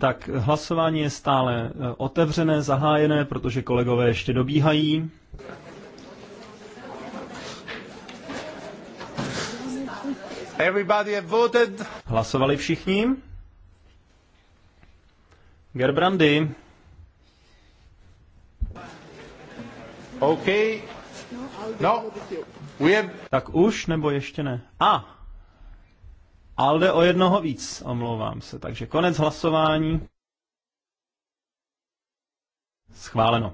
Tak hlasování je stále eh, otevřené, zahájené, protože kolegové ještě dobíhají. Everybody have voted. Hlasovali všichni? Gerbrandy. Okay? No. We have... Tak už, nebo ještě ne? A, ah, Alde o jednoho víc, omlouvám se. Takže konec hlasování. Schváleno.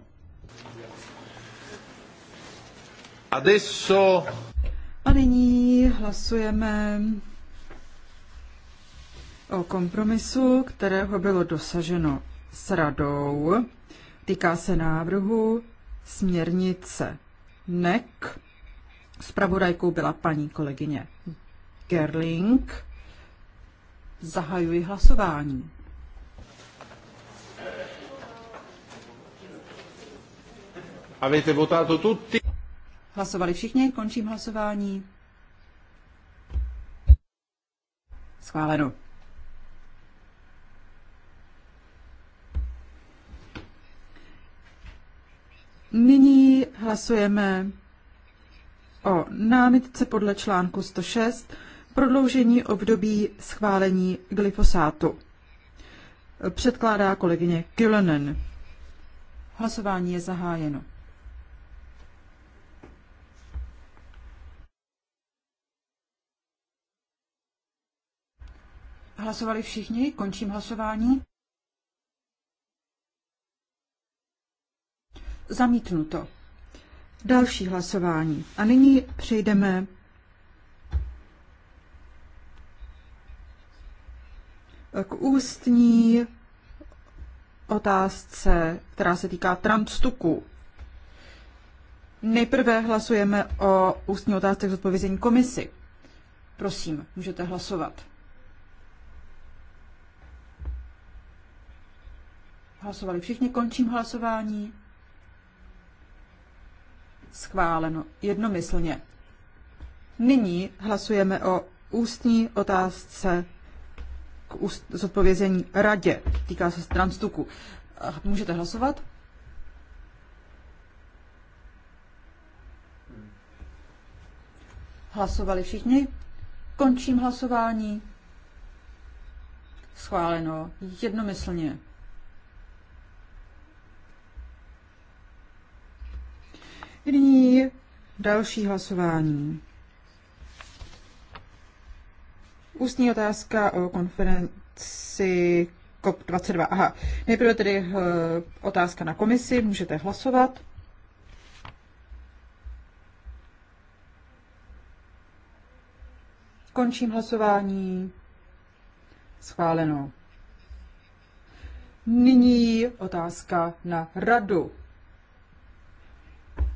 Adesso... A nyní hlasujeme o kompromisu, kterého bylo dosaženo s radou. Týká se návrhu směrnice NEC. Spravodajkou byla paní kolegyně Gerling. Zahajuji hlasování. Avete votato tutti? Hlasovali všichni, končím hlasování. Schváleno. Nyní hlasujeme o námitce podle článku 106 prodloužení období schválení glyfosátu. Předkládá kolegyně Kylenen. Hlasování je zahájeno. Hlasovali všichni? Končím hlasování. Zamítnuto. Další hlasování. A nyní přejdeme k ústní otázce, která se týká transtuku. Nejprve hlasujeme o ústní otázce k zodpovězení komisy. Prosím, můžete hlasovat. Hlasovali všichni, končím hlasování. Schváleno jednomyslně. Nyní hlasujeme o ústní otázce zodpovězení radě. Týká se transtuku. Můžete hlasovat? Hlasovali všichni? Končím hlasování. Schváleno jednomyslně. Nyní další hlasování. Ústní otázka o konferenci COP22. Aha, nejprve tedy eh, otázka na komisi, můžete hlasovat. Končím hlasování. Schváleno. Nyní otázka na radu.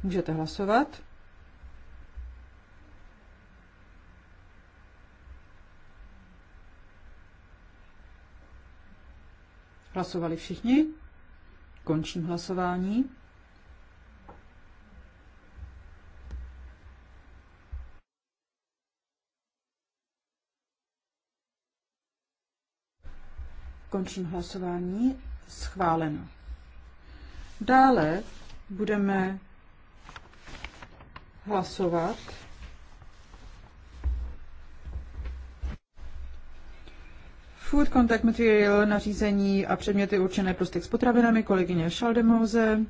Můžete hlasovat. Hlasovali všichni? Končím hlasování. Končím hlasování. Schváleno. Dále budeme hlasovat Food contact material, nařízení a předměty určené pro styk s potravinami, kolegyně Šaldemouze.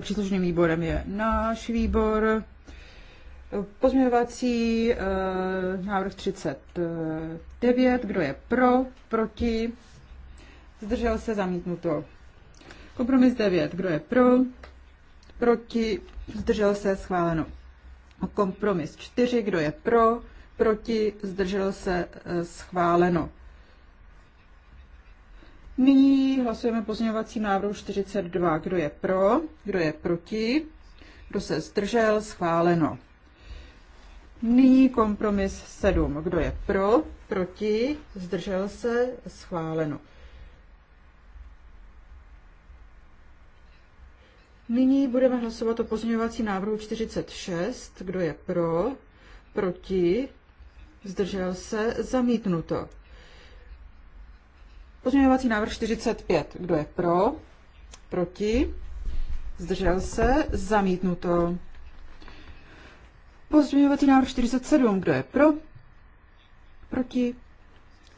Příslušným výborem je náš výbor. Pozměňovací eh, návrh 39. Kdo je pro, proti? Zdržel se zamítnuto. Kompromis 9. Kdo je pro, proti? Zdržel se schváleno. Kompromis 4. Kdo je pro, proti, zdržel se, eh, schváleno. Nyní hlasujeme pozměňovací návrh 42. Kdo je pro, kdo je proti, kdo se zdržel, schváleno. Nyní kompromis 7. Kdo je pro, proti, zdržel se, schváleno. Nyní budeme hlasovat o pozměňovací návrhu 46. Kdo je pro, proti, zdržel se, zamítnuto. Pozměňovací návrh 45. Kdo je pro? Proti? Zdržel se? Zamítnuto. Pozměňovací návrh 47. Kdo je pro? Proti?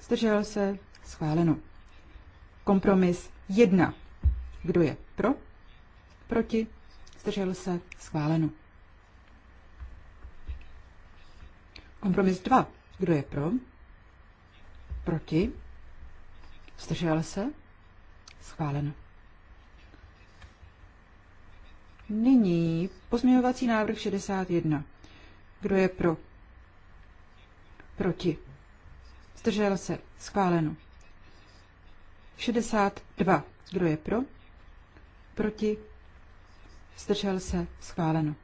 Zdržel se? Schváleno. Kompromis 1. Kdo je pro? Proti? Zdržel se? Schváleno. Kompromis 2. Kdo je pro? Proti? Zdržel se? Schváleno. Nyní pozměňovací návrh 61. Kdo je pro? Proti. Zdržel se. Schváleno. 62. Kdo je pro? Proti. Zdržel se. Schváleno.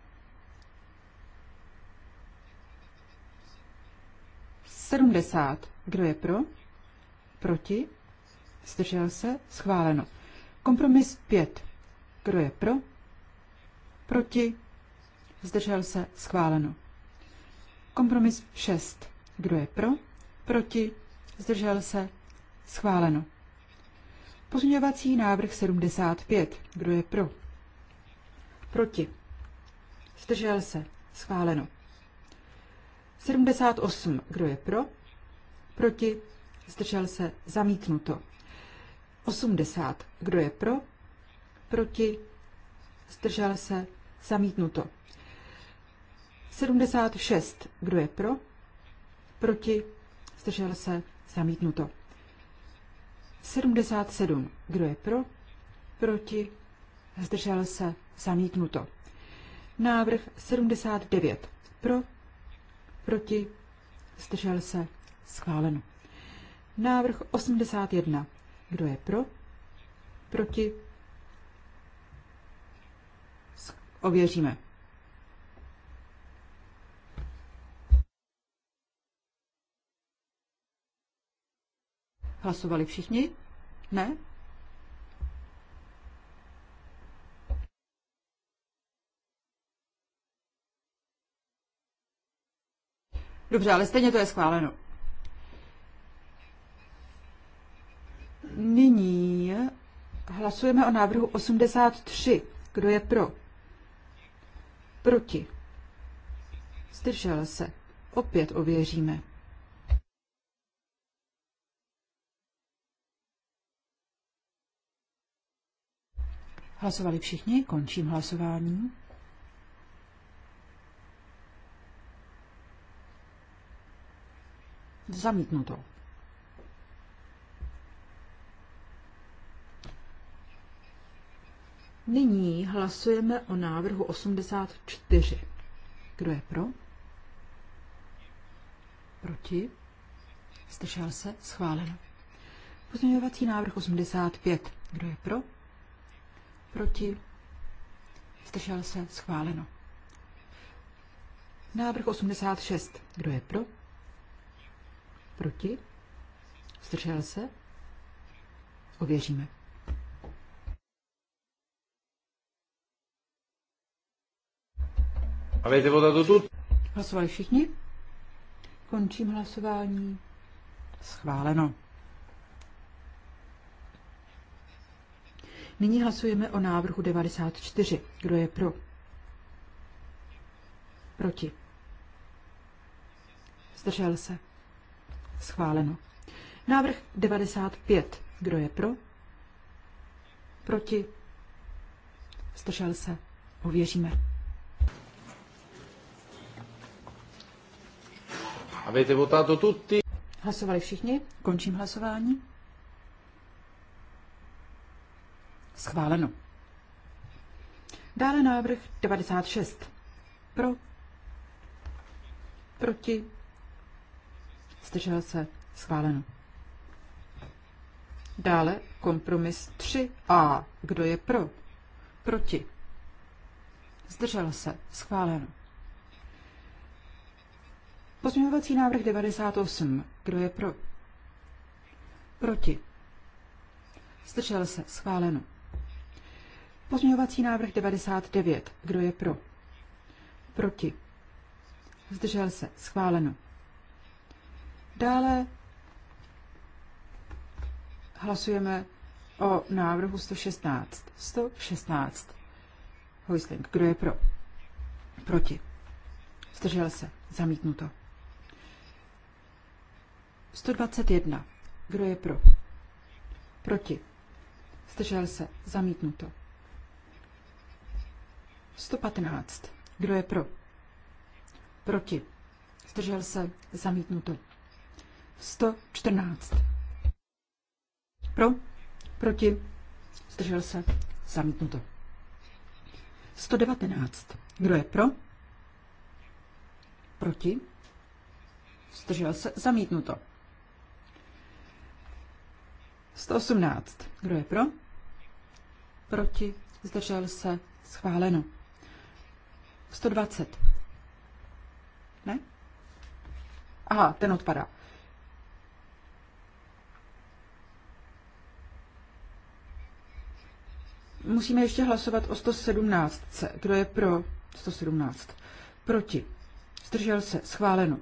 70. Kdo je pro? Proti? Zdržel se? Schváleno. Kompromis 5. Kdo je pro? Proti? Zdržel se? Schváleno. Kompromis 6. Kdo je pro? Proti? Zdržel se? Schváleno. Pozměňovací návrh 75. Kdo je pro? Proti? Zdržel se? Schváleno. 78. Kdo je pro? Proti? Zdržel se? Zamítnuto. 80. Kdo je pro? Proti? Zdržel se? Zamítnuto. 76. Kdo je pro? Proti? Zdržel se? Zamítnuto. 77. Kdo je pro? Proti? Zdržel se? Zamítnuto. Návrh 79. Pro? proti, zdržel se, schváleno. Návrh 81. Kdo je pro? Proti? Ověříme. Hlasovali všichni? Ne? Dobře, ale stejně to je schváleno. Nyní hlasujeme o návrhu 83. Kdo je pro? Proti. Zdržel se. Opět ověříme. Hlasovali všichni, končím hlasování. Zamítnuto. Nyní hlasujeme o návrhu 84. Kdo je pro? Proti? Zdržel se? Schváleno. Pozměňovací návrh 85. Kdo je pro? Proti? Zdržel se? Schváleno. Návrh 86. Kdo je pro? Proti? Zdržel se? Ověříme. Avete votato tu? Hlasovali všichni? Končím hlasování. Schváleno. Nyní hlasujeme o návrhu 94. Kdo je pro? Proti. Zdržel se. Schváleno. Návrh 95. Kdo je pro? Proti? Zdržel se? Uvěříme? Avete votato tutti? Hlasovali všichni? Končím hlasování. Schváleno. Dále návrh 96. Pro. Proti zdržel se, schváleno. Dále kompromis 3a. Kdo je pro? Proti. Zdržel se, schváleno. Pozměňovací návrh 98. Kdo je pro? Proti. Zdržel se, schváleno. Pozměňovací návrh 99. Kdo je pro? Proti. Zdržel se. Schváleno. Dále hlasujeme o návrhu 116. 116. Hojsling, kdo je pro? Proti. Zdržel se. Zamítnuto. 121. Kdo je pro? Proti. Zdržel se. Zamítnuto. 115. Kdo je pro? Proti. Zdržel se. Zamítnuto. 114. Pro, proti, zdržel se, zamítnuto. 119. Kdo je pro? Proti? Zdržel se, zamítnuto. 118. Kdo je pro? Proti? Zdržel se, schváleno. 120. Ne? Aha, ten odpadá. Musíme ještě hlasovat o 117. Kdo je pro? 117. Proti. Zdržel se. Schváleno.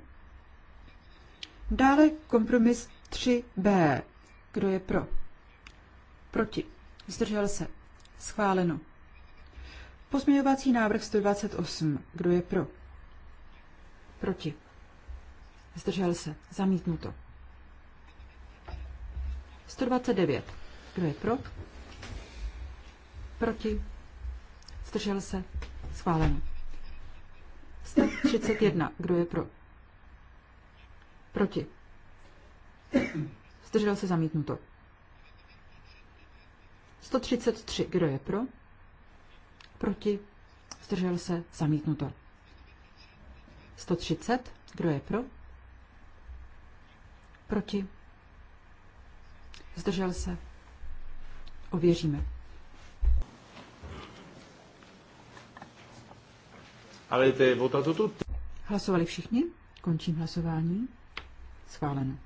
Dále kompromis 3b. Kdo je pro? Proti. Zdržel se. Schváleno. Pozměňovací návrh 128. Kdo je pro? Proti. Zdržel se. Zamítnuto. 129. Kdo je pro? Proti? Zdržel se? Schváleno. 131. Kdo je pro? Proti? Zdržel se zamítnuto. 133. Kdo je pro? Proti? Zdržel se zamítnuto. 130. Kdo je pro? Proti? Zdržel se? Ověříme. Ale vota votato tutti? Hlasovali všichni? Končím hlasování. Schváleno.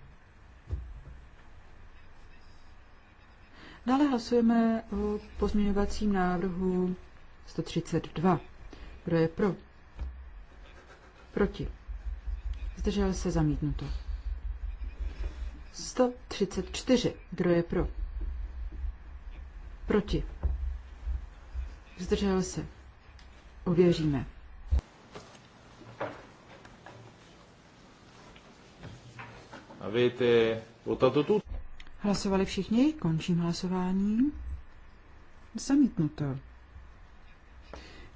Dále hlasujeme o pozměňovacím návrhu 132. Kdo je pro? Proti. Zdržel se zamítnuto. 134. Kdo je pro? Proti. Zdržel se. Uvěříme. avete votato tutti? Hlasovali všichni, končím hlasování. Zamítnuto.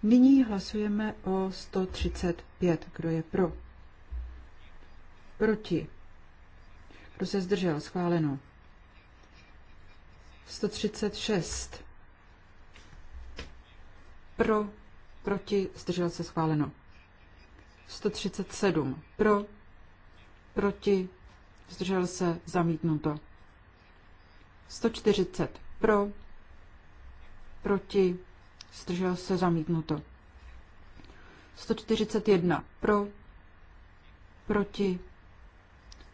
Nyní hlasujeme o 135. Kdo je pro? Proti. Kdo se zdržel? Schváleno. 136. Pro, proti, zdržel se schváleno. 137. Pro, proti, zdržel se, zamítnuto. 140 pro, proti, zdržel se, zamítnuto. 141 pro, proti,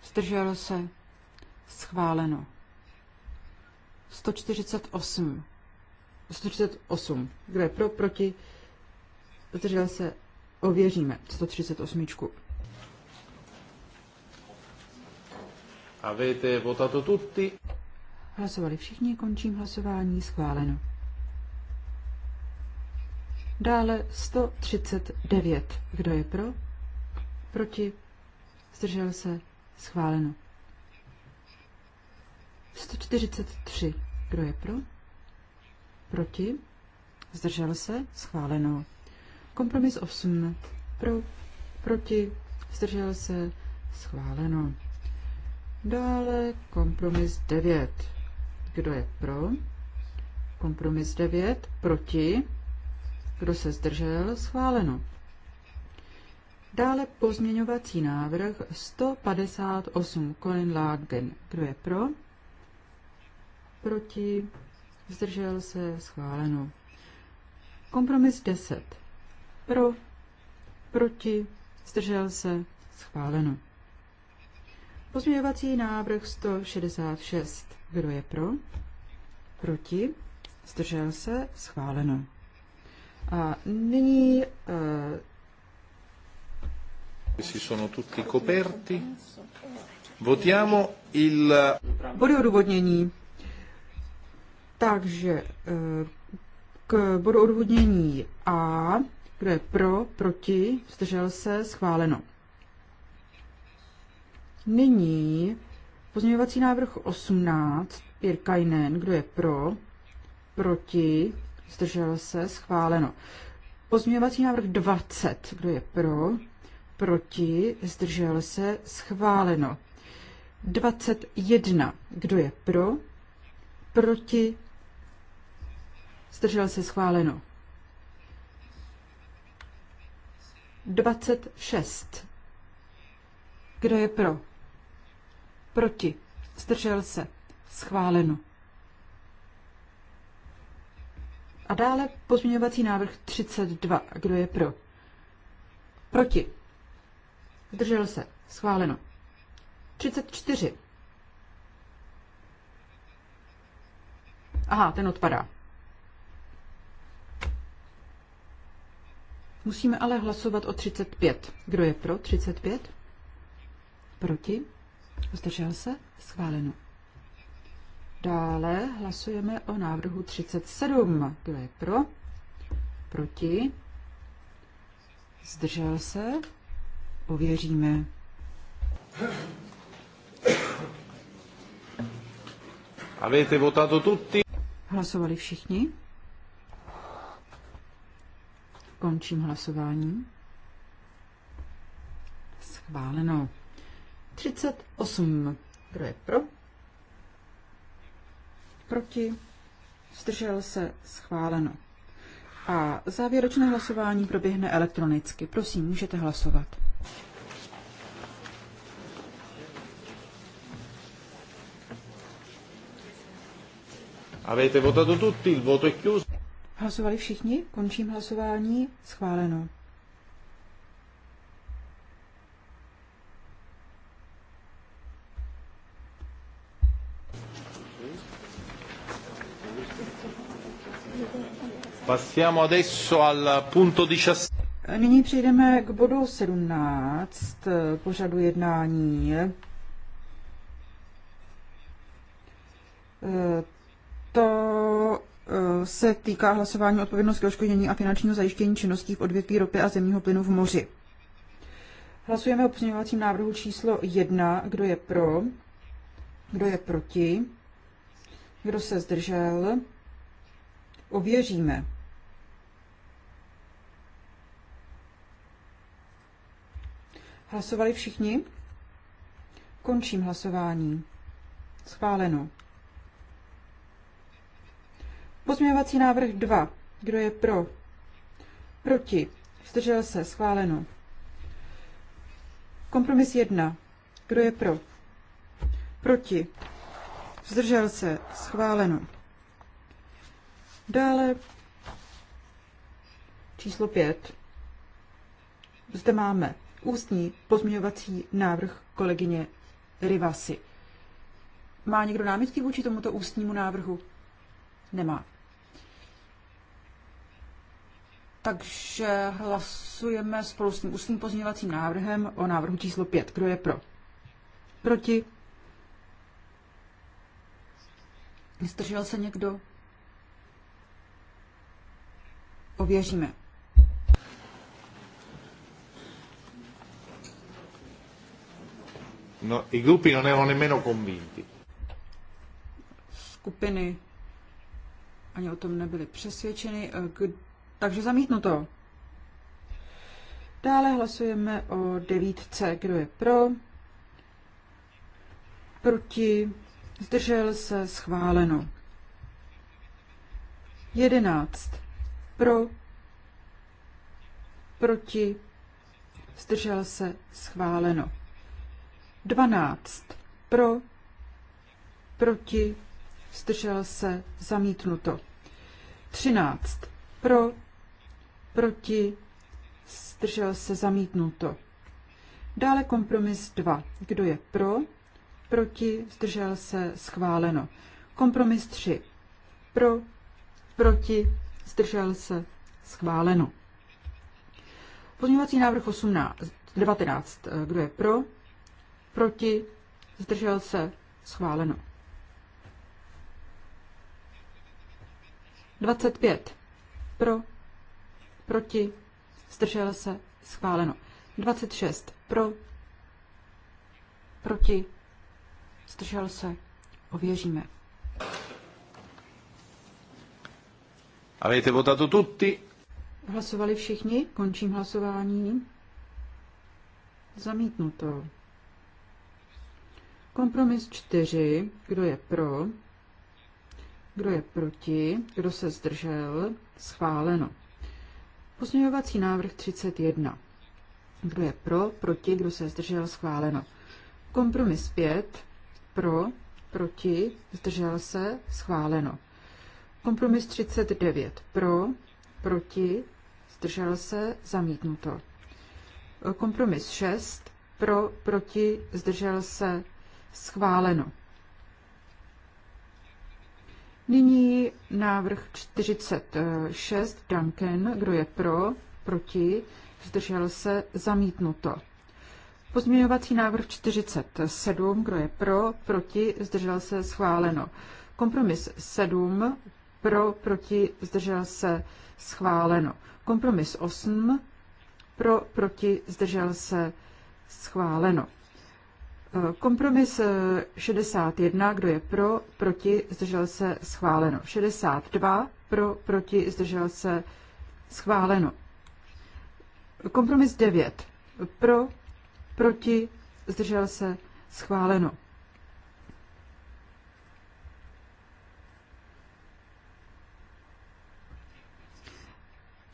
zdržel se, schváleno. 148. 138. Kdo je pro, proti, zdržel se, ověříme. 138. Avete votato tutti? Hlasovali všichni, končím hlasování, schváleno. Dále 139. Kdo je pro? Proti? Zdržel se? Schváleno. 143. Kdo je pro? Proti? Zdržel se? Schváleno. Kompromis 8. Pro? Proti? Zdržel se? Schváleno. Dále kompromis 9. Kdo je pro? Kompromis 9. Proti? Kdo se zdržel? Schváleno. Dále pozměňovací návrh 158 Colin Lagen. Kdo je pro? Proti? Zdržel se? Schváleno. Kompromis 10. Pro? Proti? Zdržel se? Schváleno. Pozměňovací návrh 166. Kdo je pro? Proti? Zdržel se? Schváleno. A nyní... Uh, si sono tutti coperti. Votiamo il... Body odvodnění. Takže eh, k bodu odvodnění A, kdo je pro, proti, zdržel se, schváleno. Nyní pozměňovací návrh 18, Pirkainen, kdo je pro, proti, zdržel se, schváleno. Pozměňovací návrh 20, kdo je pro, proti, zdržel se, schváleno. 21, kdo je pro, proti, zdržel se, schváleno. 26, kdo je pro? proti, zdržel se, schváleno. A dále pozměňovací návrh 32. Kdo je pro? Proti. Zdržel se. Schváleno. 34. Aha, ten odpadá. Musíme ale hlasovat o 35. Kdo je pro 35? Proti? Zdržel se? Schváleno. Dále hlasujeme o návrhu 37. Kdo je pro? Proti? Zdržel se? Ověříme. ty votato tutti? Hlasovali všichni? Končím hlasování. Schváleno. 38. Kdo je pro? Proti? Zdržel se? Schváleno. A závěrečné hlasování proběhne elektronicky. Prosím, můžete hlasovat. Avete votato tutti, il voto è chiuso. Hlasovali všichni, končím hlasování, schváleno. Passiamo adesso al punto 17. Nyní přejdeme k bodu 17 eh, pořadu jednání. Eh, to eh, se týká hlasování odpovědnosti oškodnění a finančního zajištění činností v odvětví ropy a zemního plynu v moři. Hlasujeme o pozměňovacím návrhu číslo 1. Kdo je pro? Kdo je proti? Kdo se zdržel? Ověříme. Hlasovali všichni? Končím hlasování. Schváleno. Pozměňovací návrh 2. Kdo je pro? Proti. Zdržel se. Schváleno. Kompromis 1. Kdo je pro? Proti. Zdržel se. Schváleno. Dále číslo 5. Zde máme ústní pozměňovací návrh kolegyně Rivasy. Má někdo námitky vůči tomuto ústnímu návrhu? Nemá. Takže hlasujeme spolu s tím ústním pozměňovacím návrhem o návrhu číslo 5. Kdo je pro? Proti? Zdržel se někdo? Ověříme. no, i gruppi non erano nemmeno convinti. Skupiny ani o tom nebyly přesvědčeny, eh, takže zamítnu to. Dále hlasujeme o devítce, kdo je pro, proti, zdržel se, schváleno. Jedenáct, pro, proti, zdržel se, schváleno. 12 pro, proti, zdržel se, zamítnuto. 13 pro, proti, zdržel se, zamítnuto. Dále kompromis 2. Kdo je pro, proti, zdržel se, schváleno. Kompromis 3. Pro, proti, zdržel se, schváleno. Pozměňovací návrh 18, 19. Kdo je pro? proti, zdržel se, schváleno. 25 pro, proti, zdržel se, schváleno. 26 pro, proti, zdržel se, ověříme. Avete votato tutti? Hlasovali všichni, končím hlasování. Zamítnuto. Kompromis 4. Kdo je pro? Kdo je proti? Kdo se zdržel? Schváleno. Pozměňovací návrh 31. Kdo je pro? Proti? Kdo se zdržel? Schváleno. Kompromis 5. Pro? Proti? Zdržel se? Schváleno. Kompromis 39. Pro? Proti? Zdržel se? Zamítnuto. Kompromis 6. Pro? Proti? Zdržel se? Schváleno. Nyní návrh 46 Duncan. Kdo je pro? Proti? Zdržel se? Zamítnuto. Pozměňovací návrh 47. Kdo je pro? Proti? Zdržel se? Schváleno. Kompromis 7. Pro? Proti? Zdržel se? Schváleno. Kompromis 8. Pro? Proti? Zdržel se? Schváleno. Kompromis 61, eh, kdo je pro, proti, zdržel se, schváleno. 62, pro, proti, zdržel se, schváleno. Kompromis 9, pro, proti, zdržel se, schváleno.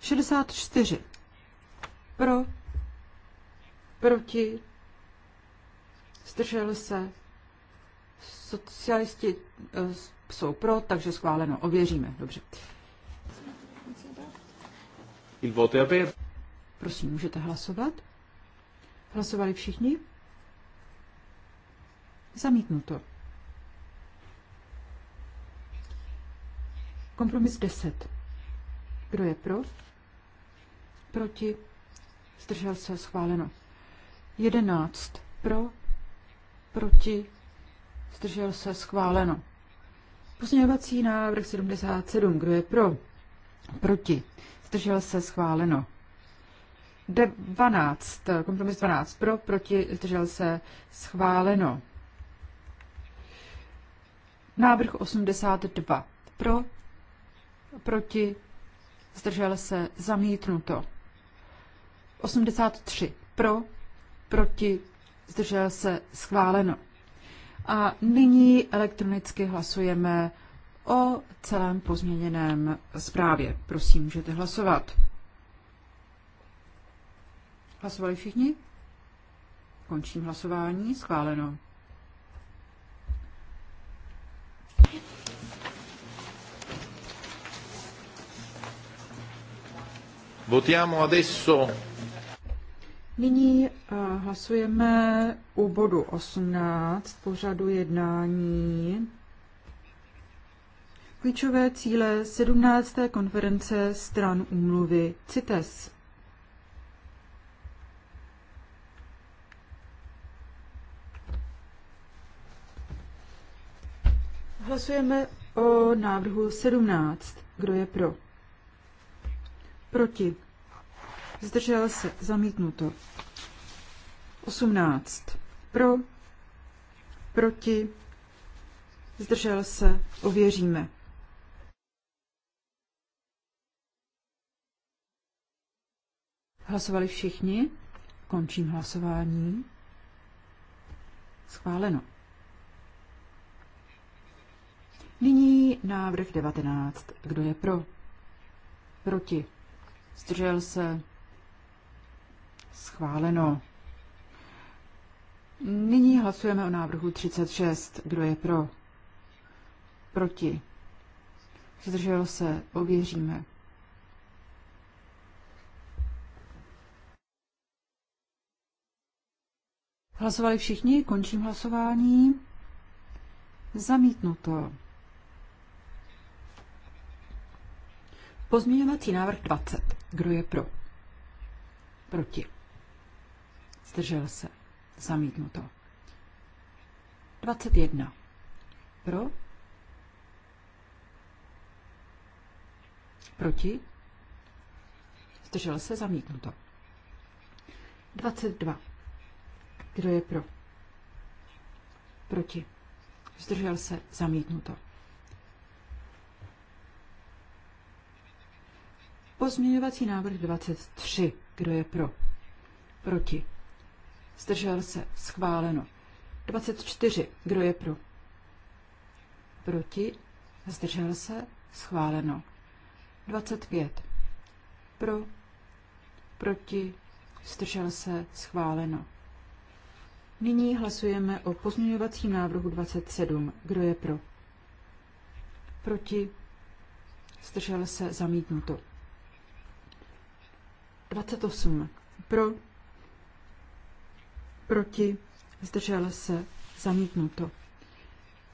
Šedesát čtyři. Pro, proti, zdržel se, socialisti eh, jsou pro, takže schváleno, ověříme, dobře. Il voto è Prosím, můžete hlasovat. Hlasovali všichni? Zamítnuto. Kompromis 10. Kdo je pro? Proti? Zdržel se schváleno. 11. Pro? proti, zdržel se, schváleno. Pozměňovací návrh 77, kdo je pro, proti, zdržel se, schváleno. 12, kompromis 12 pro, proti, zdržel se, schváleno. Návrh 82 pro, proti, zdržel se, zamítnuto. 83 pro, proti, zdržel se, schváleno. A nyní elektronicky hlasujeme o celém pozměněném zprávě. Prosím, můžete hlasovat. Hlasovali všichni? Končím hlasování. Schváleno. Votiamo adesso Nyní eh, hlasujeme u bodu 18 pořadu jednání. Klíčové cíle 17. konference stran úmluvy CITES. Hlasujeme o návrhu 17. Kdo je pro? Proti zdržel se, zamítnuto. 18 pro, proti, zdržel se, ověříme. Hlasovali všichni? Končím hlasování. Schváleno. Nyní návrh 19. Kdo je pro? Proti. Zdržel se. Schváleno. Nyní hlasujeme o návrhu 36. Kdo je pro? Proti? Zdrželo se? Ověříme. Hlasovali všichni, končím hlasování. Zamítnuto. Pozměňovací návrh 20. Kdo je pro? Proti zdržel se, zamítnuto. 21. Pro, proti, zdržel se, zamítnuto. 22. Kdo je pro? Proti. Zdržel se, zamítnuto. Pozměňovací návrh 23. Kdo je pro? Proti. Zdržel se. Schváleno. 24. Kdo je pro? Proti. Zdržel se. Schváleno. 25. Pro. Proti. Zdržel se. Schváleno. Nyní hlasujeme o pozměňovacím návrhu 27. Kdo je pro? Proti? Zdržel se zamítnuto. 28. Pro? proti, zdržel se, zamítnuto.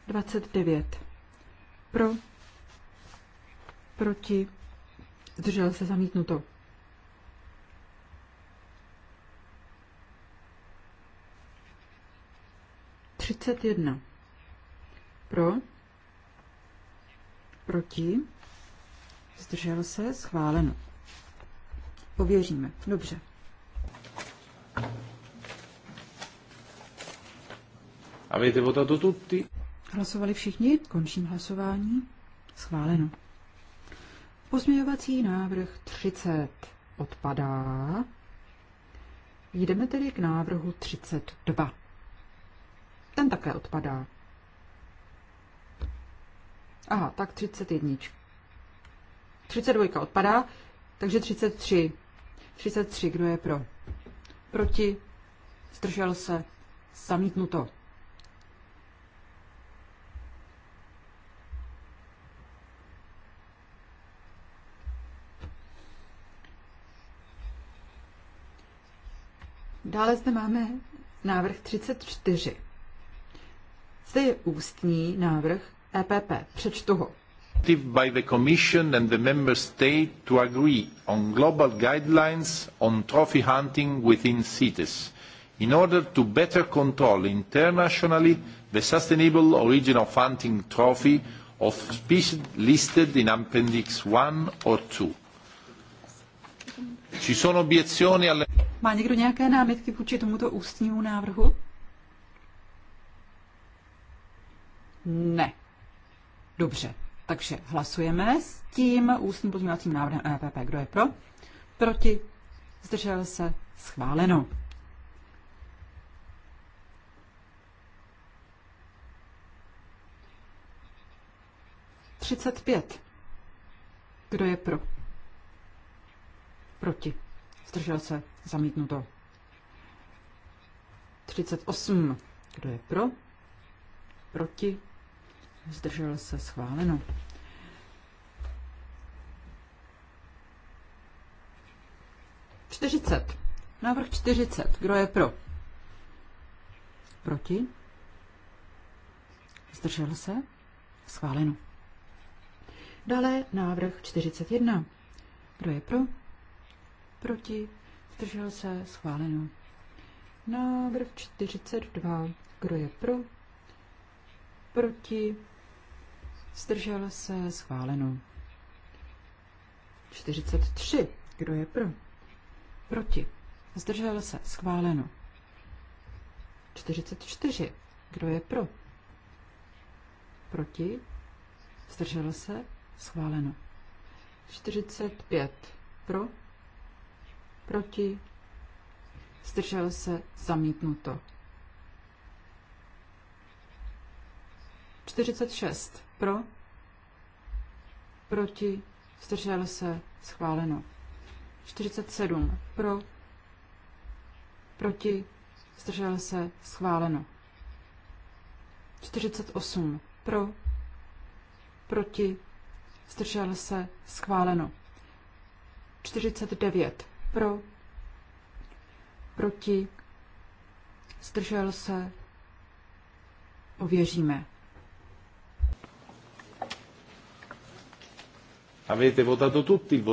29. Pro, proti, zdržel se, zamítnuto. Třicet jedna. Pro, proti, zdržel se, schváleno. Pověříme. Dobře. Avete votato tutti? Hlasovali všichni, končím hlasování. Schváleno. Pozměňovací návrh 30 odpadá. Jdeme tedy k návrhu 32. Ten také odpadá. Aha, tak 31. 32 odpadá, takže 33. 33, kdo je pro? Proti? Zdržel se? Zamítnuto. Dále zde máme návrh 34. Zde je ústní návrh EPP. Přečtu ho. by the Commission and the Member State to agree on global guidelines on trophy hunting within cities, in order to better control internationally the sustainable origin of hunting trophy of species listed in Appendix 1 or 2. Ci sono obiezioni alle... Má někdo nějaké námitky vůči tomuto ústnímu návrhu? Ne. Dobře, takže hlasujeme s tím ústním pozměňovacím návrhem EPP. Kdo je pro? Proti? Zdržel se? Schváleno. Třicet pět. Kdo je pro? Proti. Zdržel se. Zamítnuto. 38. Kdo je pro? Proti. Zdržel se. Schváleno. Čtyřicet. Návrh 40. Kdo je pro? Proti? Zdržel se? Schváleno. Dále návrh 41. Kdo je pro? proti, zdržel se, schváleno. Návrh 42, kdo je pro, proti, zdržel se, schváleno. 43, kdo je pro, proti, zdržel se, schváleno. 44, kdo je pro, proti, zdržel se, schváleno. 45, pro, proti, zdržel se, zamítnuto. 46 pro, proti, zdržel se, schváleno. 47 pro, proti, zdržel se, schváleno. 48 pro, proti, zdržel se, schváleno. 49 pro, proti, zdržel se, ověříme. Avete votato tutti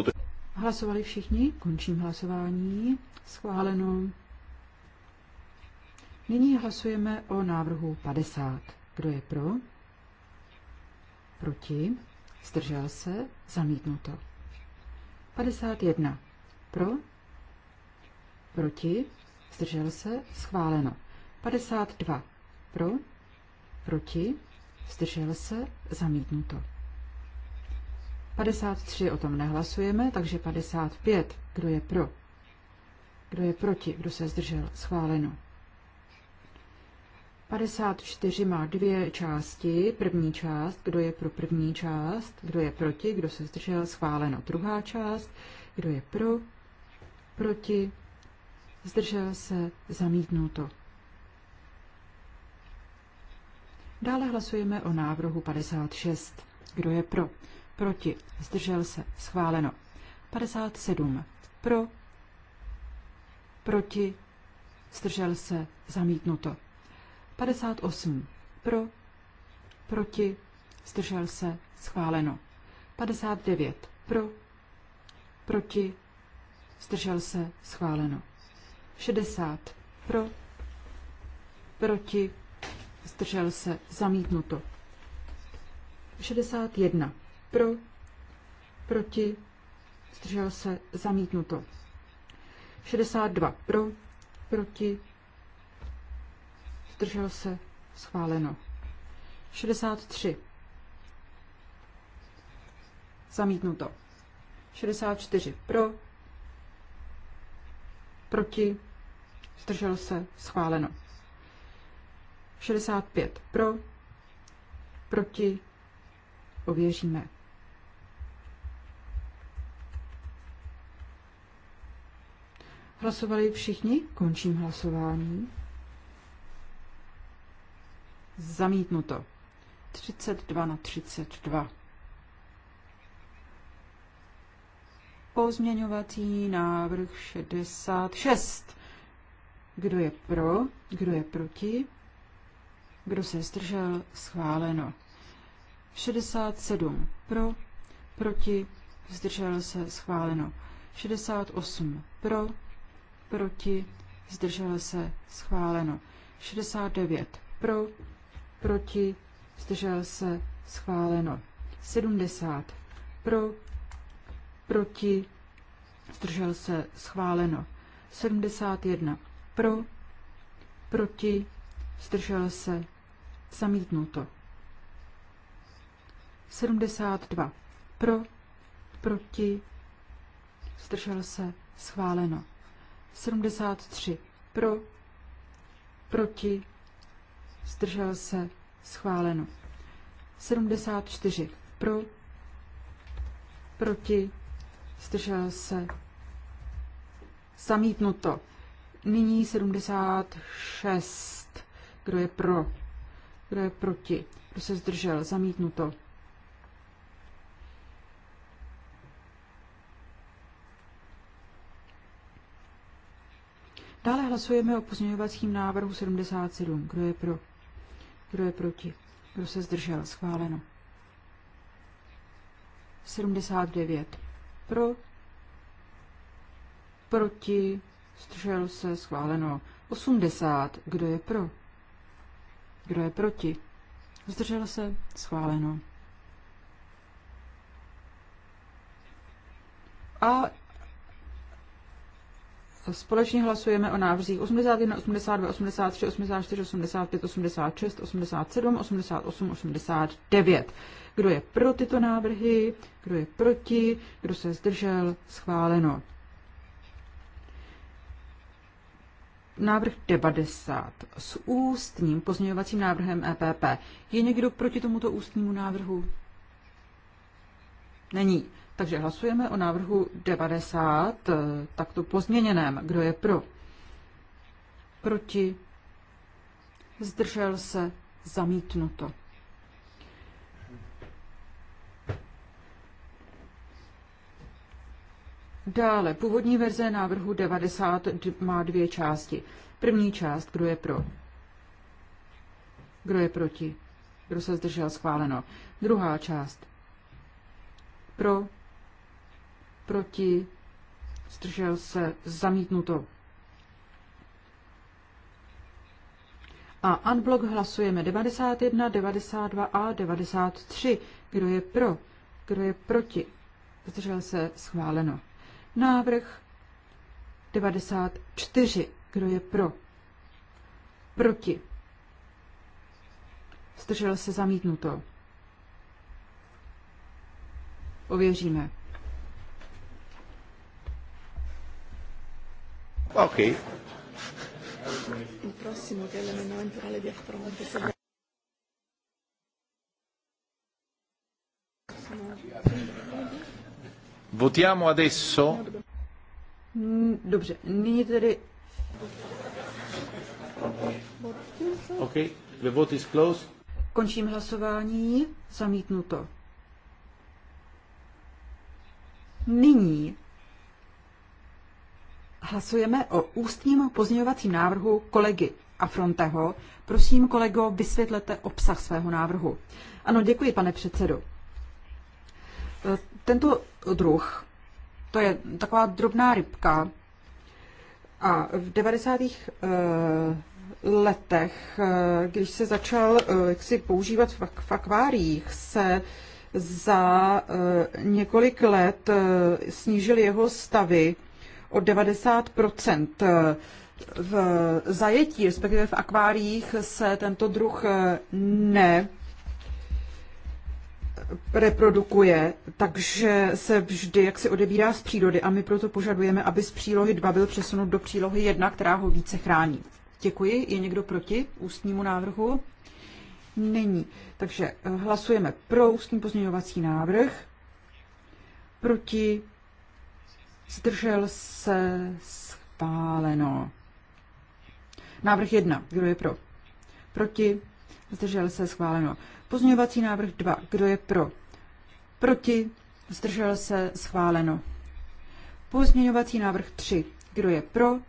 Hlasovali všichni, končím hlasování, schváleno. Nyní hlasujeme o návrhu 50. Kdo je pro? Proti? Zdržel se? Zamítnuto. 51. Pro? proti, zdržel se, schváleno. 52 pro, proti, zdržel se, zamítnuto. 53 o tom nehlasujeme, takže 55, kdo je pro, kdo je proti, kdo se zdržel, schváleno. 54 má dvě části. První část, kdo je pro první část, kdo je proti, kdo se zdržel, schváleno. Druhá část, kdo je pro, proti, zdržel se, zamítnuto. Dále hlasujeme o návrhu 56. Kdo je pro? Proti. Zdržel se. Schváleno. 57. Pro. Proti. Zdržel se. Zamítnuto. 58. Pro. Proti. Zdržel se. Schváleno. 59. Pro. Proti. Zdržel se. Schváleno. 60 pro, proti, zdržel se, zamítnuto. 61 pro, proti, zdržel se, zamítnuto. 62 pro, proti, zdržel se, schváleno. 63 zamítnuto. 64 pro, proti, zdrželo se, schváleno. 65 pro, proti, ověříme. Hlasovali všichni? Končím hlasování. Zamítnuto. 32 na 32. Pozměňovací návrh 66. Kdo je pro? Kdo je proti? Kdo se zdržel? Schváleno. 67 pro, proti, zdržel se, schváleno. 68 pro, proti, zdržel se, schváleno. 69 pro, proti, zdržel se, schváleno. 70 pro, proti, zdržel se, schváleno. 71 pro, proti, zdržel se, zamítnuto. 72. Pro, proti, zdržel se, schváleno. 73. Pro, proti, zdržel se, schváleno. 74. Pro, proti, zdržel se, zamítnuto. Nyní 76. Kdo je pro? Kdo je proti? Kdo se zdržel? Zamítnuto. Dále hlasujeme o pozměňovacím návrhu 77. Kdo je pro? Kdo je proti? Kdo se zdržel? Schváleno. 79. Pro. Proti. Zdržel se schváleno 80. Kdo je pro? Kdo je proti? Zdržel se schváleno. A společně hlasujeme o návrzích 81, 82, 83, 84, 85, 86, 87, 88, 89. Kdo je pro tyto návrhy? Kdo je proti? Kdo se zdržel? Schváleno. Návrh 90 s ústním pozměňovacím návrhem EPP. Je někdo proti tomuto ústnímu návrhu? Není. Takže hlasujeme o návrhu 90 eh, takto pozměněném. Kdo je pro? Proti? Zdržel se? Zamítnuto. Dále, původní verze návrhu 90 má dvě části. První část, kdo je pro? Kdo je proti? Kdo se zdržel? Schváleno. Druhá část. Pro, proti, zdržel se, zamítnuto. A unblock hlasujeme 91, 92 a 93. Kdo je pro? Kdo je proti? Zdržel se, schváleno. Návrh 94. Kdo je pro? Proti. Zdržel se zamítnuto. Ověříme. OK. Il prossimo che è l'emendamento alla di affronte, se Votiamo adesso. Mm, dobře, nyní tedy. OK, the vote is closed. Končím hlasování, zamítnuto. Nyní hlasujeme o ústním pozměňovacím návrhu kolegy Afronteho. Prosím, kolego, vysvětlete obsah svého návrhu. Ano, děkuji, pane předsedo. Tento druh, to je taková drobná rybka a v 90. Eh, letech, eh, když se začal eh, jaksi používat v akváriích, se za několik let snížily jeho stavy o 90 v zajetí, respektive v akváriích, se tento druh ne reprodukuje, takže se vždy jaksi odebírá z přírody a my proto požadujeme, aby z přílohy 2 byl přesunut do přílohy 1, která ho více chrání. Děkuji. Je někdo proti ústnímu návrhu? Není. Takže eh, hlasujeme pro ústní pozměňovací návrh, proti, zdržel se, schváleno. Návrh 1. Kdo je pro? Proti, zdržel se, schváleno. Pozměňovací návrh 2. Kdo je pro? Proti? Zdržel se? Schváleno. Pozměňovací návrh 3. Kdo je pro?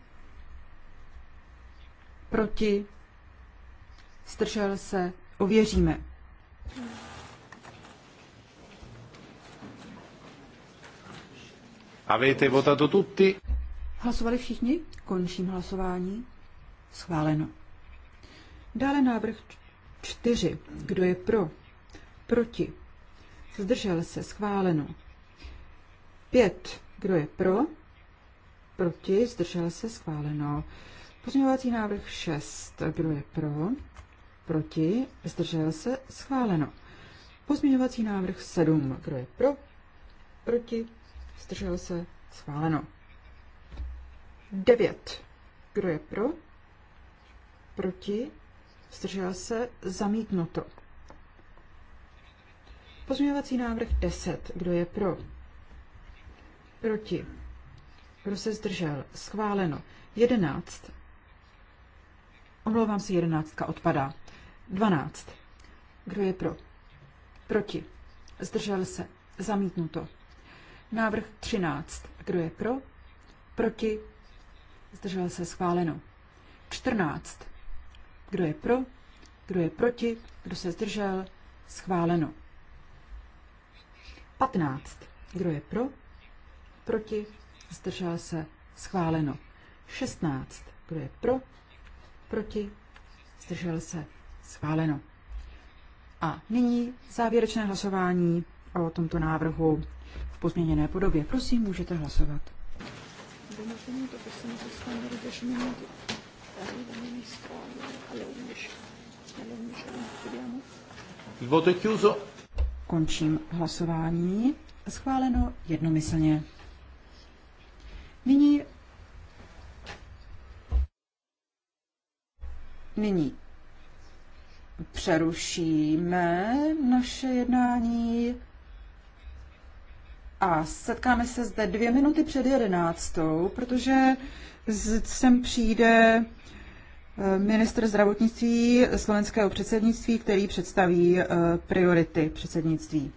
Proti? Zdržel se? Ověříme. Avete votato tutti? Hlasovali všichni? Končím hlasování. Schváleno. Dále návrh 4. Kdo je pro? Proti. Zdržel se. Schváleno. 5. Kdo je pro? Proti. Zdržel se. Schváleno. Pozměňovací návrh 6. Kdo je pro? Proti. Zdržel se. Schváleno. Pozměňovací návrh 7. Kdo je pro? Proti. Zdržel se. Schváleno. 9. Kdo je pro? Proti? zdržel se, zamítnuto. Pozměňovací návrh 10. Kdo je pro? Proti. Kdo se zdržel? Schváleno. 11. Omlouvám se, 11 odpadá. 12. Kdo je pro? Proti. Zdržel se. Zamítnuto. Návrh 13. Kdo je pro? Proti. Zdržel se. Schváleno. 14. Kdo je pro? Kdo je proti? Kdo se zdržel? Schváleno. 15. Kdo je pro? Proti? Zdržel se? Schváleno. 16. Kdo je pro? Proti? Zdržel se? Schváleno. A nyní závěrečné hlasování o tomto návrhu v pozměněné podobě. Prosím, můžete hlasovat. Vymyšlení to, že se mi Il voto è chiuso. Končím hlasování. Schváleno jednomyslně. Nyní Nyní přerušíme naše jednání a setkáme se zde dvě minuty před jedenáctou, protože sem přijde eh, minister zdravotnictví slovenského předsednictví, který představí eh, priority předsednictví.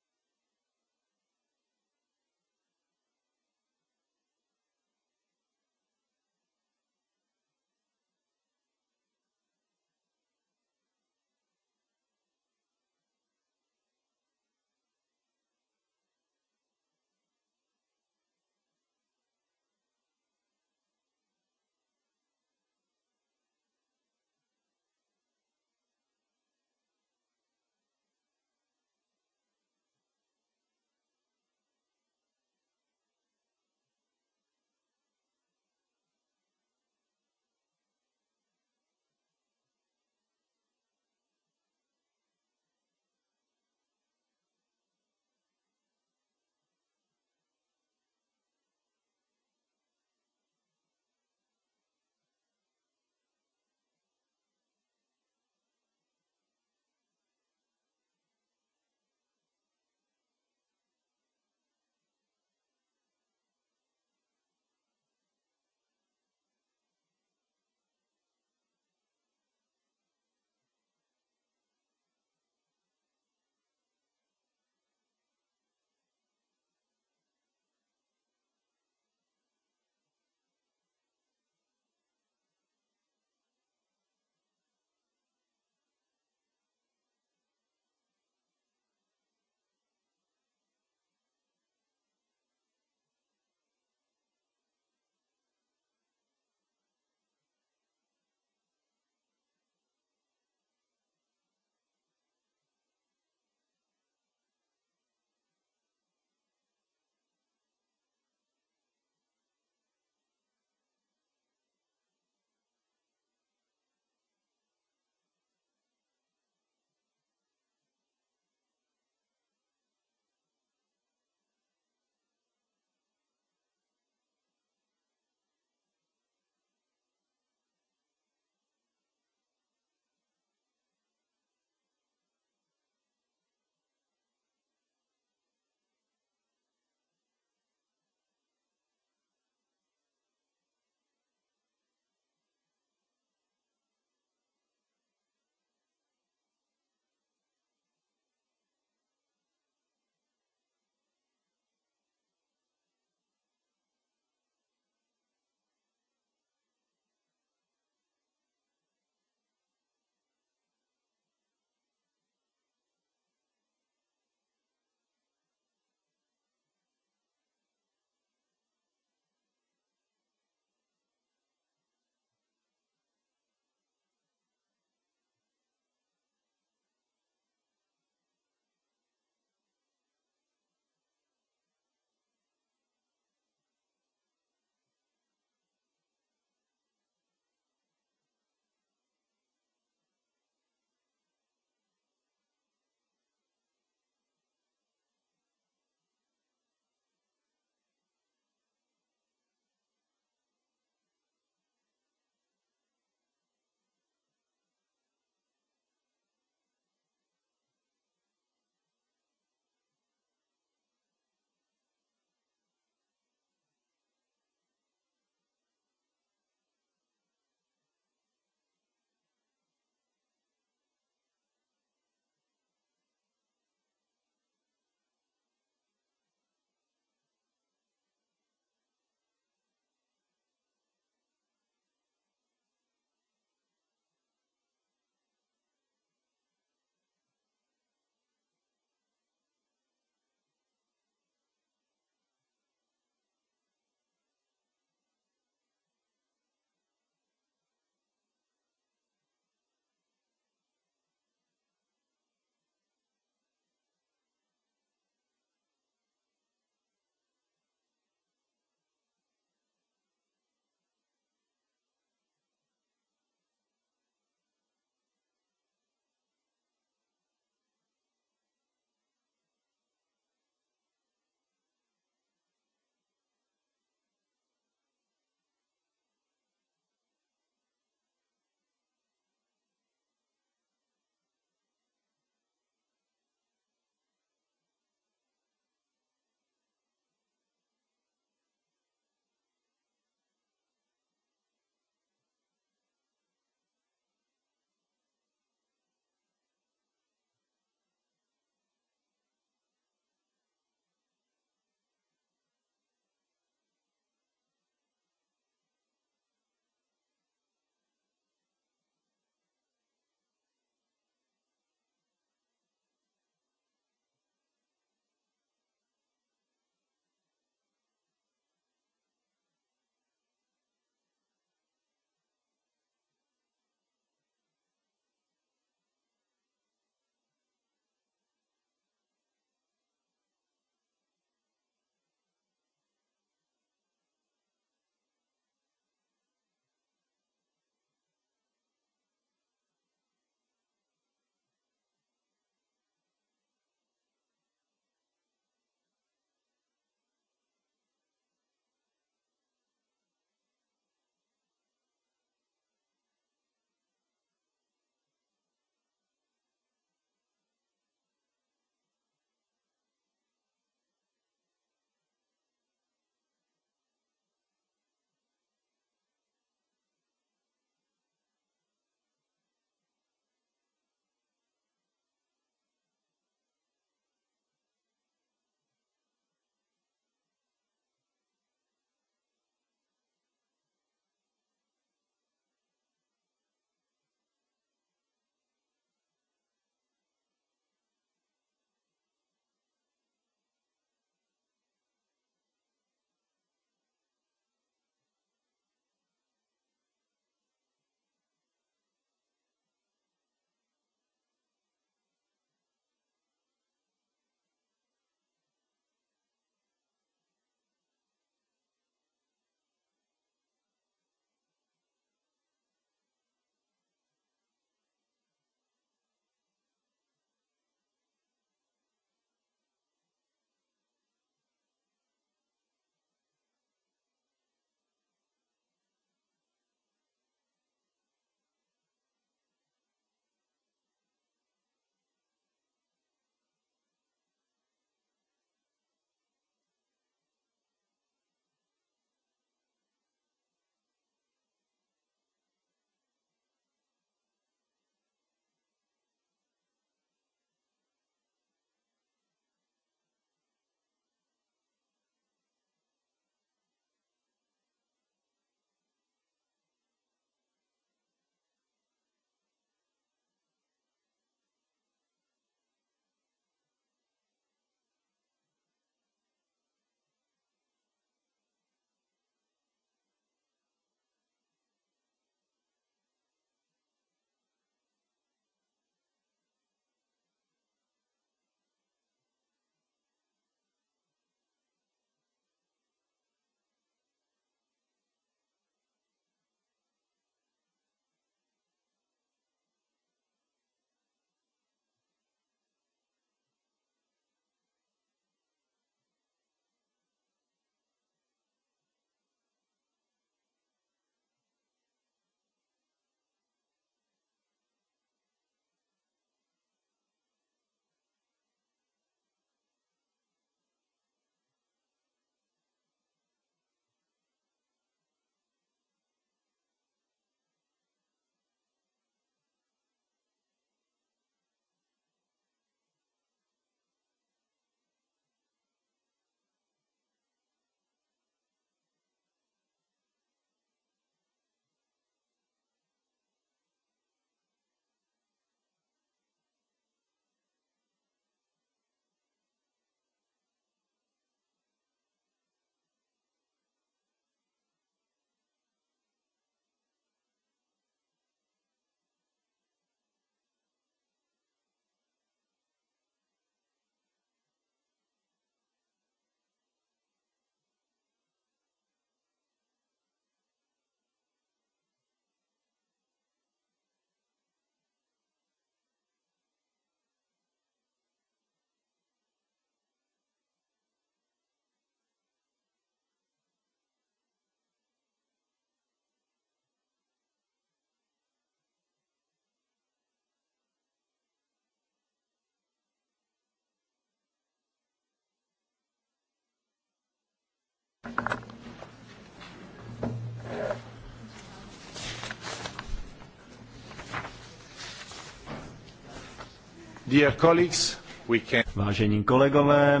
Dear colleagues, we can... Vážení kolegové,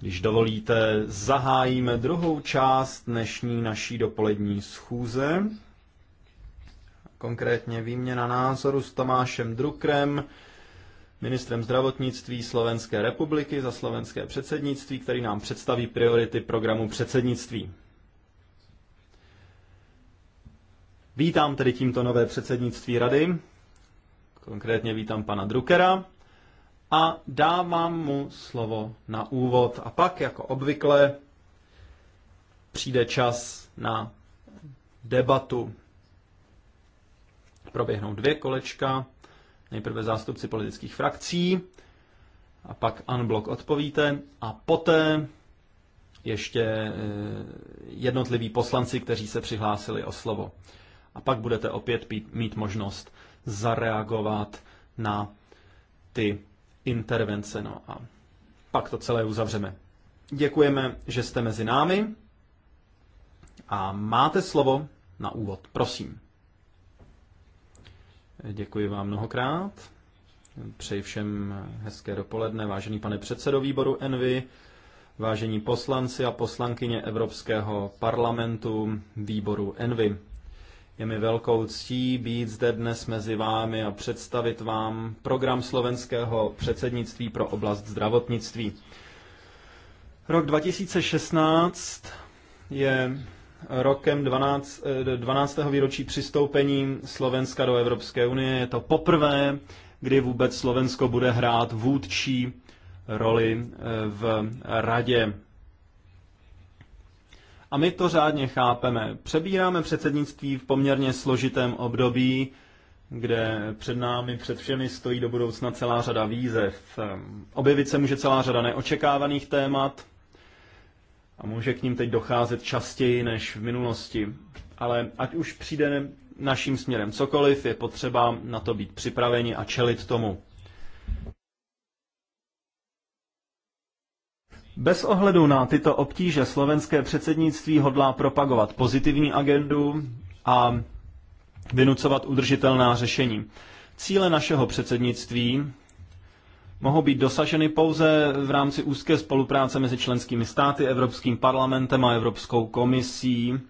když dovolíte, zahájíme druhou část dnešní naší dopolední schůze. Konkrétně výměna názoru s Tomášem Drukrem, ministrem zdravotnictví Slovenské republiky za slovenské předsednictví, který nám představí priority programu předsednictví. Vítám tedy tímto nové předsednictví rady, konkrétně vítám pana Druckera a dávám mu slovo na úvod. A pak, jako obvykle, přijde čas na debatu. Proběhnou dvě kolečka Nejprve zástupci politických frakcí, a pak unblock odpovíte a poté ještě e, jednotliví poslanci, kteří se přihlásili o slovo. A pak budete opět mít možnost zareagovat na ty intervence. No a pak to celé uzavřeme. Děkujeme, že jste mezi námi a máte slovo na úvod. Prosím. Děkuji vám mnohokrát. Přeji všem hezké dopoledne, vážený pane předsedo výboru Envy, vážení poslanci a poslankyně Evropského parlamentu výboru Envy. Je mi velkou ctí být zde dnes mezi vámi a představit vám program slovenského předsednictví pro oblast zdravotnictví. Rok 2016 je rokem 12. 12. Eh, výročí přistoupení Slovenska do Evropské unie. Je to poprvé, kdy vůbec Slovensko bude hrát vůdčí roli eh, v radě. A my to řádně chápeme. Přebíráme předsednictví v poměrně složitém období, kde před námi, před všemi stojí do budoucna celá řada výzev. Ehm, objevit se může celá řada neočekávaných témat, a může k ním teď docházet častěji než v minulosti. Ale ať už přijde naším směrem cokoliv, je potřeba na to být připraveni a čelit tomu. Bez ohledu na tyto obtíže slovenské předsednictví hodlá propagovat pozitivní agendu a vynucovat udržitelná řešení. Cíle našeho předsednictví mohou být dosaženy pouze v rámci úzké spolupráce mezi členskými státy, Evropským parlamentem a Evropskou komisí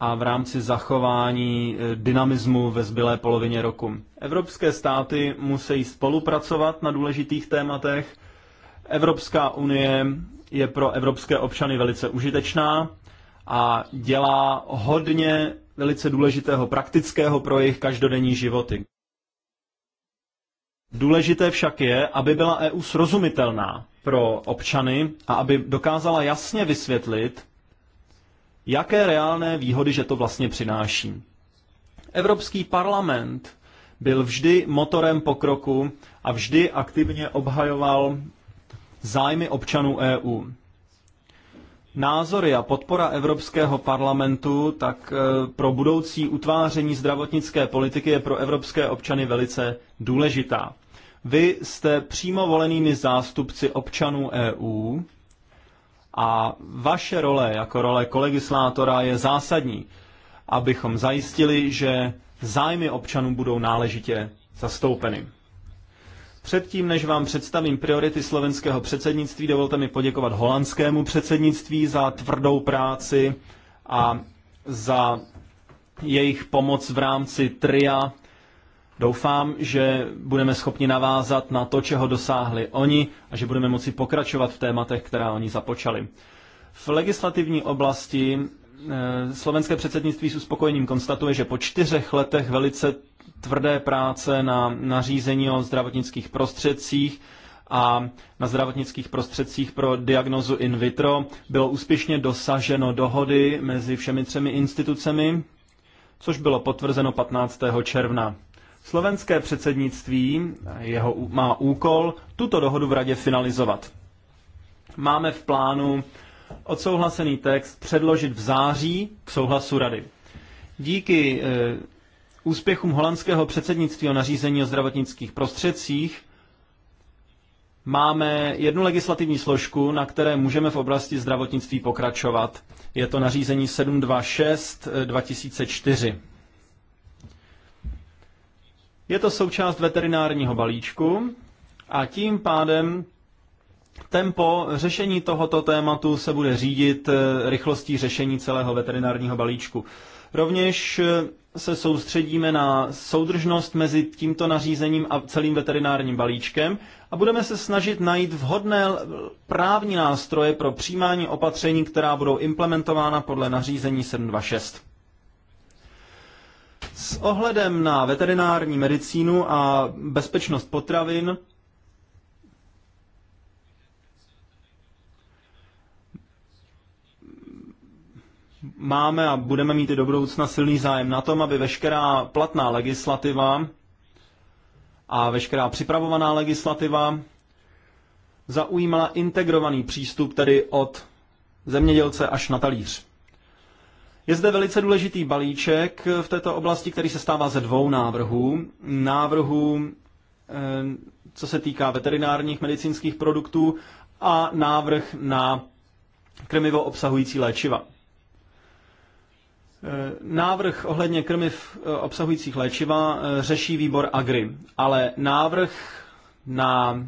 a v rámci zachování eh, dynamismu ve zbylé polovině roku. Evropské státy musí spolupracovat na důležitých tématech. Evropská unie je pro evropské občany velice užitečná a dělá hodně velice důležitého praktického pro jejich každodenní životy. Důležité však je, aby byla EU srozumitelná pro občany a aby dokázala jasně vysvětlit, jaké reálné výhody, že to vlastně přináší. Evropský parlament byl vždy motorem pokroku a vždy aktivně obhajoval zájmy občanů EU. Názory a podpora Evropského parlamentu tak e, pro budoucí utváření zdravotnické politiky je pro evropské občany velice důležitá. Vy jste přímo volenými zástupci občanů EU a vaše role jako role kolegislátora je zásadní, abychom zajistili, že zájmy občanů budou náležitě zastoupeny. Předtím, než vám představím priority slovenského předsednictví, dovolte mi poděkovat holandskému předsednictví za tvrdou práci a za jejich pomoc v rámci TRIA Doufám, že budeme schopni navázat na to, čeho dosáhli oni a že budeme moci pokračovat v tématech, která oni započali. V legislativní oblasti eh, slovenské předsednictví s uspokojením konstatuje, že po čtyřech letech velice tvrdé práce na nařízení o zdravotnických prostředcích a na zdravotnických prostředcích pro diagnozu in vitro bylo úspěšně dosaženo dohody mezi všemi třemi institucemi, což bylo potvrzeno 15. června. Slovenské předsednictví jeho, má úkol tuto dohodu v radě finalizovat. Máme v plánu odsouhlasený text předložit v září k souhlasu rady. Díky e, úspěchům holandského předsednictví o nařízení o zdravotnických prostředcích máme jednu legislativní složku, na které můžeme v oblasti zdravotnictví pokračovat. Je to nařízení 726 2004. Je to součást veterinárního balíčku a tím pádem tempo řešení tohoto tématu se bude řídit eh, rychlostí řešení celého veterinárního balíčku. Rovněž eh, se soustředíme na soudržnost mezi tímto nařízením a celým veterinárním balíčkem a budeme se snažit najít vhodné právní nástroje pro přijímání opatření, která budou implementována podle nařízení 726. S ohledem na veterinární medicínu a bezpečnost potravin máme a budeme mít i do budoucna silný zájem na tom, aby veškerá platná legislativa a veškerá připravovaná legislativa zaujímala integrovaný přístup tedy od zemědělce až na talíř. Je zde velice důležitý balíček v této oblasti, který se stává ze dvou návrhů. Návrhu, eh, co se týká veterinárních medicínských produktů a návrh na krmivo obsahující léčiva. Eh, návrh ohledně krmiv eh, obsahujících léčiva řeší výbor Agri, ale návrh na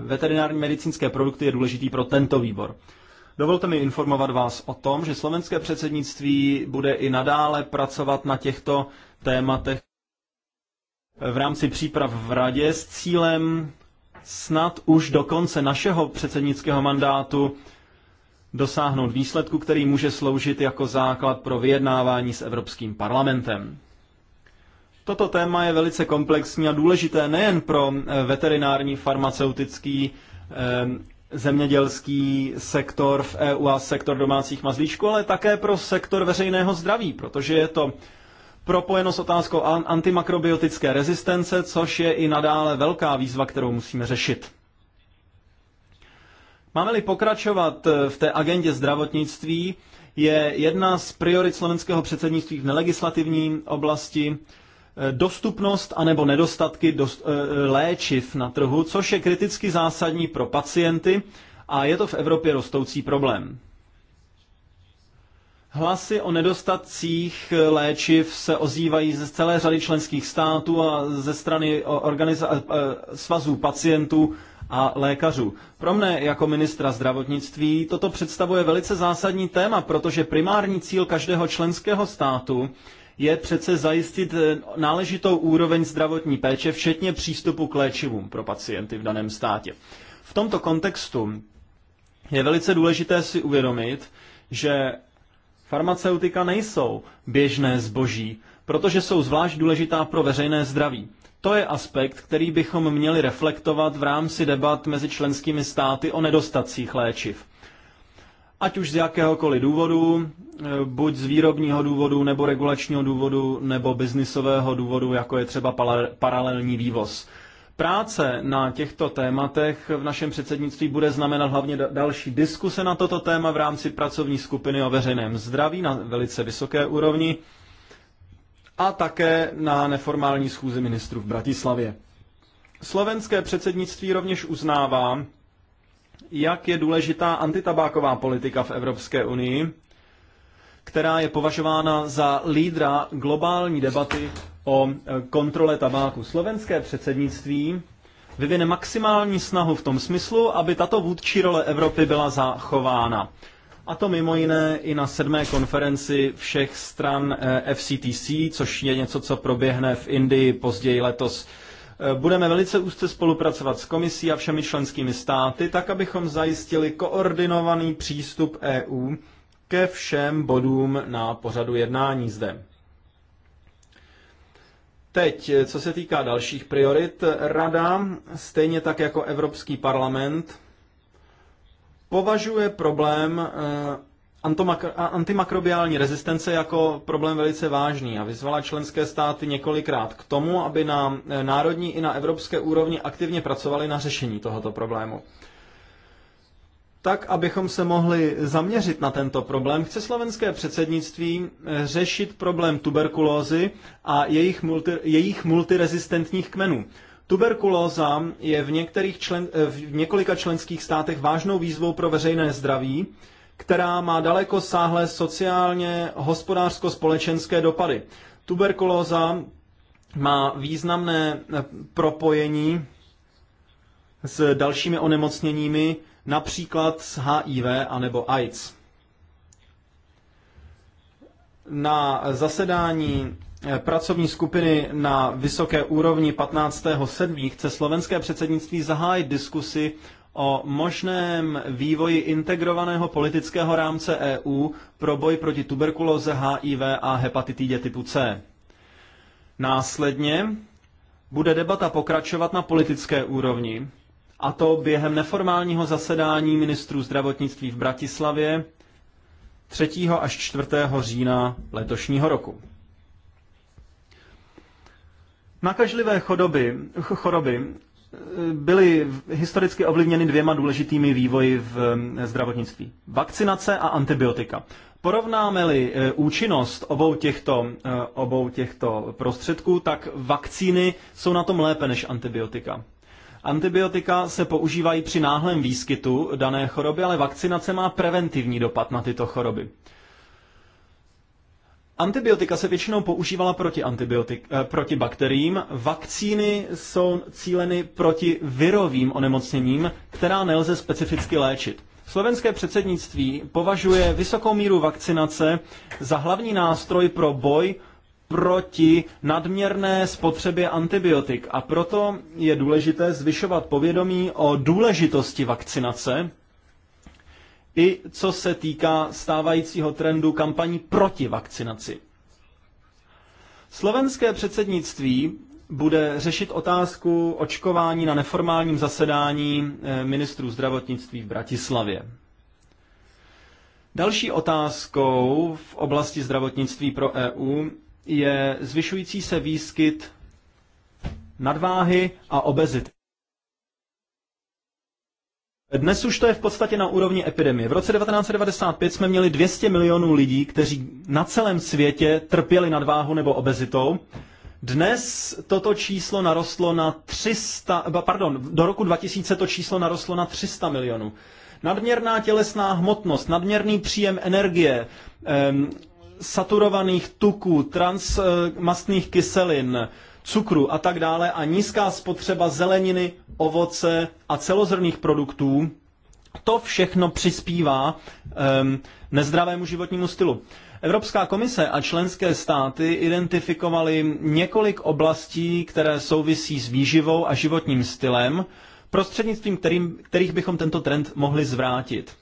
veterinární medicínské produkty je důležitý pro tento výbor. Dovolte mi informovat vás o tom, že slovenské předsednictví bude i nadále pracovat na těchto tématech v rámci příprav v Radě s cílem snad už do konce našeho předsednického mandátu dosáhnout výsledku, který může sloužit jako základ pro vyjednávání s Evropským parlamentem. Toto téma je velice komplexní a důležité nejen pro veterinární, farmaceutický eh, zemědělský sektor v EU a sektor domácích mazlíčků, ale také pro sektor veřejného zdraví, protože je to propojeno s otázkou antimakrobiotické rezistence, což je i nadále velká výzva, kterou musíme řešit. Máme-li pokračovat v té agendě zdravotnictví, je jedna z priorit slovenského předsednictví v nelegislativní oblasti Eh, dostupnost anebo nedostatky dost, eh, léčiv na trhu, což je kriticky zásadní pro pacienty a je to v Evropě rostoucí problém. Hlasy o nedostatcích léčiv se ozývají ze celé řady členských států a ze strany organiza- eh, svazů pacientů a lékařů. Pro mne jako ministra zdravotnictví toto představuje velice zásadní téma, protože primární cíl každého členského státu je přece zajistit eh, náležitou úroveň zdravotní péče, včetně přístupu k léčivům pro pacienty v daném státě. V tomto kontextu je velice důležité si uvědomit, že farmaceutika nejsou běžné zboží, protože jsou zvlášť důležitá pro veřejné zdraví. To je aspekt, který bychom měli reflektovat v rámci debat mezi členskými státy o nedostacích léčiv ať už z jakéhokoliv důvodu, eh, buď z výrobního důvodu, nebo regulačního důvodu, nebo biznisového důvodu, jako je třeba paralelní vývoz. Práce na těchto tématech v našem předsednictví bude znamenat hlavně další diskuse na toto téma v rámci pracovní skupiny o veřejném zdraví na velice vysoké úrovni a také na neformální schůzi ministrů v Bratislavě. Slovenské předsednictví rovněž uznává, jak je důležitá antitabáková politika v Evropské unii, která je považována za lídra globální debaty o e, kontrole tabáku. Slovenské předsednictví vyvine maximální snahu v tom smyslu, aby tato vůdčí role Evropy byla zachována. A to mimo jiné i na sedmé konferenci všech stran e, FCTC, což je něco, co proběhne v Indii později letos. Eh, budeme velice úzce spolupracovat s komisí a všemi členskými státy, tak abychom zajistili koordinovaný přístup EU ke všem bodům na pořadu jednání zde. Teď, eh, co se týká dalších priorit, Rada, stejně tak jako Evropský parlament, považuje problém eh, antimakrobiální rezistence jako problém velice vážný a vyzvala členské státy několikrát k tomu, aby na eh, národní i na evropské úrovni aktivně pracovali na řešení tohoto problému. Tak, abychom se mohli zaměřit na tento problém, chce slovenské předsednictví eh, řešit problém tuberkulózy a jejich, multi, jejich multirezistentních kmenů. Tuberkulóza je v, některých člen, eh, v několika členských státech vážnou výzvou pro veřejné zdraví, která má daleko sáhlé sociálně, hospodářsko-společenské dopady. Tuberkulóza má významné eh, propojení s dalšími onemocněními, například s HIV anebo AIDS. Na zasedání eh, pracovní skupiny na vysoké úrovni 15.7. chce slovenské předsednictví zahájit diskusy o možném vývoji integrovaného politického rámce EU pro boj proti tuberkulóze, HIV a hepatitidě typu C. Následně bude debata pokračovat na politické úrovni, a to během neformálního zasedání ministrů zdravotnictví v Bratislavě 3. až 4. října letošního roku. Nakažlivé chodoby, choroby byly historicky ovlivněny dvěma důležitými vývoji v zdravotnictví. Vakcinace a antibiotika. Porovnáme-li e, účinnost obou těchto, e, obou těchto prostředků, tak vakcíny jsou na tom lépe než antibiotika. Antibiotika se používají při náhlém výskytu dané choroby, ale vakcinace má preventivní dopad na tyto choroby. Antibiotika se většinou používala proti, antibiotik, eh, proti bakteriím, vakcíny jsou cíleny proti virovým onemocněním, která nelze specificky léčit. Slovenské předsednictví považuje vysokou míru vakcinace za hlavní nástroj pro boj proti nadměrné spotřebě antibiotik a proto je důležité zvyšovat povědomí o důležitosti vakcinace i co se týká stávajícího trendu kampaní proti vakcinaci. Slovenské předsednictví bude řešit otázku očkování na neformálním zasedání eh, ministrů zdravotnictví v Bratislavě. Další otázkou v oblasti zdravotnictví pro EU je zvyšující se výskyt nadváhy a obezity. Dnes už to je v podstatě na úrovni epidemie. V roce 1995 jsme měli 200 milionů lidí, kteří na celém světě trpěli nadváhu nebo obezitou. Dnes toto číslo narostlo na 300, pardon, do roku 2000 to číslo narostlo na 300 milionů. Nadměrná tělesná hmotnost, nadměrný příjem energie, saturovaných tuků, transmastných kyselin, cukru a tak dále a nízká spotřeba zeleniny, ovoce a celozrných produktů, to všechno přispívá um, nezdravému životnímu stylu. Evropská komise a členské státy identifikovaly několik oblastí, které souvisí s výživou a životním stylem, prostřednictvím kterým, kterých bychom tento trend mohli zvrátit.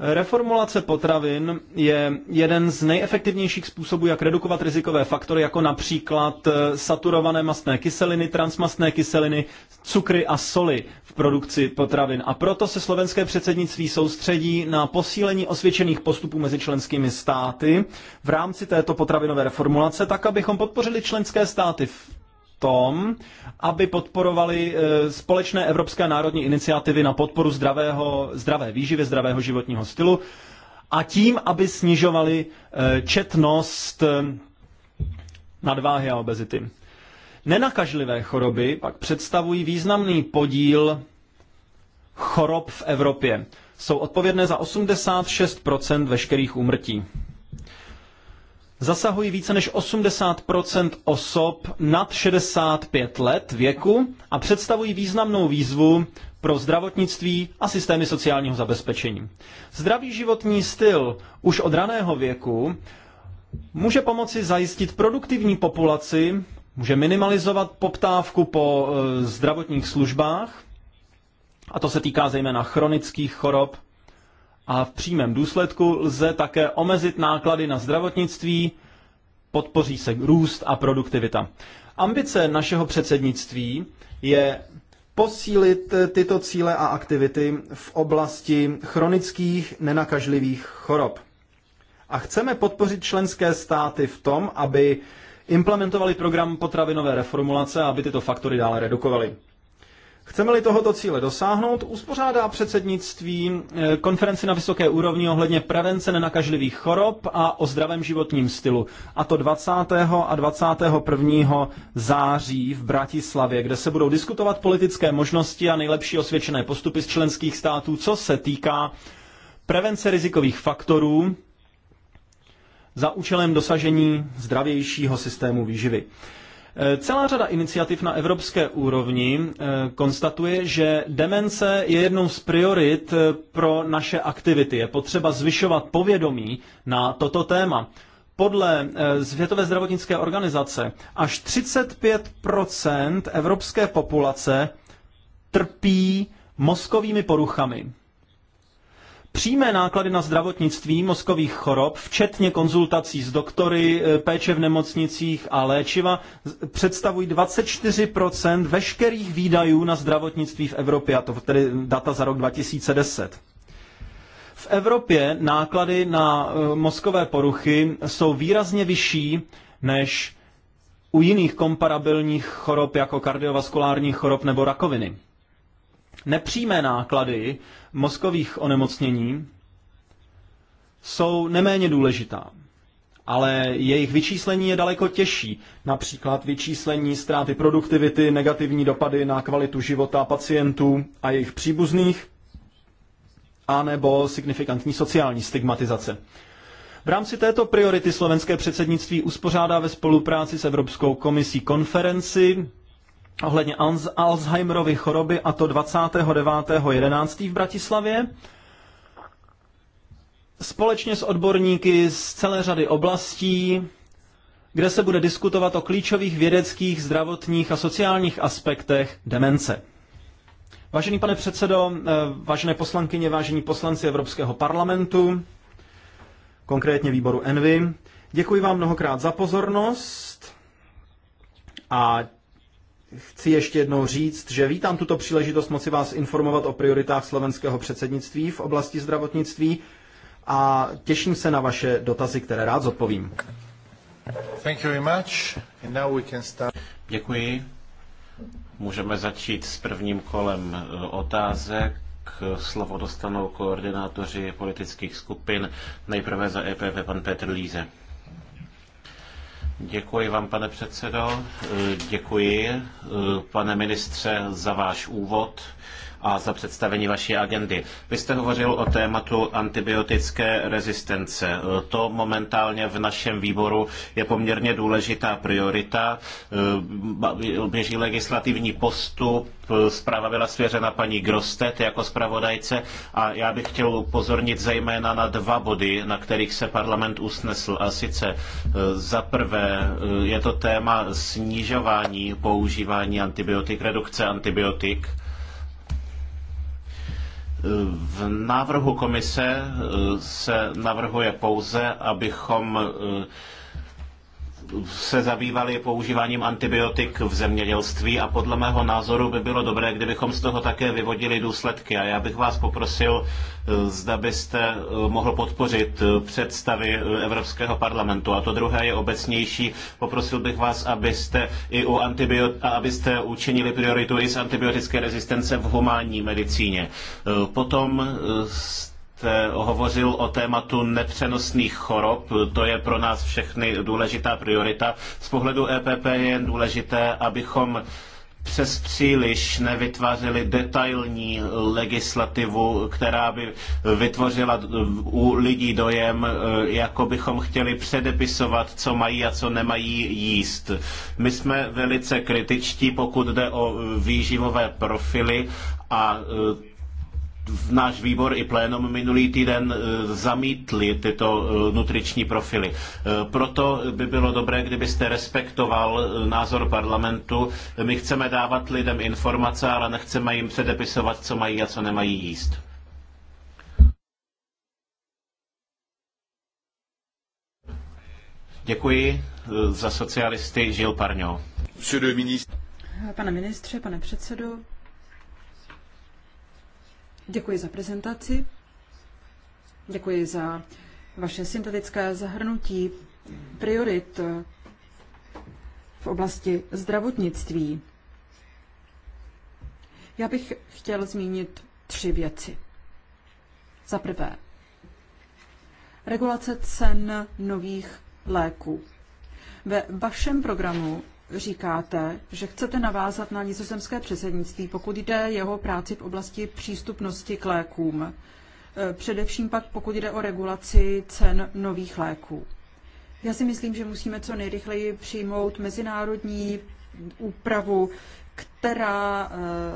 Reformulace potravin je jeden z nejefektivnějších způsobů, jak redukovat rizikové faktory, jako například eh, saturované mastné kyseliny, transmastné kyseliny, cukry a soli v produkci potravin. A proto se slovenské předsednictví soustředí na posílení osvědčených postupů mezi členskými státy v rámci této potravinové reformulace, tak abychom podpořili členské státy v tom, aby podporovali eh, společné evropské národní iniciativy na podporu zdravého, zdravé výživy, zdravého životního stylu a tím, aby snižovali eh, četnost eh, nadváhy a obezity. Nenakažlivé choroby pak představují významný podíl chorob v Evropě. Jsou odpovědné za 86 veškerých úmrtí zasahují více než 80 osob nad 65 let věku a představují významnou výzvu pro zdravotnictví a systémy sociálního zabezpečení. Zdravý životní styl už od raného věku může pomoci zajistit produktivní populaci, může minimalizovat poptávku po e, zdravotních službách, a to se týká zejména chronických chorob, a v přímém důsledku lze také omezit náklady na zdravotnictví, podpoří se růst a produktivita. Ambice našeho předsednictví je posílit tyto cíle a aktivity v oblasti chronických nenakažlivých chorob. A chceme podpořit členské státy v tom, aby implementovali program potravinové reformulace a aby tyto faktory dále redukovali. Chceme-li tohoto cíle dosáhnout, uspořádá předsednictví eh, konferenci na vysoké úrovni ohledně prevence nenakažlivých chorob a o zdravém životním stylu. A to 20. a 21. září v Bratislavě, kde se budou diskutovat politické možnosti a nejlepší osvědčené postupy z členských států, co se týká prevence rizikových faktorů za účelem dosažení zdravějšího systému výživy. Eh, celá řada iniciativ na evropské úrovni eh, konstatuje, že demence je jednou z priorit eh, pro naše aktivity. Je potřeba zvyšovat povědomí na toto téma. Podle Světové zdravotnické organizace až 35 evropské populace trpí mozkovými poruchami. Přímé náklady na zdravotnictví mozkových chorob, včetně konzultací s doktory, e, péče v nemocnicích a léčiva, představují 24 veškerých výdajů na zdravotnictví v Evropě, a to tedy data za rok 2010. V Evropě náklady na e, mozkové poruchy jsou výrazně vyšší než u jiných komparabilních chorob jako kardiovaskulární chorob nebo rakoviny nepřímé náklady mozkových onemocnění jsou neméně důležitá, ale jejich vyčíslení je daleko těžší. Například vyčíslení ztráty produktivity, negativní dopady na kvalitu života pacientů a jejich příbuzných, anebo signifikantní sociální stigmatizace. V rámci této priority slovenské předsednictví uspořádá ve spolupráci s Evropskou komisí konferenci ohledně Alzheimerovy choroby a to 29.11. v Bratislavě. Společně s odborníky z celé řady oblastí, kde se bude diskutovat o klíčových vědeckých, zdravotních a sociálních aspektech demence. Vážený pane předsedo, eh, vážené poslankyně, vážení poslanci Evropského parlamentu, konkrétně výboru Envy, děkuji vám mnohokrát za pozornost a chci ještě jednou říct, že vítám tuto příležitost moci vás informovat o prioritách slovenského předsednictví v oblasti zdravotnictví a těším se na vaše dotazy, které rád zodpovím. Thank you very much. And now we can start. Děkuji. Můžeme začít s prvním kolem eh, otázek. Slovo dostanou koordinátoři politických skupin. Nejprve za EPP pan Petr Líze. Děkuji vám, pane předsedo. Děkuji, eh, pane ministře, za váš úvod a za představení vaší agendy. Vy jste hovořil o tématu antibiotické rezistence. To momentálně v našem výboru je poměrně důležitá priorita. Eh, běží legislativní postup, zpráva byla svěřena paní Grostet jako zpravodajce a já bych chtěl upozornit zejména na dva body, na kterých se parlament usnesl. A sice eh, za prvé eh, je to téma snižování používání antibiotik, redukce antibiotik v návrhu komise eh, se navrhuje pouze, abychom eh, se zabývali používáním antibiotik v zemědělství a podle mého názoru by bylo dobré, kdybychom z toho také vyvodili důsledky. A já bych vás poprosil, eh, zda byste eh, mohl podpořit eh, představy Evropského parlamentu. A to druhé je obecnější. Poprosil bych vás, abyste, i u antibiot- abyste učinili prioritu i z antibiotické rezistence v humánní medicíně. Potom Eh, hovořil o tématu nepřenosných chorob. To je pro nás všechny důležitá priorita. Z pohledu EPP je jen důležité, abychom přes příliš nevytvářeli detailní legislativu, která by vytvořila u lidí dojem, eh, jako bychom chtěli předepisovat, co mají a co nemají jíst. My jsme velice kritičtí, pokud jde o eh, výživové profily a náš výbor i plénum minulý týden e, zamítli tyto e, nutriční profily. E, proto by bylo dobré, kdybyste respektoval názor parlamentu. My chceme dávat lidem informace, ale nechceme jim předepisovat, co mají a co nemají jíst. Děkuji za socialisty Žil Parňo. Pane ministře, pane předsedo, Děkuji za prezentaci. Děkuji za vaše syntetické zahrnutí priorit v oblasti zdravotnictví. Já bych chtěl zmínit tři věci. Za prvé, regulace cen nových léků. Ve vašem programu říkáte, že chcete navázat na nizozemské předsednictví, pokud jde jeho práci v oblasti přístupnosti k lékům, e, především pak pokud jde o regulaci cen nových léků. Já si myslím, že musíme co nejrychleji přijmout mezinárodní úpravu, která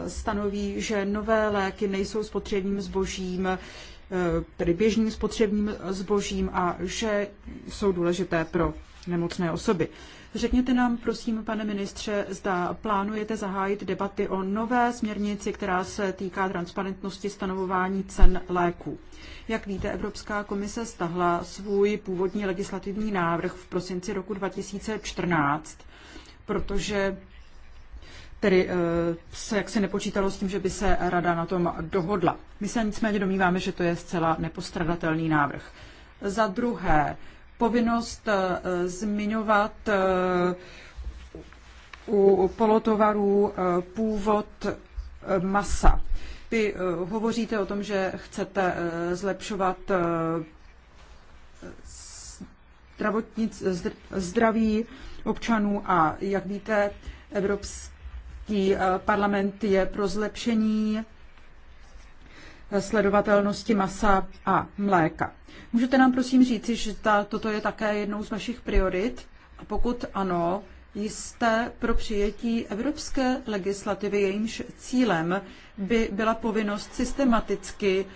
e, stanoví, že nové léky nejsou spotřebním zbožím, e, tedy běžným spotřebním zbožím a že jsou důležité pro nemocné osoby. Řekněte nám, prosím, pane ministře, zda plánujete zahájit debaty o nové směrnici, která se týká transparentnosti stanovování cen léků. Jak víte, Evropská komise stahla svůj původní legislativní návrh v prosinci roku 2014, protože tedy eh, se jaksi nepočítalo s tím, že by se rada na tom dohodla. My se nicméně domníváme, že to je zcela nepostradatelný návrh. Za druhé, povinnost eh, zmiňovat eh, u polotovarů eh, původ masa. Vy hovoříte o tom, že chcete zlepšovat zdraví občanů a jak víte, Evropský parlament je pro zlepšení sledovatelnosti masa a mléka. Můžete nám prosím říci, že ta, toto je také jednou z vašich priorit? A pokud ano, jste pro přijetí evropské legislativy, jejímž cílem by byla povinnost systematicky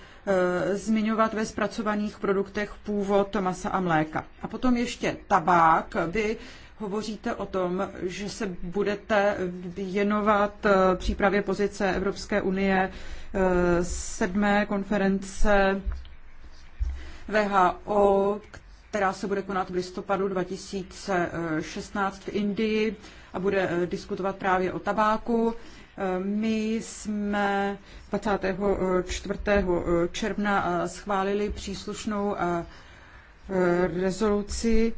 e, zmiňovat ve zpracovaných produktech původ masa a mléka. A potom ještě tabák by Hovoříte o tom, že se budete věnovat eh, přípravě pozice Evropské unie eh, sedmé konference VHO, která se bude konat v listopadu 2016 v Indii a bude eh, diskutovat právě o tabáku. My jsme 24. června schválili příslušnou rezoluci,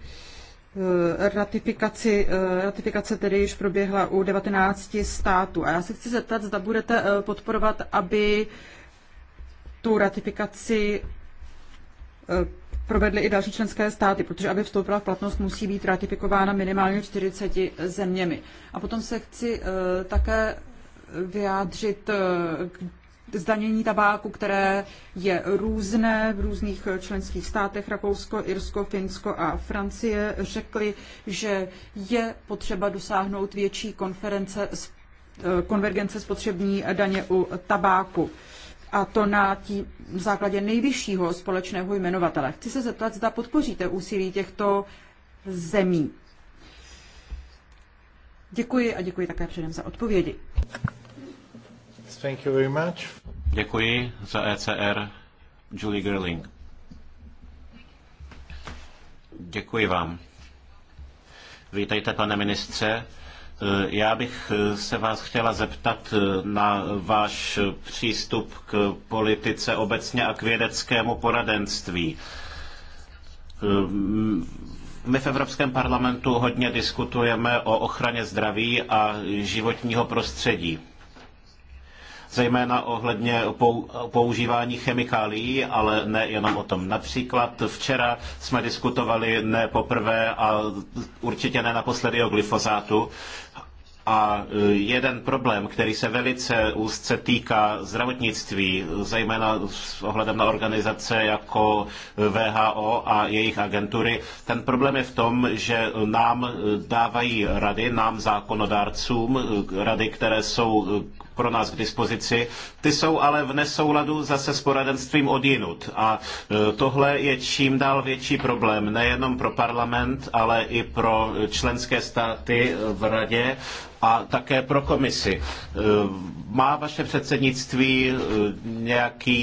Eh, ratifikaci, eh, ratifikace tedy již proběhla u 19 států. A já se chci zeptat, zda budete eh, podporovat, aby tu ratifikaci provedly i další členské státy, protože aby vstoupila v platnost, musí být ratifikována minimálně 40 zeměmi. A potom se chci také vyjádřit k zdanění tabáku, které je různé v různých členských státech, Rakousko, Irsko, Finsko a Francie, řekli, že je potřeba dosáhnout větší konference, eh, konvergence spotřební daně u tabáku a to na tí základě nejvyššího společného jmenovatele. Chci se zeptat, zda podpoříte úsilí těchto zemí. Děkuji a děkuji také předem za odpovědi. Thank you very much Děkuji za ECR Julie Gerling. Děkuji vám. Vítejte, pane ministře. Já bych se vás chtěla zeptat na váš přístup k politice obecně a k vědeckému poradenství. My v Evropském parlamentu hodně diskutujeme o ochraně zdraví a životního prostředí zejména ohledně používání chemikálií, ale nejenom o tom. Například včera jsme diskutovali ne poprvé a určitě ne naposledy o glyfozátu. A e, jeden problém, který se velice úzce týká zdravotnictví, zejména s ohledem na organizace jako WHO a jejich agentury, ten problém je v tom, že nám dávají rady, nám zákonodárcům, e, rady, které jsou e, pro nás k dispozici, ty jsou ale v nesouladu zase s poradenstvím odinut. A e, tohle je čím dál větší problém, nejenom pro parlament, ale i pro členské státy v radě a také pro komisi. E, má vaše předsednictví e, nějaký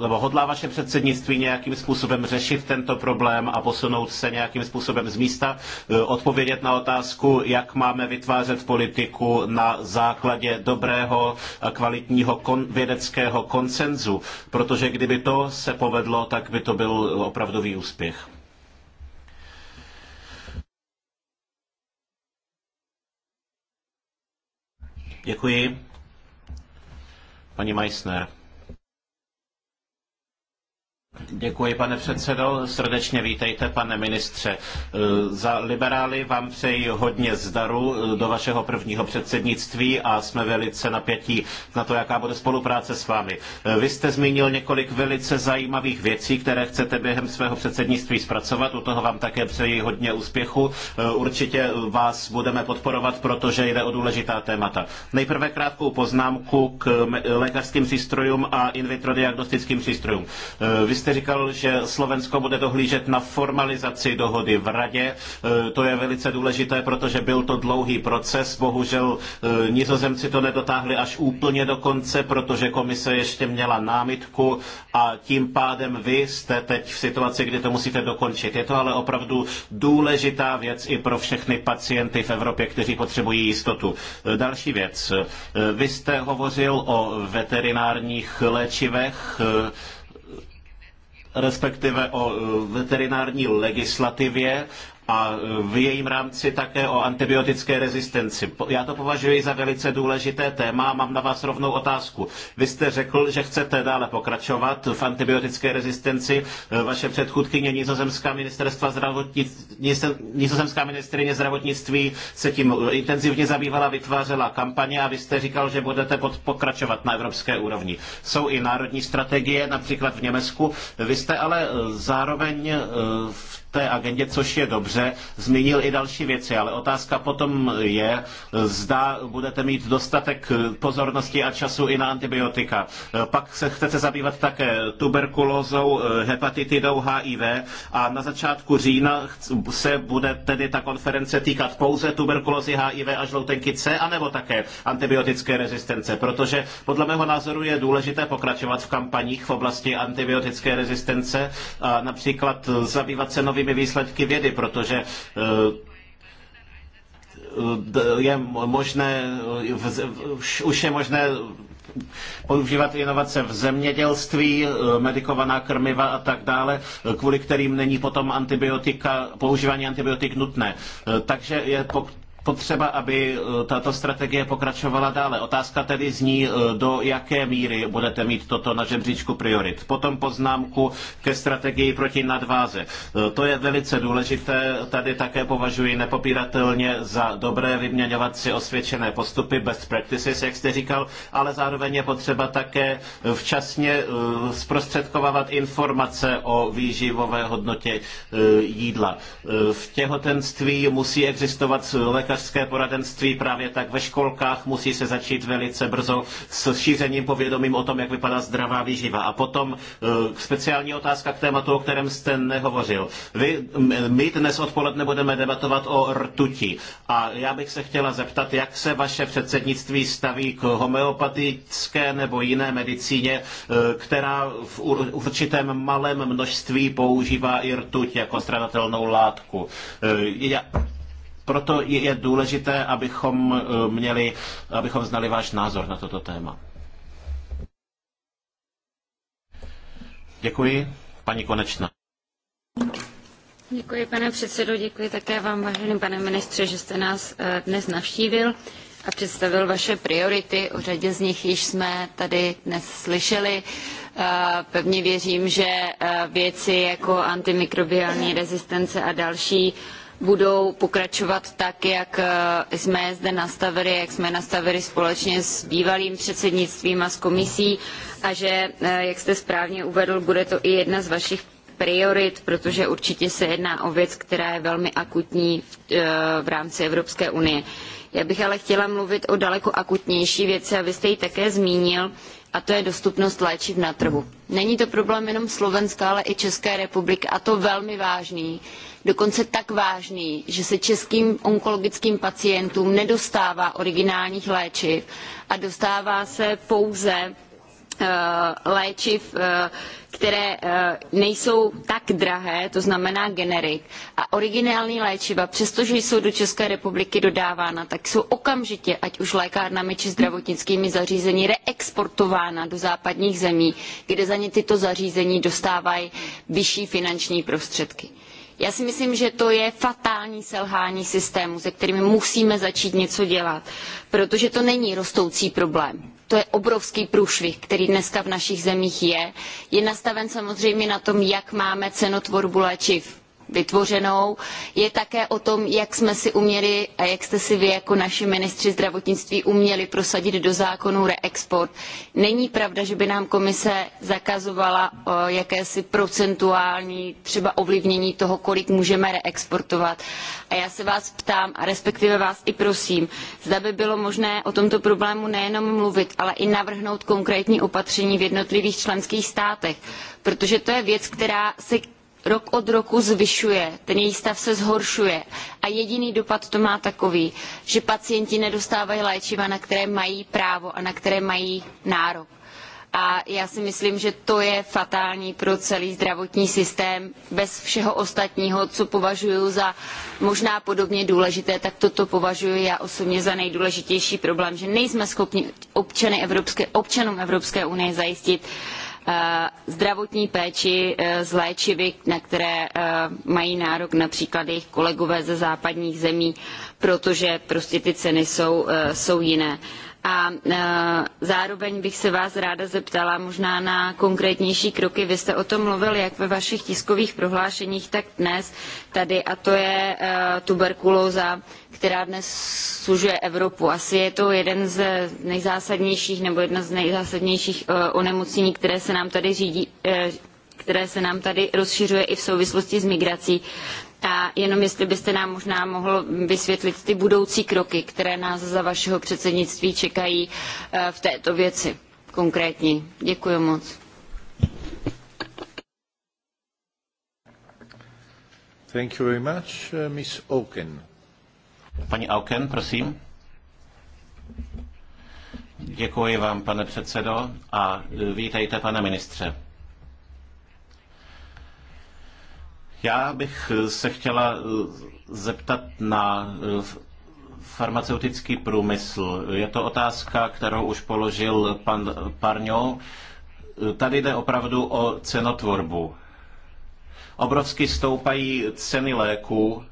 nebo hodlá vaše předsednictví nějakým způsobem řešit tento problém a posunout se nějakým způsobem z místa, e, odpovědět na otázku, jak máme vytvářet politiku na základě dobrého a kvalitního kon, vědeckého konsenzu, protože kdyby to se povedlo, tak by to byl opravdový úspěch. Děkuji. Paní Meissner. Děkuji, pane předsedo. Srdečně vítejte, pane ministře. Eh, za liberály vám přeji hodně zdaru eh, do vašeho prvního předsednictví a jsme velice napětí na to, jaká bude spolupráce s vámi. Eh, vy jste zmínil několik velice zajímavých věcí, které chcete během svého předsednictví zpracovat. U toho vám také přeji hodně úspěchu. Určitě vás budeme podporovat, protože jde o důležitá témata. Nejprve krátkou poznámku k lékařským přístrojům a in vitro diagnostickým přístrojům. Vy jste říkal, že Slovensko bude dohlížet na formalizaci dohody v radě. E, to je velice důležité, protože byl to dlouhý proces. Bohužel e, nizozemci to nedotáhli až úplně do konce, protože komise ještě měla námitku a tím pádem vy jste teď v situaci, kdy to musíte dokončit. Je to ale opravdu důležitá věc i pro všechny pacienty v Evropě, kteří potřebují jistotu. E, další věc. Vy jste hovořil o veterinárních léčivech, respektive o eh, veterinární legislativě a e, v jejím rámci také o antibiotické rezistenci. Já to považuji za velice důležité téma a mám na vás rovnou otázku. Vy jste řekl, že chcete dále pokračovat v antibiotické rezistenci. E, vaše předchůdkyně nizozemská, ministerstva zdravotnictví, nizozemská ministrině zdravotnictví se tím intenzivně zabývala, vytvářela kampaně a vy jste říkal, že budete pod, pokračovat na evropské úrovni. Jsou i národní strategie, například v Německu. Vy jste ale e, zároveň v té agendě, což je dobře. Zmínil i další věci, ale otázka potom je, zda budete mít dostatek pozornosti a času i na antibiotika. Pak se chcete zabývat také tuberkulózou, eh, hepatitidou, HIV a na začátku října se bude tedy ta konference týkat pouze tuberkulózy, HIV a žloutenky C, anebo také antibiotické rezistence, protože podle mého názoru je důležité pokračovat v kampaních v oblasti antibiotické rezistence a například zabývat se novým tvrdými výsledky vědy, protože eh, eh, je možné, už je možné používat inovace v zemědělství, eh, medikovaná krmiva a tak dále, kvůli kterým není potom antibiotika, používání antibiotik nutné. Takže je potřeba, aby eh, tato strategie pokračovala dále. Otázka tedy zní, eh, do jaké míry budete mít toto na žebříčku priorit. Potom poznámku ke strategii proti nadváze. Eh, to je velice důležité. Tady také považuji nepopíratelně za dobré vyměňovat si osvědčené postupy, best practices, jak jste říkal, ale zároveň je potřeba také včasně zprostředkovávat informace o výživové hodnotě jídla. V těhotenství musí existovat lékař lékařské poradenství právě tak ve školkách musí se začít velice brzo s šířením povědomím o tom, jak vypadá zdravá výživa. A potom e, speciální otázka k tématu, o kterém jste nehovořil. Vy, my dnes odpoledne budeme debatovat o rtuti. A já bych se chtěla zeptat, jak se vaše předsednictví staví k homeopatické nebo jiné medicíně, e, která v určitém malém množství používá i rtuť jako stradatelnou látku. E, já, proto je důležité, abychom eh, měli, abychom znali váš názor na toto téma. Děkuji. Paní Konečná. Děkuji, pane předsedo, děkuji také vám, vážený pane ministře, že jste nás eh, dnes navštívil a představil vaše priority. O řadě z nich již jsme tady dnes slyšeli. Eh, pevně věřím, že věci jako antimikrobiální rezistence a další budou pokračovat tak, jak eh, jsme je zde nastavili, jak jsme je nastavili společně s bývalým předsednictvím a s komisí a že, eh, jak jste správně uvedl, bude to i jedna z vašich priorit, protože určitě se jedná o věc, která je velmi akutní v, eh, v rámci Evropské unie. Já bych ale chtěla mluvit o daleko akutnější věci a vy jste ji také zmínil, a to je dostupnost léčiv na trhu. Není to problém jenom Slovenska, ale i České republiky a to velmi vážný dokonce tak vážný, že se českým onkologickým pacientům nedostává originálních léčiv a dostává se pouze eh, léčiv, eh, které eh, nejsou tak drahé, to znamená generik. A originální léčiva, přestože jsou do České republiky dodávána, tak jsou okamžitě, ať už lékárnami či zdravotnickými zařízení, reexportována do západních zemí, kde za ně tyto zařízení dostávají vyšší finanční prostředky. Já si myslím, že to je fatální selhání systému, se kterými musíme začít něco dělat, protože to není rostoucí problém. To je obrovský průšvih, který dneska v našich zemích je. Je nastaven samozřejmě na tom, jak máme cenotvorbu léčiv vytvořenou, je také o tom, jak jsme si uměli a jak jste si vy jako naši ministři zdravotnictví uměli prosadit do zákonu reexport. Není pravda, že by nám komise zakazovala eh, jakési procentuální třeba ovlivnění toho, kolik můžeme reexportovat. A já se vás ptám, a respektive vás i prosím, zda by bylo možné o tomto problému nejenom mluvit, ale i navrhnout konkrétní opatření v jednotlivých členských státech, protože to je věc, která se rok od roku zvyšuje, ten její stav se zhoršuje a jediný dopad to má takový, že pacienti nedostávají léčiva, na které mají právo a na které mají nárok. A já si myslím, že to je fatální pro celý zdravotní systém. Bez všeho ostatního, co považuji za možná podobně důležité, tak toto považuji já osobně za nejdůležitější problém, že nejsme schopni občany Evropské, občanům Evropské unie zajistit uh, Eh, zdravotní péči eh, z léčivy, na které eh, mají nárok například jejich kolegové ze západních zemí, protože prostě ty ceny jsou, jsou jiné a e, zároveň bych se vás ráda zeptala možná na konkrétnější kroky. Vy jste o tom mluvil jak ve vašich tiskových prohlášeních, tak dnes tady, a to je e, tuberkulóza, která dnes služuje Evropu. Asi je to jeden z nejzásadnějších nebo jedna z nejzásadnějších e, onemocnění, které se nám tady řídí, které se nám tady rozšiřuje i v souvislosti s migrací a jenom jestli byste nám možná mohl vysvětlit ty budoucí kroky, které nás za vašeho předsednictví čekají eh, v této věci konkrétní. Děkuji moc. Thank you very much, uh, Miss Auken. Paní Auken, prosím. Děkuji vám, pane předsedo, a vítejte, pane ministře. Já bych eh, se chtěla eh, zeptat na eh, farmaceutický průmysl. Je to otázka, kterou už položil pan Parňo. Tady jde opravdu o cenotvorbu. Obrovsky stoupají ceny léků,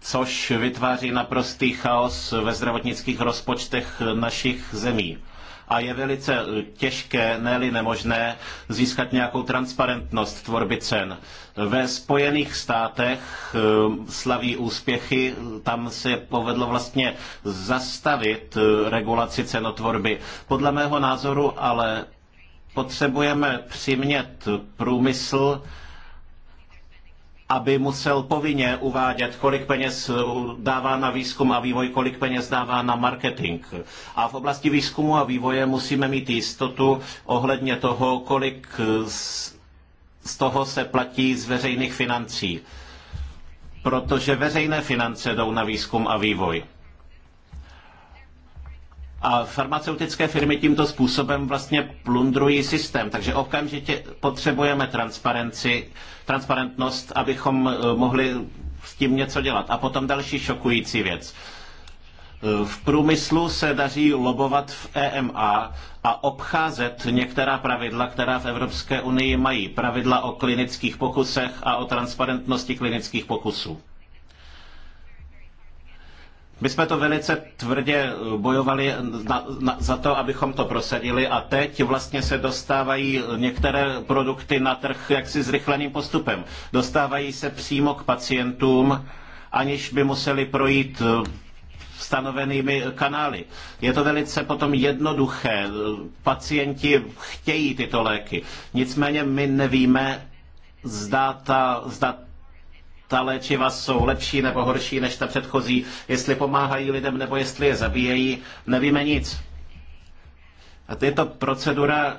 což vytváří naprostý chaos ve zdravotnických rozpočtech našich zemí a je velice eh, těžké, ne-li nemožné, získat nějakou transparentnost tvorby cen. Ve Spojených státech eh, slaví úspěchy, tam se povedlo vlastně zastavit eh, regulaci cenotvorby. Podle mého názoru ale potřebujeme přimět průmysl, aby musel povinně uvádět, kolik peněz eh, dává na výzkum a vývoj, kolik peněz dává na marketing. A v oblasti výzkumu a vývoje musíme mít jistotu ohledně toho, kolik eh, z toho se platí z veřejných financí. Protože veřejné finance jdou na výzkum a vývoj. A farmaceutické firmy tímto způsobem vlastně plundrují systém, takže okamžitě potřebujeme transparenci, transparentnost, abychom eh, mohli s tím něco dělat. A potom další šokující věc. Eh, v průmyslu se daří lobovat v EMA a obcházet některá pravidla, která v Evropské unii mají. Pravidla o klinických pokusech a o transparentnosti klinických pokusů. My jsme to velice tvrdě eh, bojovali na, na, za to, abychom to prosadili a teď vlastně se dostávají eh, některé produkty na trh jaksi zrychleným postupem. Dostávají se přímo k pacientům, aniž by museli projít eh, stanovenými kanály. Je to velice potom jednoduché. Pacienti chtějí tyto léky. Nicméně my nevíme, zda, ta, zda ta léčiva jsou lepší nebo horší než ta předchozí, jestli pomáhají lidem nebo jestli je zabíjejí, nevíme nic. A je to procedura,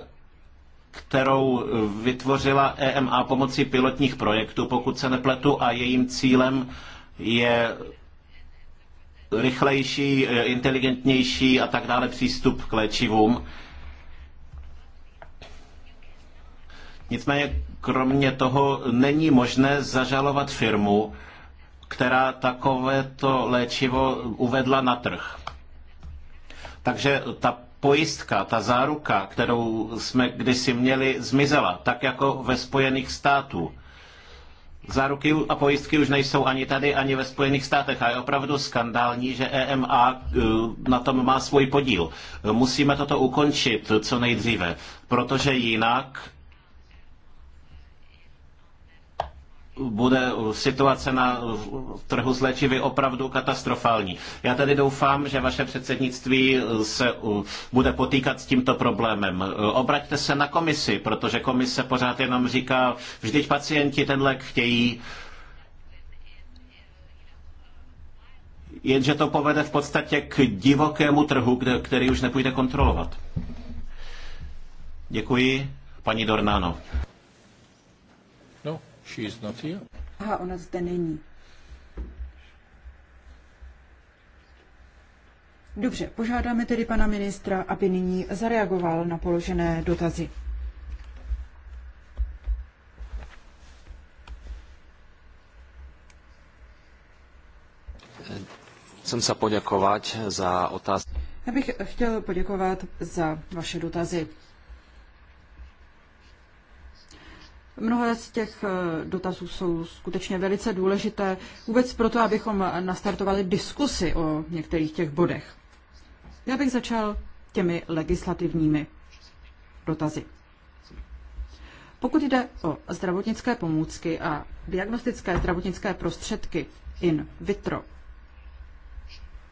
kterou vytvořila EMA pomocí pilotních projektů, pokud se nepletu, a jejím cílem je rychlejší, e, inteligentnější a tak dále přístup k léčivům. Nicméně Kromě toho není možné zažalovat firmu, která takovéto léčivo uvedla na trh. Takže ta pojistka, ta záruka, kterou jsme kdysi měli, zmizela, tak jako ve Spojených států. Záruky a pojistky už nejsou ani tady, ani ve Spojených státech a je opravdu skandální, že EMA eh, na tom má svůj podíl. Musíme toto ukončit co nejdříve, protože jinak bude situace na trhu s léčivy opravdu katastrofální. Já tady doufám, že vaše předsednictví se bude potýkat s tímto problémem. Obraťte se na komisi, protože komise pořád jenom říká, vždyť pacienti ten lék chtějí, jenže to povede v podstatě k divokému trhu, který už nepůjde kontrolovat. Děkuji, paní Dornáno. No. She is not here. Aha, ona zde není. Dobře, požádáme tedy pana ministra, aby nyní zareagoval na položené dotazy. Chcem se poděkovat za otázky. Já bych chtěl poděkovat za vaše dotazy. Mnohé z těch eh, dotazů jsou skutečně velice důležité, vůbec proto, abychom nastartovali diskusy o některých těch bodech. Já bych začal těmi legislativními dotazy. Pokud jde o zdravotnické pomůcky a diagnostické zdravotnické prostředky in vitro,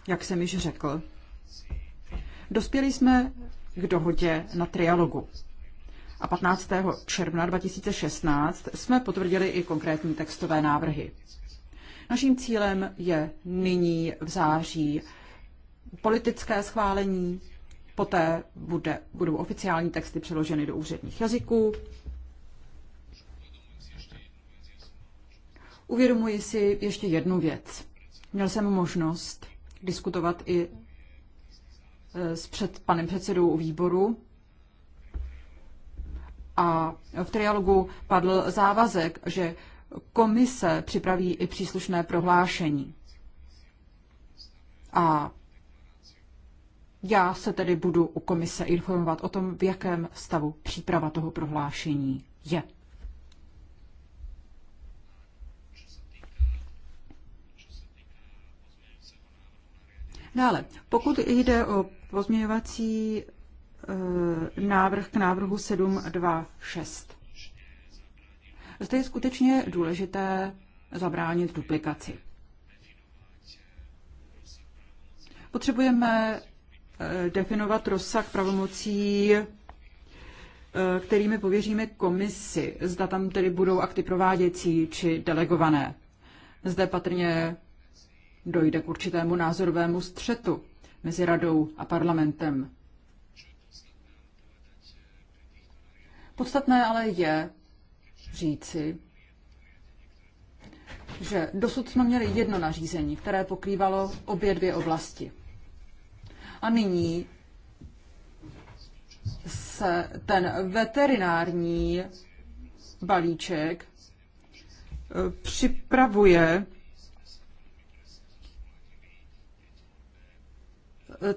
jak jsem již řekl, dospěli jsme k dohodě na trialogu a 15. června 2016 jsme potvrdili i konkrétní textové návrhy. Naším cílem je nyní v září politické schválení, poté bude, budou oficiální texty přeloženy do úředních jazyků. Uvědomuji si ještě jednu věc. Měl jsem možnost diskutovat i eh, s před panem předsedou výboru a v trialogu padl závazek, že komise připraví i příslušné prohlášení. A já se tedy budu u komise informovat o tom, v jakém stavu příprava toho prohlášení je. Dále, pokud jde o pozměňovací Eh, návrh k návrhu 726. Zde je skutečně důležité zabránit duplikaci. Potřebujeme eh, definovat rozsah pravomocí, eh, kterými pověříme komisi, zda tam tedy budou akty prováděcí či delegované. Zde patrně dojde k určitému názorovému střetu mezi radou a parlamentem. Podstatné ale je říci, že dosud jsme měli jedno nařízení, které pokrývalo obě dvě oblasti. A nyní se ten veterinární balíček eh, připravuje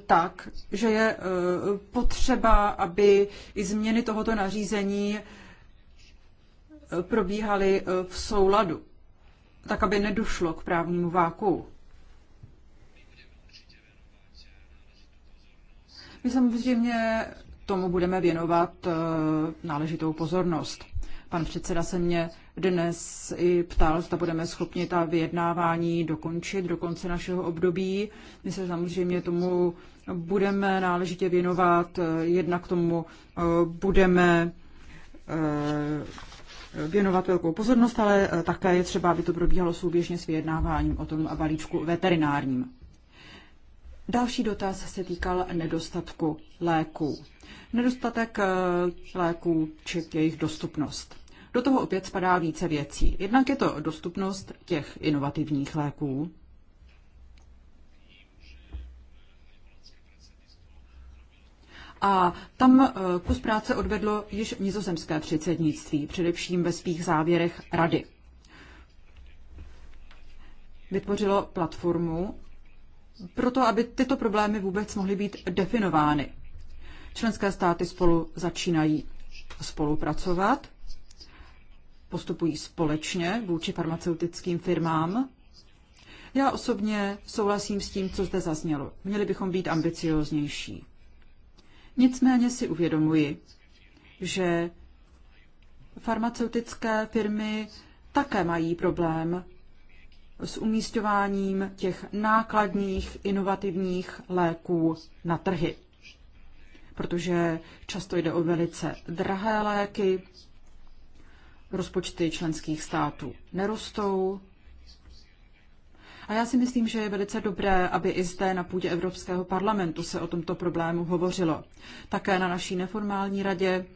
tak, že je eh, potřeba, aby i změny tohoto nařízení eh, probíhaly eh, v souladu, tak aby nedošlo k právnímu váku. My samozřejmě tomu budeme věnovat náležitou pozornost. Pan předseda se mě dnes i ptal, zda budeme schopni ta vyjednávání dokončit do konce našeho období. My se samozřejmě tomu budeme náležitě věnovat, jednak tomu eh, budeme eh, věnovat velkou pozornost, ale eh, také je třeba, aby to probíhalo souběžně s vyjednáváním o tom balíčku veterinárním. Další dotaz se týkal nedostatku léků nedostatek eh, léků či jejich dostupnost. Do toho opět spadá více věcí. Jednak je to dostupnost těch inovativních léků, A tam eh, kus práce odvedlo již nizozemské předsednictví, především ve svých závěrech rady. Vytvořilo platformu pro to, aby tyto problémy vůbec mohly být definovány. Členské státy spolu začínají spolupracovat, postupují společně vůči farmaceutickým firmám. Já osobně souhlasím s tím, co zde zaznělo. Měli bychom být ambicioznější. Nicméně si uvědomuji, že farmaceutické firmy také mají problém s umístováním těch nákladních inovativních léků na trhy protože často jde o velice drahé léky, rozpočty členských států nerostou. A já si myslím, že je velice dobré, aby i zde na půdě Evropského parlamentu se o tomto problému hovořilo. Také na naší neformální radě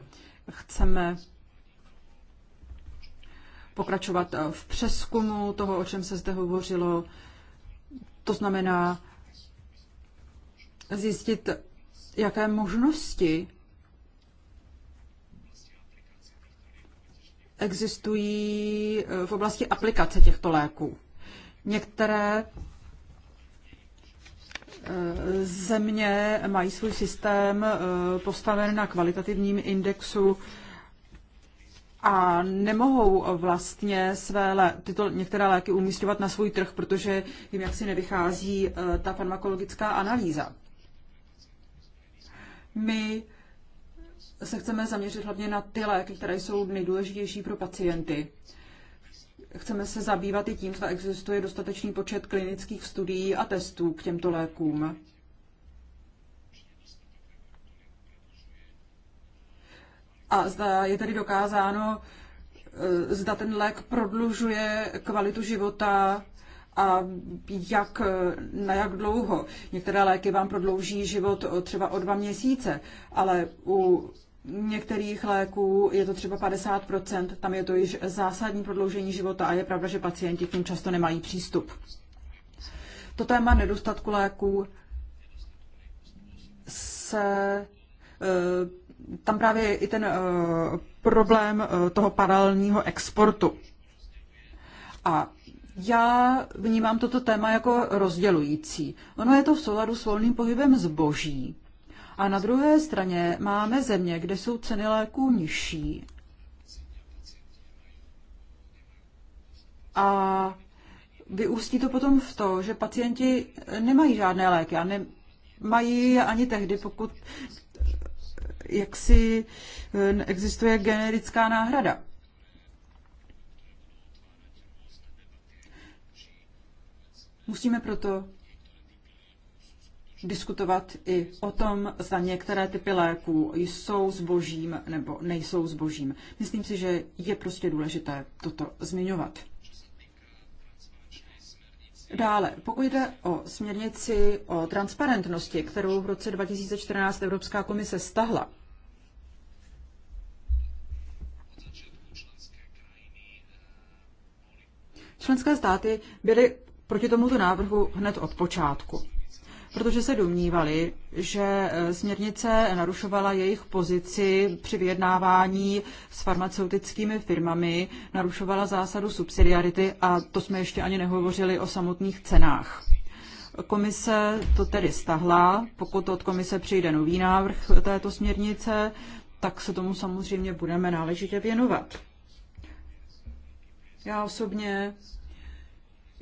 chceme pokračovat v přeskumu toho, o čem se zde hovořilo. To znamená zjistit, jaké možnosti existují eh, v oblasti aplikace těchto léků. Některé eh, země mají svůj systém eh, postaven na kvalitativním indexu a nemohou vlastně své lé, tyto některé léky umístovat na svůj trh, protože jim jaksi nevychází ta farmakologická analýza. My se chceme zaměřit hlavně na ty léky, které jsou nejdůležitější pro pacienty. Chceme se zabývat i tím, zda existuje dostatečný počet klinických studií a testů k těmto lékům. A zda je tedy dokázáno, eh, zda ten lék prodlužuje kvalitu života a jak, na jak dlouho. Některé léky vám prodlouží život třeba o dva měsíce, ale u některých léků je to třeba 50%, tam je to již zásadní prodloužení života a je pravda, že pacienti k ním často nemají přístup. To téma nedostatku léků se eh, tam právě je i ten eh, problém eh, toho paralelního exportu. A já vnímám toto téma jako rozdělující. Ono je to v souladu s volným pohybem zboží. A na druhé straně máme země, kde jsou ceny léků nižší. A vyústí to potom v to, že pacienti nemají žádné léky a nemají ani tehdy, pokud eh, jaksi eh, existuje generická náhrada. Musíme proto diskutovat i o tom, zda některé typy léků jsou zbožím nebo nejsou zbožím. Myslím si, že je prostě důležité toto zmiňovat. Dále, pokud jde o směrnici o transparentnosti, kterou v roce 2014 Evropská komise stahla, členské státy byly proti tomuto návrhu hned od počátku, protože se domnívali, že eh, směrnice narušovala jejich pozici při vyjednávání s farmaceutickými firmami, narušovala zásadu subsidiarity a to jsme ještě ani nehovořili o samotných cenách. Komise to tedy stahla, pokud od komise přijde nový návrh této směrnice, tak se tomu samozřejmě budeme náležitě věnovat. Já osobně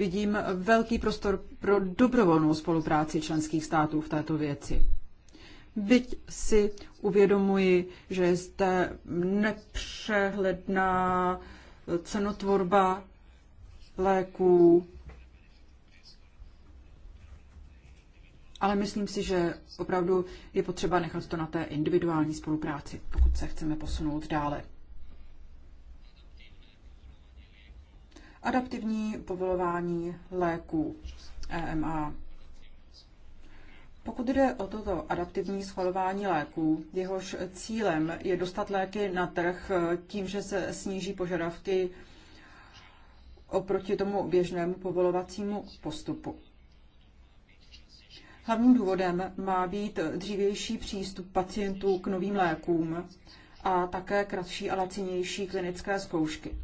vidím velký prostor pro dobrovolnou spolupráci členských států v této věci. Byť si uvědomuji, že je zde nepřehledná cenotvorba léků, ale myslím si, že opravdu je potřeba nechat to na té individuální spolupráci, pokud se chceme posunout dále. adaptivní povolování léků EMA. Pokud jde o toto adaptivní schvalování léků, jehož cílem je dostat léky na trh tím, že se sníží požadavky oproti tomu běžnému povolovacímu postupu. Hlavním důvodem má být dřívější přístup pacientů k novým lékům a také kratší a lacinější klinické zkoušky.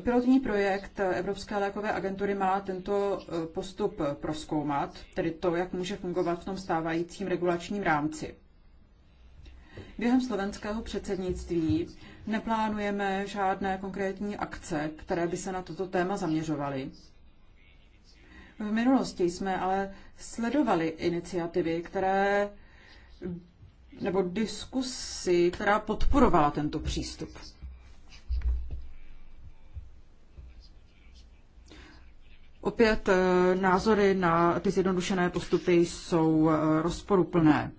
Pilotní projekt Evropské lékové agentury má tento e, postup e, proskoumat, tedy to, jak může fungovat v tom stávajícím regulačním rámci. Během slovenského předsednictví neplánujeme žádné konkrétní akce, které by se na toto téma zaměřovaly. V minulosti jsme ale sledovali iniciativy, které nebo diskusy, která podporovala tento přístup. Opět eh, názory na ty zjednodušené postupy jsou eh, rozporuplné.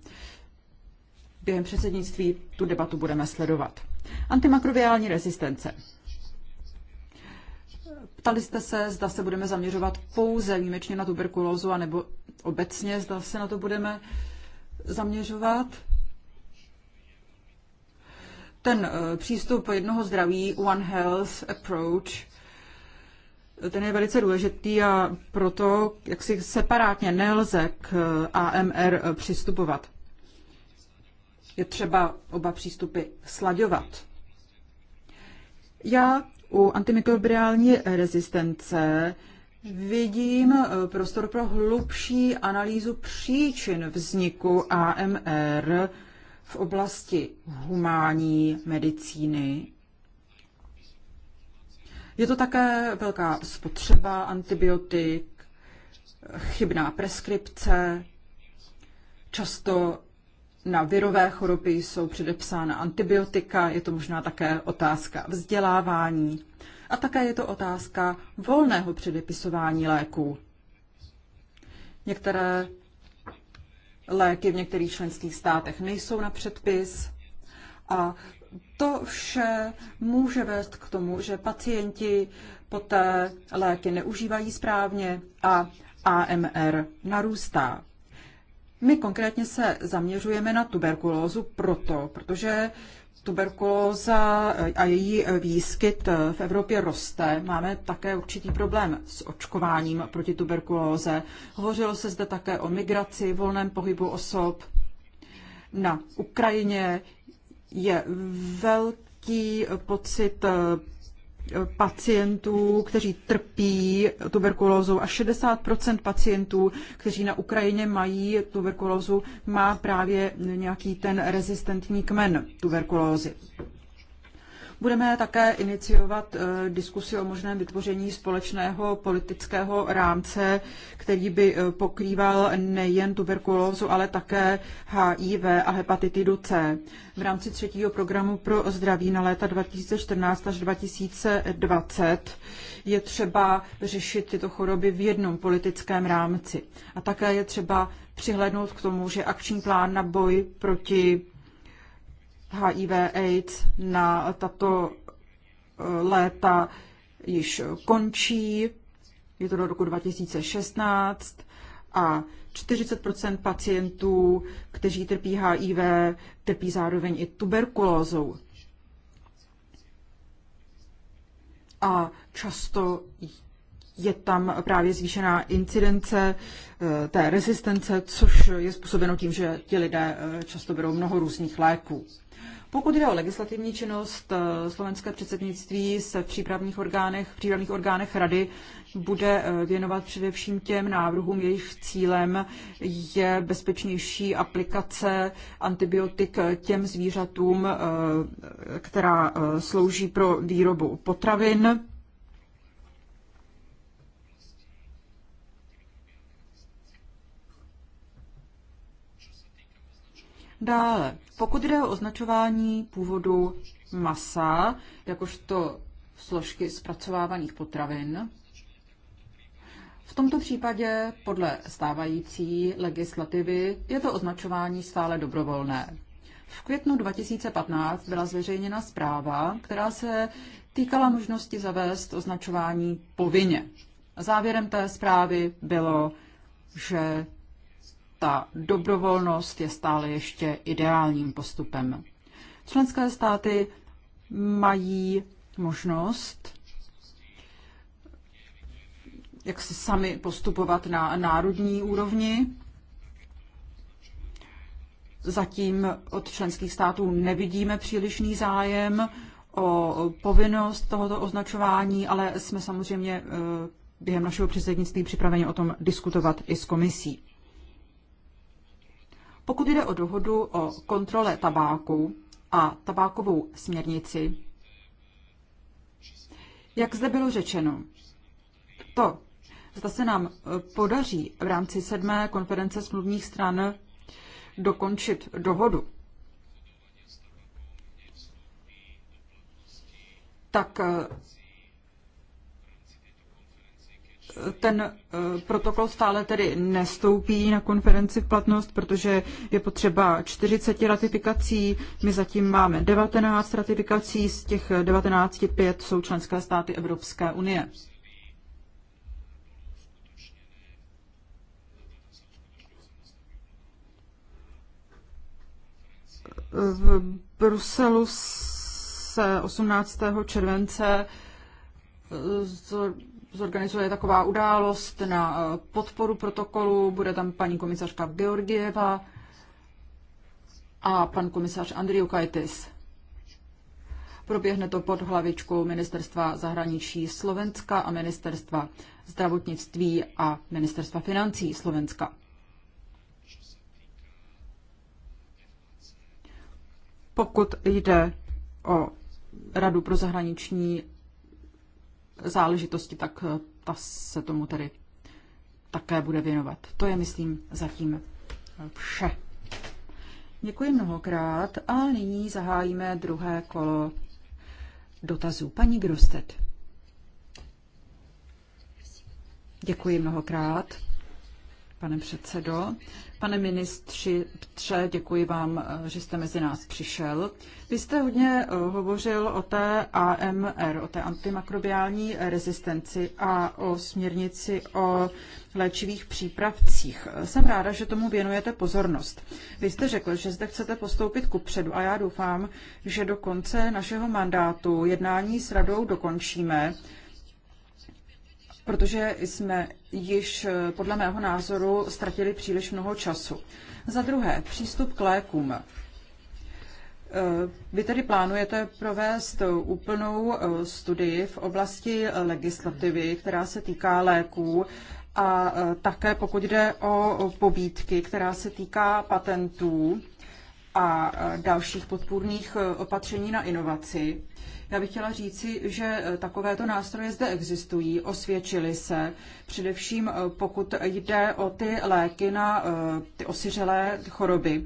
Během předsednictví tu debatu budeme sledovat. Antimakrobiální rezistence. Ptali jste se, zda se budeme zaměřovat pouze výjimečně na tuberkulózu, anebo obecně, zda se na to budeme zaměřovat. Ten eh, přístup jednoho zdraví, One Health Approach, ten je velice důležitý a proto jaksi separátně nelze k eh, AMR eh, přistupovat. Je třeba oba přístupy slaďovat. Já u antimikrobiální rezistence vidím eh, prostor pro hlubší analýzu příčin vzniku AMR v oblasti humánní medicíny je to také velká spotřeba antibiotik, chybná preskripce, často na virové choroby jsou předepsána antibiotika, je to možná také otázka vzdělávání a také je to otázka volného předepisování léků. Některé léky v některých členských státech nejsou na předpis a to vše může vést k tomu, že pacienti poté léky neužívají správně a AMR narůstá. My konkrétně se zaměřujeme na tuberkulózu proto, protože tuberkulóza a její výskyt v Evropě roste. Máme také určitý problém s očkováním proti tuberkulóze. Hovořilo se zde také o migraci, volném pohybu osob. Na Ukrajině je velký pocit eh, pacientů, kteří trpí tuberkulózou a 60% pacientů, kteří na Ukrajině mají tuberkulózu, má právě nějaký ten rezistentní kmen tuberkulózy. Budeme také iniciovat eh, diskusi o možném vytvoření společného politického rámce, který by eh, pokrýval nejen tuberkulózu, ale také HIV a hepatitidu C. V rámci třetího programu pro zdraví na léta 2014 až 2020 je třeba řešit tyto choroby v jednom politickém rámci. A také je třeba přihlednout k tomu, že akční plán na boj proti HIV AIDS na tato eh, léta již končí, je to do roku 2016 a 40 pacientů, kteří trpí HIV, trpí zároveň i tuberkulózou. A často je tam právě zvýšená incidence eh, té rezistence, což je způsobeno tím, že ti lidé eh, často berou mnoho různých léků. Pokud jde o legislativní činnost, eh, slovenské předsednictví se v přípravných orgánech, v přípravných orgánech rady bude eh, věnovat především těm návrhům, jejich cílem je bezpečnější aplikace antibiotik těm zvířatům, eh, která slouží pro výrobu potravin. Dále, pokud jde o označování původu masa, jakožto složky zpracovávaných potravin, v tomto případě podle stávající legislativy je to označování stále dobrovolné. V květnu 2015 byla zveřejněna zpráva, která se týkala možnosti zavést označování povinně. Závěrem té zprávy bylo, že ta dobrovolnost je stále ještě ideálním postupem. Členské státy mají možnost jak si sami postupovat na národní úrovni. Zatím od členských států nevidíme přílišný zájem o povinnost tohoto označování, ale jsme samozřejmě eh, během našeho předsednictví připraveni o tom diskutovat i s komisí. Pokud jde o dohodu o kontrole tabáku a tabákovou směrnici, jak zde bylo řečeno, to, zda se nám e, podaří v rámci sedmé konference smluvních stran dokončit dohodu, tak e, ten eh, protokol stále tedy nestoupí na konferenci v platnost, protože je potřeba 40 ratifikací. My zatím máme 19 ratifikací, z těch 19 pět jsou členské státy Evropské unie. V Bruselu se 18. července zorganizuje taková událost na eh, podporu protokolu. Bude tam paní komisařka Georgieva a pan komisař Andriukaitis. Proběhne to pod hlavičkou Ministerstva zahraničí Slovenska a Ministerstva zdravotnictví a Ministerstva financí Slovenska. Pokud jde o Radu pro zahraniční záležitosti, tak eh, ta se tomu tedy také bude věnovat. To je, myslím, zatím eh, vše. Děkuji mnohokrát a nyní zahájíme druhé kolo dotazů. Paní Grostet. Děkuji mnohokrát, pane předsedo. Pane ministři, tře, děkuji vám, eh, že jste mezi nás přišel. Vy jste hodně eh, hovořil o té AMR, o té antimakrobiální rezistenci a o směrnici o léčivých přípravcích. Jsem ráda, že tomu věnujete pozornost. Vy jste řekl, že zde chcete postoupit ku předu a já doufám, že do konce našeho mandátu jednání s radou dokončíme protože jsme již eh, podle mého názoru ztratili příliš mnoho času. Za druhé, přístup k lékům. Eh, vy tedy plánujete provést úplnou eh, studii v oblasti legislativy, která se týká léků a také pokud jde o pobídky, která se týká patentů a dalších podpůrných opatření na inovaci. Já bych chtěla říci, že eh, takovéto nástroje zde existují, osvědčily se, především eh, pokud jde o ty léky na eh, ty osiřelé choroby.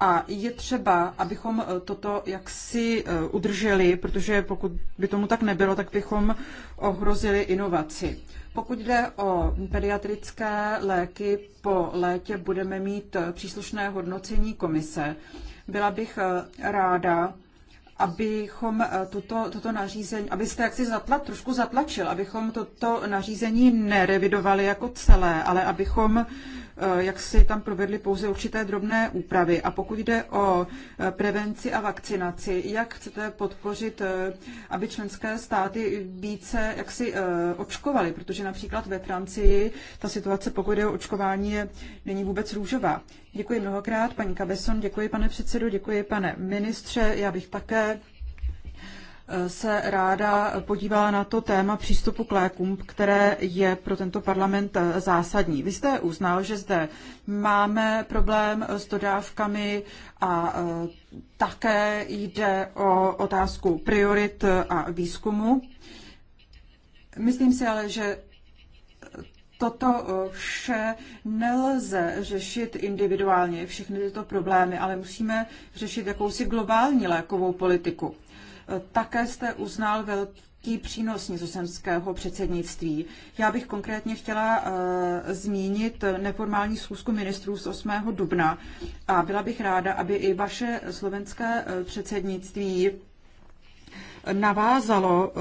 A je třeba, abychom toto jaksi udrželi, protože pokud by tomu tak nebylo, tak bychom ohrozili inovaci. Pokud jde o pediatrické léky, po létě budeme mít příslušné hodnocení komise. Byla bych ráda, abychom eh, toto toto nařízení, abyste jaksi zatla, trošku zatlačil, abychom toto nařízení nerevidovali jako celé, ale abychom Eh, jak si tam provedli pouze určité drobné úpravy. A pokud jde o eh, prevenci a vakcinaci, jak chcete podpořit, eh, aby členské státy více jak si očkovaly, protože například ve Francii ta situace, pokud jde o očkování, je, není vůbec růžová. Děkuji mnohokrát, paní Kabeson, děkuji pane předsedu. děkuji pane ministře. Já bych také se ráda podívala na to téma přístupu k lékům, které je pro tento parlament eh, zásadní. Vy jste uznal, že zde máme problém s dodávkami a eh, také jde o otázku priorit a výzkumu. Myslím si ale, že toto eh, vše nelze řešit individuálně, všechny tyto problémy, ale musíme řešit jakousi globální lékovou politiku. Také jste uznal velký přínos nizozemského předsednictví. Já bych konkrétně chtěla eh, zmínit neformální schůzku ministrů z 8. dubna a byla bych ráda, aby i vaše slovenské eh, předsednictví navázalo eh,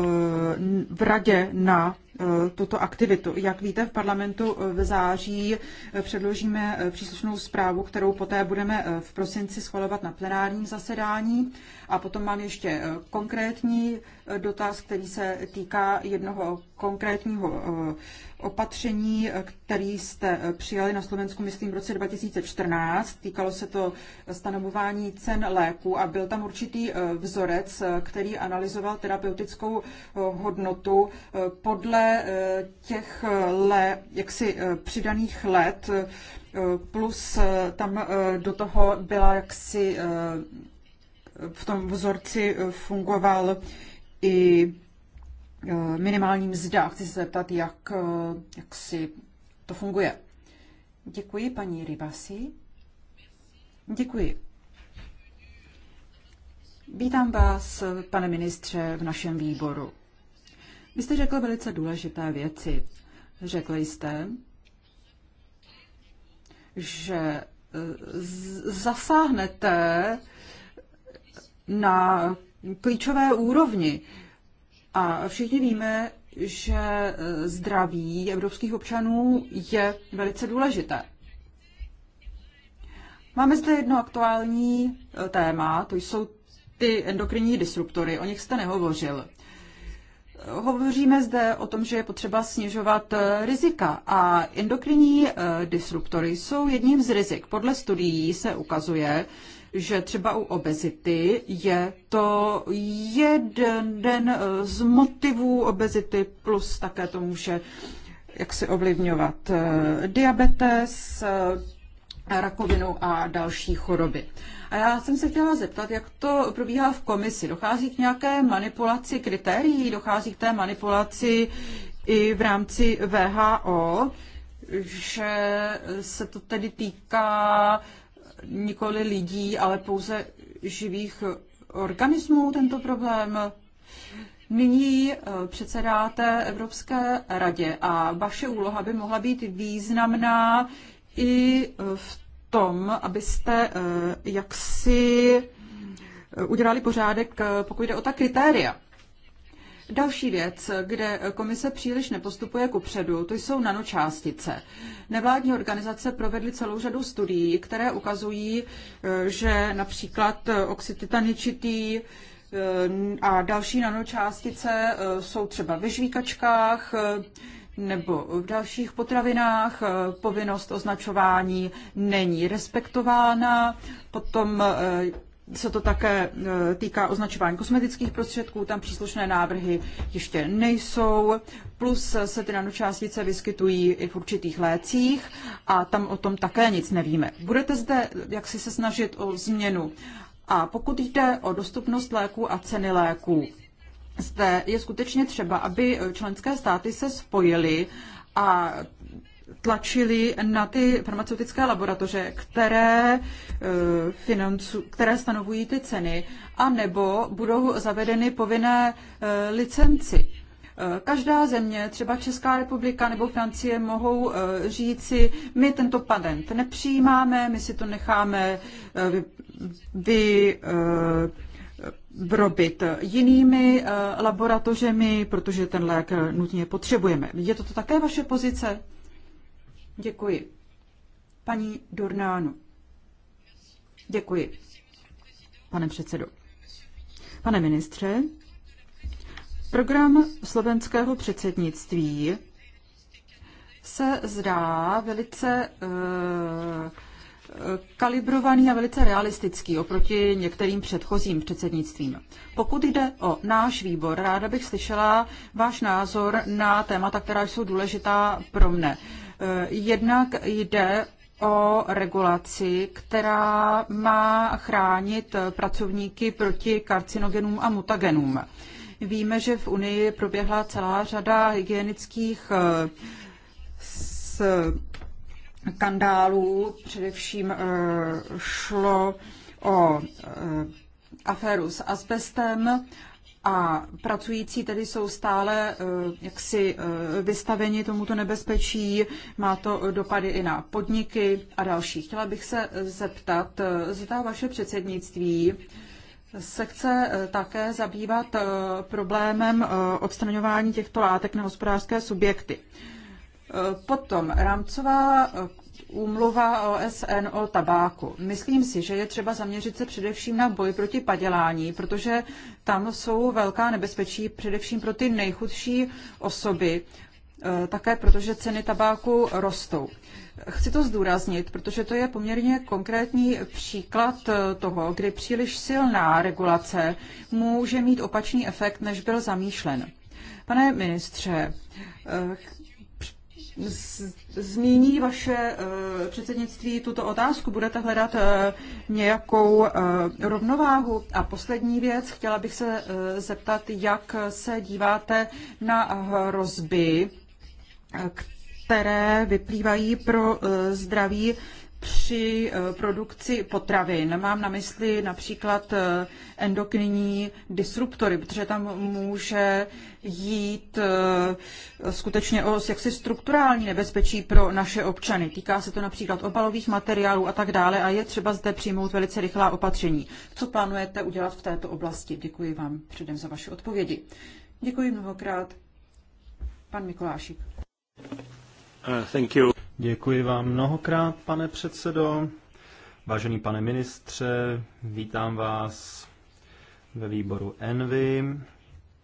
v radě na Eh, tuto aktivitu. Jak víte, v parlamentu eh, v září eh, předložíme příslušnou zprávu, kterou poté budeme v prosinci schvalovat na plenárním zasedání. A potom mám ještě konkrétní dotaz, který se týká jednoho konkrétního eh, opatření, který jste eh, přijali na Slovensku, myslím, v roce 2014. Týkalo se to stanovování cen léku a byl tam určitý eh, vzorec, který analyzoval terapeutickou hodnotu podle těch lé, jaksi přidaných let, plus tam do toho byla jaksi v tom vzorci fungoval i Eh, minimální mzda. Chci se zeptat, jak, eh, jak si to funguje. Děkuji, paní Rybasi. Děkuji. Vítám vás, pane ministře, v našem výboru. Vy jste řekl velice důležité věci. Řekl jste, že eh, zasáhnete na klíčové úrovni a všichni víme, že e, zdraví evropských občanů je velice důležité. Máme zde jedno aktuální e, téma, to jsou ty endokrinní disruptory, o nich jste nehovořil. Hovoříme zde o tom, že je potřeba snižovat e, rizika a endokrinní disruptory jsou jedním z rizik. Podle studií se ukazuje, že třeba u obezity je to jeden eh, z motivů obezity, plus také to může jak si ovlivňovat eh, diabetes, eh, rakovinu a další choroby. A já jsem se chtěla zeptat, jak to probíhá v komisi. Dochází k nějaké manipulaci kritérií, dochází k té manipulaci i v rámci VHO, že se to tedy týká nikoli lidí, ale pouze živých organismů tento problém. Nyní eh, předsedáte Evropské radě a vaše úloha by mohla být významná i eh, v tom, abyste eh, jaksi udělali pořádek, pokud jde o ta kritéria. Další věc, kde komise příliš nepostupuje ku předu, to jsou nanočástice. Nevládní organizace provedly celou řadu studií, které ukazují, eh, že například eh, oxid titaničitý eh, a další nanočástice jsou třeba ve žvíkačkách, nebo v dalších potravinách povinnost označování není respektována, potom se to také e, týká označování kosmetických prostředků, tam příslušné návrhy ještě nejsou, plus se ty nanočástice vyskytují i v určitých lécích a tam o tom také nic nevíme. Budete zde jaksi se snažit o změnu. A pokud jde o dostupnost léků a ceny léků, zde je skutečně třeba, aby členské státy se spojily a tlačili na ty farmaceutické laboratoře, které, eh, financu, které stanovují ty ceny, anebo budou zavedeny povinné eh, licenci. Eh, každá země, třeba Česká republika nebo Francie, mohou říci, my tento patent nepřijímáme, my si to necháme vy, vy jinými laboratořemi, protože ten lék nutně potřebujeme. Je to, to také vaše pozice? Děkuji. Paní Durnánu. Děkuji, pane předsedo. Pane ministře, program slovenského předsednictví se zdá velice eh, kalibrovaný a velice realistický oproti některým předchozím předsednictvím. Pokud jde o náš výbor, ráda bych slyšela váš názor na témata, která jsou důležitá pro mne. Eh, jednak jde o regulaci, která má chránit pracovníky proti karcinogenům a mutagenům. Víme, že v Unii proběhla celá řada hygienických eh, skandálů. Především eh, šlo o aféru s asbestem a pracující tedy jsou stále eh, jaksi eh, vystaveni tomuto nebezpečí, má to dopady i na podniky a další. Chtěla bych se zeptat, eh, zda vaše předsednictví se chce také zabývat problémem odstraňování těchto látek na hospodářské subjekty. Potom rámcová úmluva OSN o tabáku. Myslím si, že je třeba zaměřit se především na boj proti padělání, protože tam jsou velká nebezpečí především pro ty nejchudší osoby, eh, také protože ceny tabáku rostou. Chci to zdůraznit, protože to je poměrně konkrétní příklad eh, toho, kdy příliš silná regulace může mít opačný efekt, než byl zamýšlen. Pane ministře, eh, zmíní vaše eh, předsednictví tuto otázku? Budete hledat eh, nějakou eh, rovnováhu? A poslední věc, chtěla bych se zeptat, jak se díváte na hrozby, které vyplývají pro zdraví při eh, produkci potravin. Mám na mysli například eh, endokrinní disruptory, protože tam může jít eh, skutečně o jaksi strukturální nebezpečí pro naše občany. Týká se to například obalových materiálů a tak dále a je třeba zde přijmout velice rychlá opatření. Co plánujete udělat v této oblasti? Děkuji vám předem za vaše odpovědi. Děkuji mnohokrát. Pan Mikulášik. Uh, thank you. Děkuji vám mnohokrát, pane předsedo. Vážený pane ministře, vítám vás ve výboru ENVY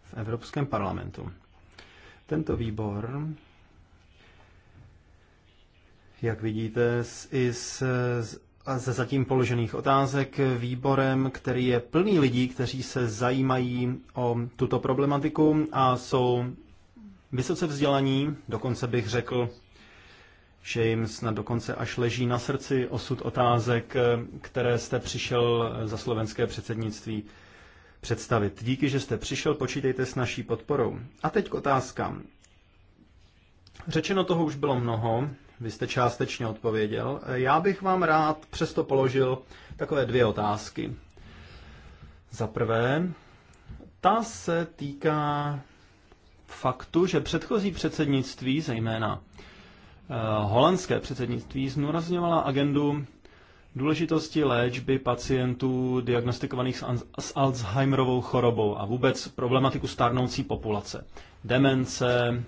v Evropském parlamentu. Tento výbor, jak vidíte, i z, ze zatím položených otázek výborem, který je plný lidí, kteří se zajímají o tuto problematiku a jsou vysoce vzdělaní, dokonce bych řekl že jim snad dokonce až leží na srdci osud otázek, které jste přišel za slovenské předsednictví představit. Díky, že jste přišel, počítejte s naší podporou. A teď k otázkám. Řečeno toho už bylo mnoho, vy jste částečně odpověděl. Já bych vám rád přesto položil takové dvě otázky. Za prvé, ta se týká faktu, že předchozí předsednictví, zejména Eh, holandské předsednictví znůrazňovala agendu důležitosti léčby pacientů diagnostikovaných s Alzheimerovou chorobou a vůbec problematiku stárnoucí populace, demence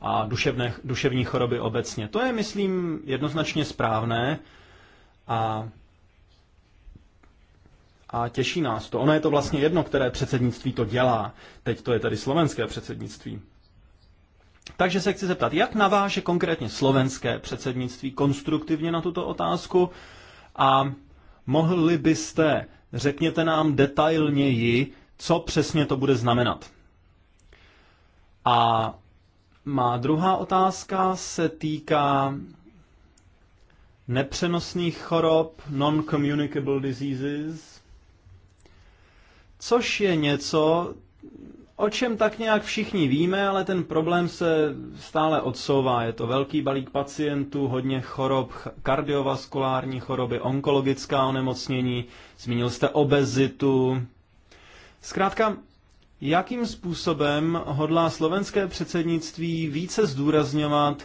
a duševné, duševní choroby obecně. To je, myslím, jednoznačně správné a, a těší nás to. Ono je to vlastně jedno, které předsednictví to dělá. Teď to je tady slovenské předsednictví. Takže se chci zeptat, jak naváže konkrétně slovenské předsednictví konstruktivně na tuto otázku a mohli byste, řekněte nám detailněji, co přesně to bude znamenat. A má druhá otázka se týká nepřenosných chorob, non-communicable diseases, což je něco, o čem tak nějak všichni víme, ale ten problém se stále odsouvá. Je to velký balík pacientů, hodně chorob, kardiovaskulární choroby, onkologická onemocnění, zmínil jste obezitu. Zkrátka, jakým způsobem hodlá slovenské předsednictví více zdůrazňovat,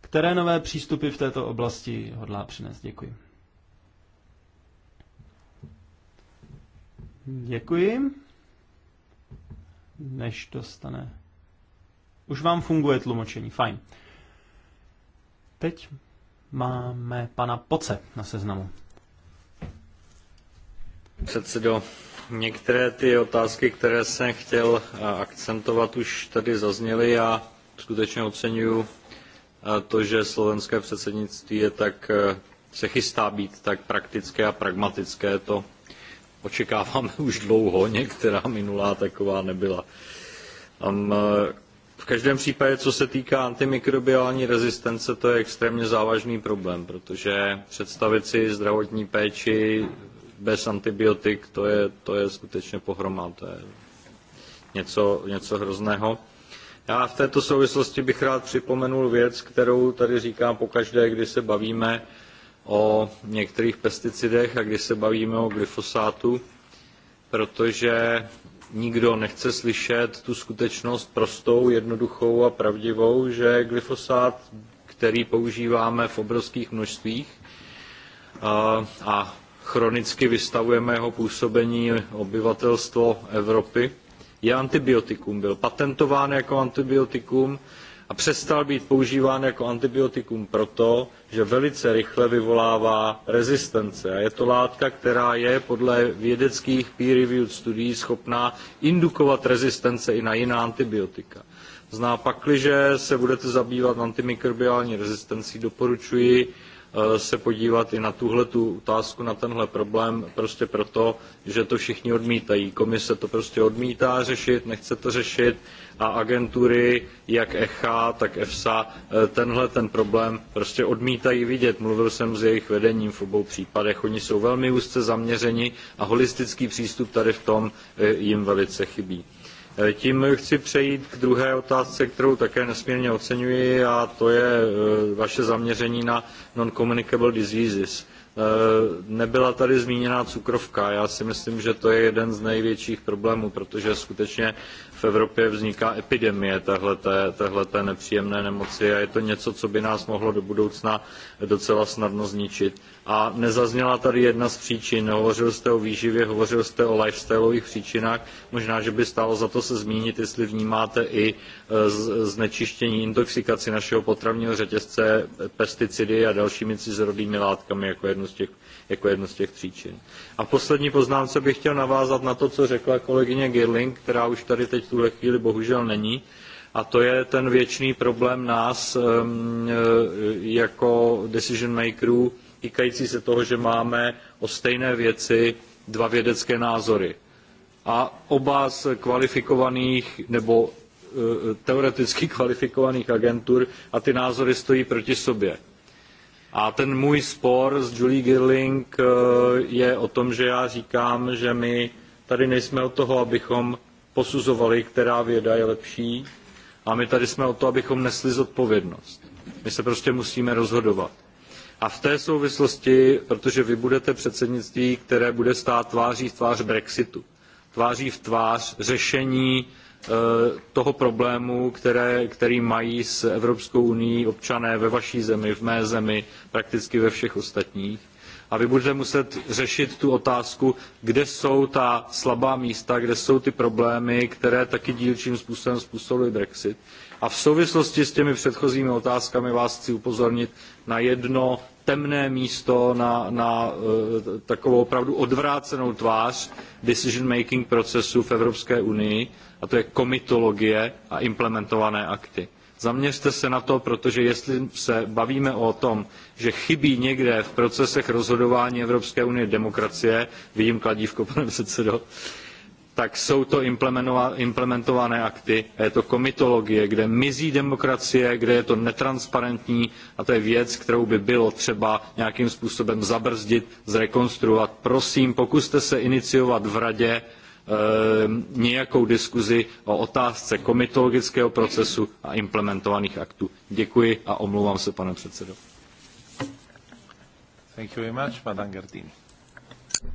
které nové přístupy v této oblasti hodlá přinést? Děkuji. Děkuji než dostane. Už vám funguje tlumočení, fajn. Teď máme pana Poce na seznamu. Předsedo, některé ty otázky, které jsem chtěl eh, akcentovat, už tady zazněly. Já skutečně oceňuju eh, to, že slovenské předsednictví je tak, eh, se chystá být tak praktické a pragmatické. To očekáváme už dlouho, některá minulá taková nebyla. Um, v každém případě, co se týká antimikrobiální rezistence, to je extrémně závažný problém, protože představit si zdravotní péči bez antibiotik, to je, to je skutečně pohroma, to je něco, něco hrozného. Já v této souvislosti bych rád připomenul věc, kterou tady říkám pokaždé, když se bavíme uh, o některých pesticidech a když se bavíme o glyfosátu, protože nikdo nechce slyšet tu skutečnost prostou, jednoduchou a pravdivou, že glyfosát, který používáme v obrovských množstvích a chronicky vystavujeme jeho působení obyvatelstvo Evropy, je antibiotikum. Byl patentován jako antibiotikum, a přestal být používán jako antibiotikum proto, že velice rychle vyvolává rezistence. A je to látka, která je podle vědeckých peer-reviewed studií schopná indukovat rezistence i na jiná antibiotika. Zná pakliže se budete zabývat antimikrobiální rezistencí, doporučuji Eh, se podívat i na tuhle tu otázku, na tenhle problém, prostě proto, že to všichni odmítají. Komise to prostě odmítá řešit, nechce to řešit a agentury, jak ECHA, tak EFSA, eh, tenhle ten problém prostě odmítají vidět. Mluvil jsem s jejich vedením v obou případech. Oni jsou velmi úzce zaměřeni a holistický přístup tady v tom eh, jim velice chybí. Eh, tím chci přejít k druhé otázce, kterou také nesmírně oceňuji, a to je eh, vaše zaměření na non-communicable diseases. Eh, nebyla tady zmíněna cukrovka. Já si myslím, že to je jeden z největších problémů, protože skutečně v Evropě vzniká epidemie téhleté, nepříjemné nemoci a je to něco, co by nás mohlo do budoucna docela snadno zničit a nezazněla tady jedna z příčin. Hovořil jste o výživě, hovořil jste o lifestyleových příčinách. Možná, že by stálo za to se zmínit, jestli vnímáte i e, znečištění, intoxikaci našeho potravního řetězce pesticidy a dalšími cizorodými látkami jako jednu z těch, jako jednu z těch příčin. A v poslední poznámce bych chtěl navázat na to, co řekla kolegyně Girling, která už tady teď v tuhle chvíli bohužel není, a to je ten věčný problém nás e, jako decision makerů, týkající se toho, že máme o stejné věci dva vědecké názory. A oba z kvalifikovaných nebo e, teoreticky kvalifikovaných agentur a ty názory stojí proti sobě. A ten můj spor s Julie Girling e, je o tom, že já říkám, že my tady nejsme od toho, abychom posuzovali, která věda je lepší, a my tady jsme od toho, abychom nesli zodpovědnost. My se prostě musíme rozhodovat. A v té souvislosti, protože vy budete předsednictví, které bude stát tváří v tvář Brexitu, tváří v tvář řešení eh, toho problému, které, který mají s Evropskou unii občané ve vaší zemi, v mé zemi, prakticky ve všech ostatních. A vy budete muset řešit tu otázku, kde jsou ta slabá místa, kde jsou ty problémy, které taky dílčím způsobem způsobily Brexit. A v souvislosti s těmi předchozími otázkami vás chci upozornit na jedno temné místo, na, na eh, takovou opravdu odvrácenou tvář decision-making procesu v Evropské unii, a to je komitologie a implementované akty. Zaměřte se na to, protože jestli se bavíme o tom, že chybí někde v procesech rozhodování Evropské unie demokracie, vidím kladívko, pane předsedo, tak jsou to implementované akty a je to komitologie, kde mizí demokracie, kde je to netransparentní a to je věc, kterou by bylo třeba nějakým způsobem zabrzdit, zrekonstruovat. Prosím, pokuste se iniciovat v radě eh, nějakou diskuzi o otázce komitologického procesu a implementovaných aktů. Děkuji a omlouvám se, pane předsedo. Thank you very much, Gardini.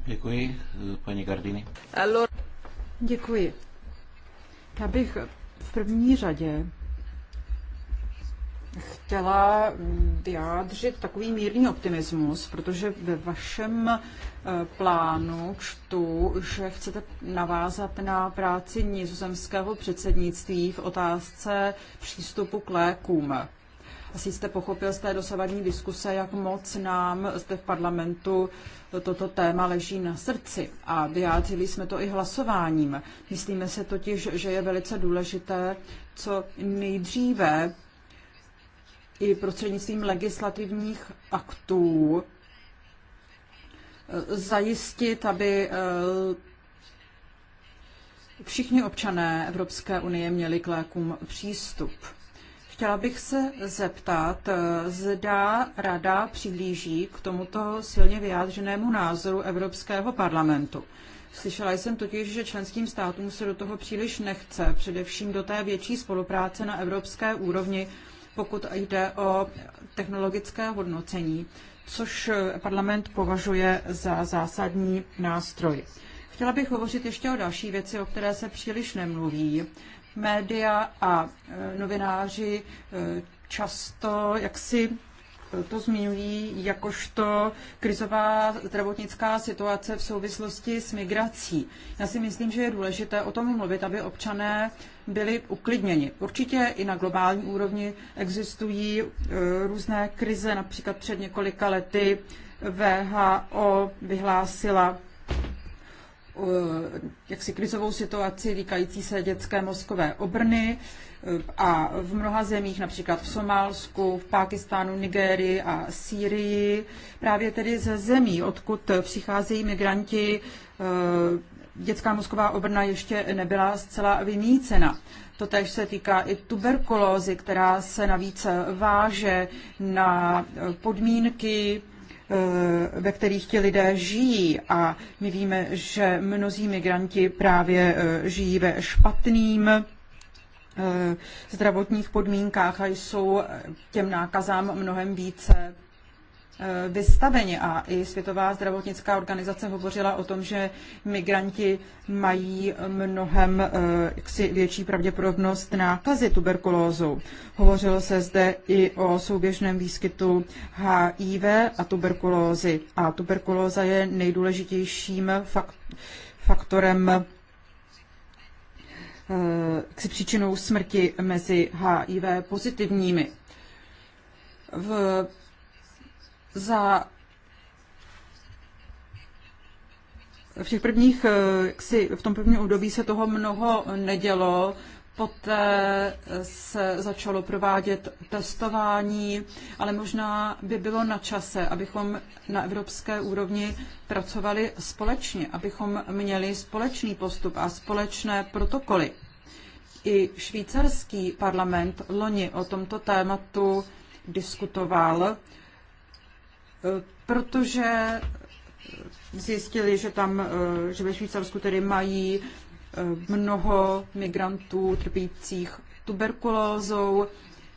Děkuji, eh, paní Gardini. Allora. Děkuji. Já bych v první řadě chtěla vyjádřit takový mírný optimismus, protože ve vašem eh, plánu čtu, že chcete navázat na práci nizozemského předsednictví v otázce přístupu k lékům asi jste pochopil z té dosavadní diskuse, jak moc nám zde v parlamentu toto téma leží na srdci a vyjádřili jsme to i hlasováním. Myslíme se totiž, že je velice důležité co nejdříve i prostřednictvím legislativních aktů zajistit, aby eh, všichni občané Evropské unie měli k lékům přístup. Chtěla bych se zeptat, eh, zda Rada přihlíží k tomuto silně vyjádřenému názoru Evropského parlamentu. Slyšela jsem totiž, že členským státům se do toho příliš nechce, především do té větší spolupráce na evropské úrovni, pokud jde o technologické hodnocení, což parlament považuje za zásadní nástroj. Chtěla bych hovořit ještě o další věci, o které se příliš nemluví, média a e, novináři e, často jaksi to zmiňují jakožto krizová zdravotnická situace v souvislosti s migrací. Já si myslím, že je důležité o tom mluvit, aby občané byli uklidněni. Určitě i na globální úrovni existují e, různé krize, například před několika lety VHO vyhlásila Eh, jaksi krizovou situaci týkající se dětské mozkové obrny eh, a v mnoha zemích, například v Somálsku, v Pákistánu, Nigérii a Sýrii, právě tedy ze zemí, odkud přicházejí migranti, eh, dětská mozková obrna ještě nebyla zcela vymícena. Totež se týká i tuberkulózy, která se navíc váže na podmínky Eh, ve kterých ti lidé žijí. A my víme, že mnozí migranti právě eh, žijí ve špatným eh, zdravotních podmínkách a jsou těm nákazám mnohem více Eh, vystaveni. A i Světová zdravotnická organizace hovořila o tom, že migranti mají mnohem eh, jaksi, větší pravděpodobnost nákazy tuberkulózou. Hovořilo se zde i o souběžném výskytu HIV a tuberkulózy. A tuberkulóza je nejdůležitějším faktorem eh, k příčinou smrti mezi HIV pozitivními. V za v těch prvních, eh, si, v tom prvním období se toho mnoho nedělo, poté eh, se začalo provádět testování, ale možná by bylo na čase, abychom na evropské úrovni pracovali společně, abychom měli společný postup a společné protokoly. I švýcarský parlament loni o tomto tématu diskutoval Eh, protože zjistili, že tam, eh, že ve Švýcarsku tedy mají eh, mnoho migrantů trpících tuberkulózou.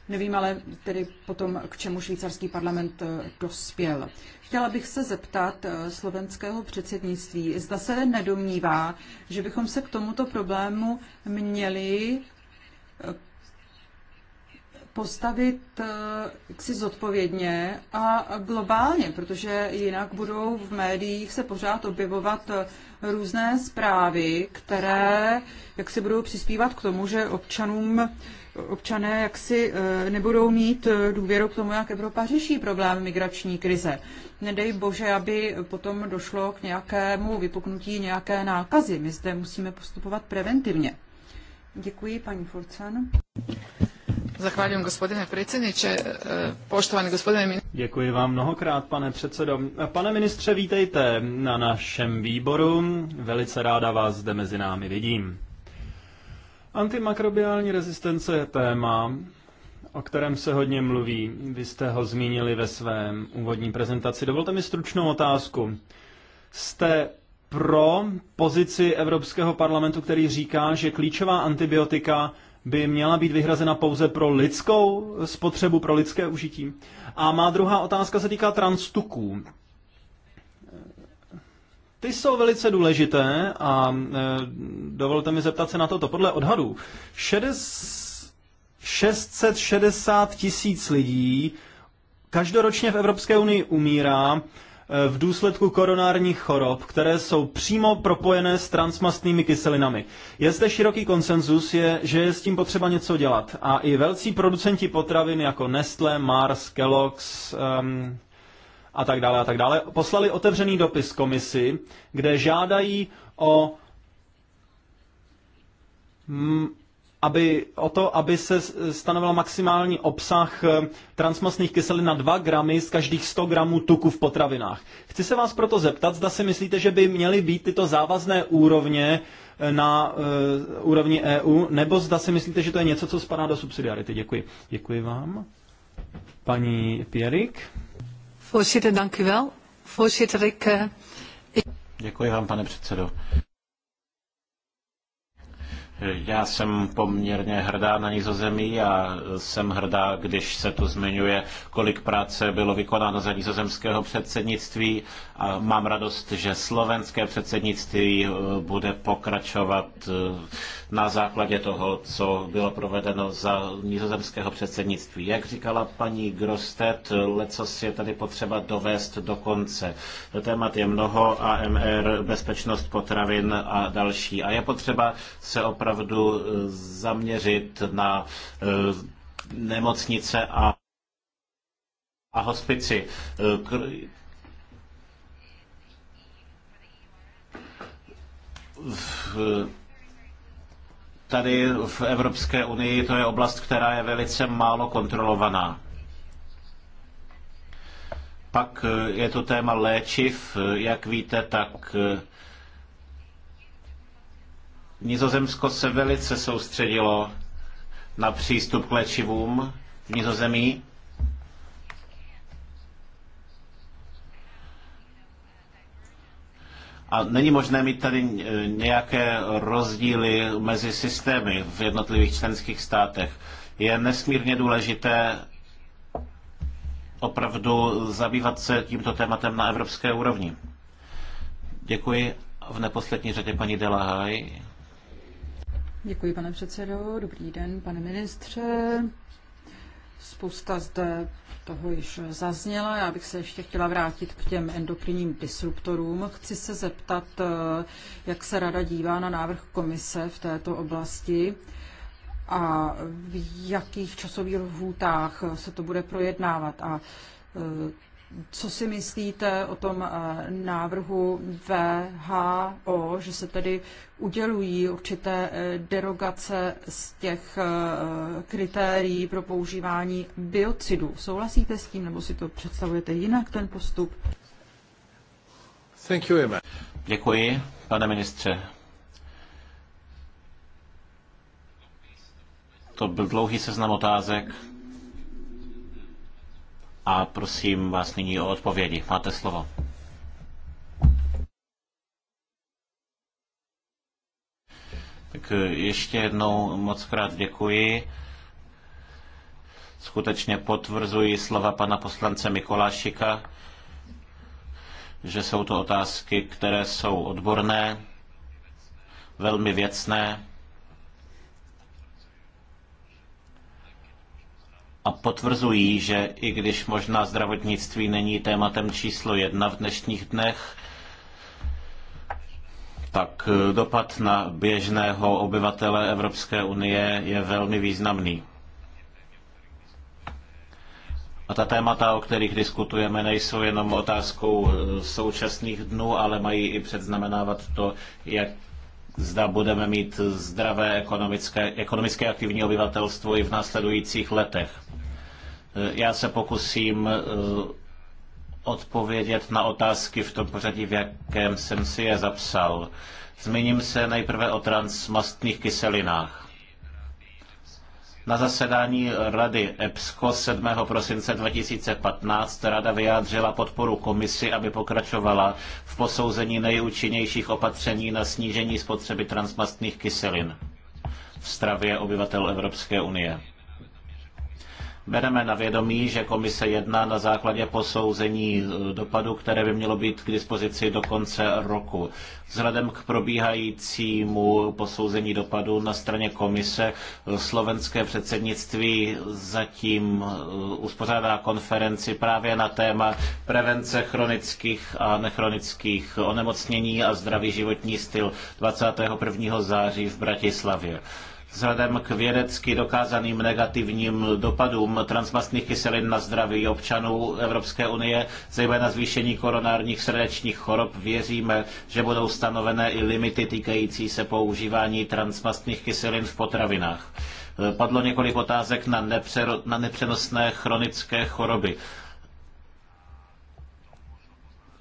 Nevím ale tedy potom, k čemu švýcarský parlament dospěl. Chtěla bych se zeptat slovenského předsednictví, zda se nedomnívá, že bychom se k tomuto problému měli postavit eh, si zodpovědně a globálně, protože jinak budou v médiích se pořád objevovat eh, různé zprávy, které jak si budou přispívat k tomu, že občanům občané jaksi eh, nebudou mít důvěru k tomu, jak Evropa řeší problém migrační krize. Nedej bože, aby potom došlo k nějakému vypuknutí nějaké nákazy. My zde musíme postupovat preventivně. Děkuji, paní Fulcan. Zachválím, gospodine předsedniče. Poštovaný gospodine Děkuji vám mnohokrát, pane předsedo. E, pane ministře, vítejte na našem výboru. Velice ráda vás zde mezi námi vidím. Antimakrobiální rezistence je téma, o kterém se hodně mluví. Vy jste ho zmínili ve svém úvodní prezentaci. Dovolte mi stručnou otázku. Jste pro pozici Evropského parlamentu, který říká, že klíčová antibiotika by měla být vyhrazena pouze pro lidskou spotřebu, pro lidské užití. A má druhá otázka se týká transtuků. Ty jsou velice důležité a e, dovolte mi zeptat se na toto. Podle odhadů 660 tisíc lidí každoročně v Evropské unii umírá v důsledku koronárních chorob, které jsou přímo propojené s transmastnými kyselinami. Je zde široký konsenzus, je, že je s tím potřeba něco dělat. A i velcí producenti potravin jako Nestlé, Mars, Kellogg's, um, a tak dále a tak dále, poslali otevřený dopis komisi, kde žádají o aby, o to, aby se stanovil maximální obsah eh, transmastných kyselin na 2 gramy z každých 100 gramů tuku v potravinách. Chci se vás proto zeptat, zda si myslíte, že by měly být tyto závazné úrovně eh, na uh, úrovni EU, nebo zda si myslíte, že to je něco, co spadá do subsidiarity. Děkuji. Děkuji vám. Paní Pierik. Voorzitter, dank u wel. Voorzitter, Děkuji vám, pane předsedo. Já jsem poměrně hrdá na Nizozemí a jsem hrdá, když se tu zmiňuje, kolik práce bylo vykonáno za nizozemského předsednictví a mám radost, že slovenské předsednictví eh, bude pokračovat eh, na základě toho, co bylo provedeno za nizozemského předsednictví. Jak říkala paní Grostet, lecos je tady potřeba dovést do konce. Témat je mnoho, AMR, bezpečnost potravin a další. A je potřeba se opravdu opravdu eh, zaměřit na eh, nemocnice a, a hospici. Eh, v, tady v Evropské unii to je oblast, která je velice málo kontrolovaná. Pak je to téma léčiv. Jak víte, tak Nizozemsko se velice soustředilo na přístup k léčivům v Nizozemí. A není možné mít tady nějaké rozdíly mezi systémy v jednotlivých členských státech. Je nesmírně důležité opravdu zabývat se tímto tématem na evropské úrovni. Děkuji v neposlední řadě paní Delahaj. Děkuji, pane předsedo. Dobrý den, pane ministře. Spousta zde toho již zazněla. Já bych se ještě chtěla vrátit k těm endokrinním disruptorům. Chci se zeptat, jak se rada dívá na návrh komise v této oblasti a v jakých časových lhůtách se to bude projednávat. A co si myslíte o tom eh, návrhu VHO, že se tedy udělují určité eh, derogace z těch eh, kritérií pro používání biocidů. Souhlasíte s tím, nebo si to představujete jinak, ten postup? Thank you, Emma. Děkuji, pane ministře. To byl dlouhý seznam otázek a prosím vás nyní o odpovědi. Máte slovo. Tak eh, ještě jednou moc krát děkuji. Skutečně potvrzuji slova pana poslance Mikolášika, že jsou to otázky, které jsou odborné, velmi věcné a potvrzují, že i když možná zdravotnictví není tématem číslo jedna v dnešních dnech, tak eh, dopad na běžného obyvatele Evropské unie je velmi významný. A ta témata, o kterých diskutujeme, nejsou jenom otázkou eh, současných dnů, ale mají i předznamenávat to, jak zda budeme mít zdravé ekonomické, ekonomické aktivní obyvatelstvo i v následujících letech. Já se pokusím eh, odpovědět na otázky v tom pořadí, v jakém jsem si je zapsal. Zmíním se nejprve o transmastných kyselinách. Na zasedání Rady EPSCO 7. prosince 2015 Rada vyjádřila podporu komisi, aby pokračovala v posouzení nejúčinnějších opatření na snížení spotřeby transmastných kyselin v stravě obyvatel Evropské unie. Bereme na vědomí, že komise jedná na základě posouzení eh, dopadu, které by mělo být k dispozici do konce roku. Vzhledem k probíhajícímu posouzení dopadu na straně komise eh, slovenské předsednictví zatím eh, uspořádá konferenci právě na téma prevence chronických a nechronických onemocnění a zdravý životní styl 21. září v Bratislavě vzhledem k vědecky dokázaným negativním dopadům transmastných kyselin na zdraví občanů Evropské unie, zejména zvýšení koronárních srdečních chorob, věříme, že budou stanovené i limity týkající se používání transmastných kyselin v potravinách. Padlo několik otázek na, nepřero, na nepřenosné chronické choroby.